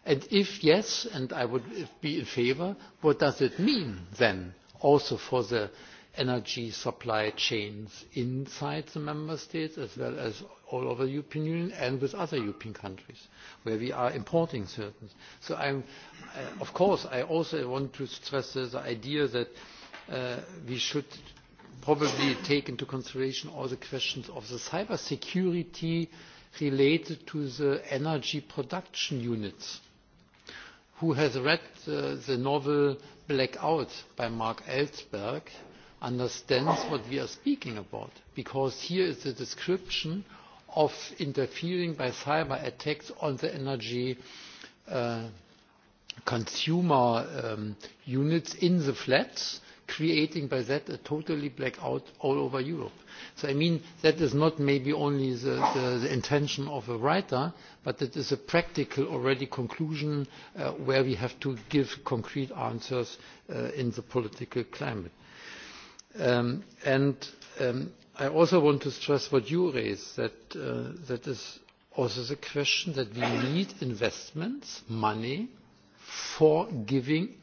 And if yes, and I would be in favor, what does it mean then also for the energy supply chains inside the member states as well as all over the european union and with other european countries where we are importing certain. so I'm, uh, of course i also want to stress the idea that uh, we should probably take into consideration all the questions of the cyber security related to the energy production units. Who has read uh, the novel Blackout by Mark Ellsberg? understands what we are speaking about because here is a description of interfering by cyber attacks on the energy uh, consumer um, units in the flats creating by that a totally blackout all over Europe. So I mean that is not maybe only the, the, the intention of a writer, but it is a practical already conclusion uh, where we have to give concrete answers uh, in the political climate. Um, and um, I also want to stress what you raised, that, uh, that is also the question that we need investments, money, for giving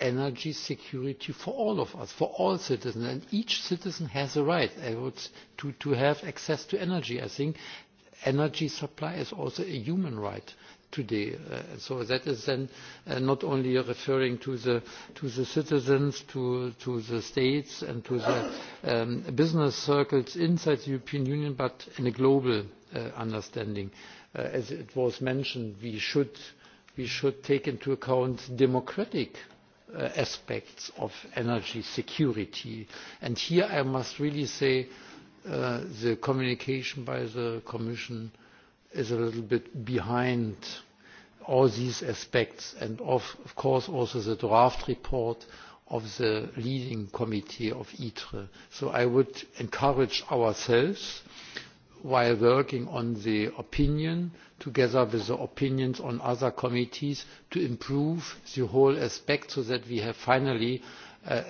energy security for all of us, for all citizens. And each citizen has a right I would, to, to have access to energy. I think energy supply is also a human right today. Uh, so that is then uh, not only referring to the, to the citizens, to, to the states and to the um, business circles inside the European Union, but in a global uh, understanding. Uh, as it was mentioned, we should, we should take into account democratic uh, aspects of energy security. And here I must really say uh, the communication by the Commission uh, is a little bit behind all these aspects and of, of course also the draft report of the leading committee of ITRE. So I would encourage ourselves while working on the opinion together with the opinions on other committees to improve the whole aspect so that we have finally uh, uh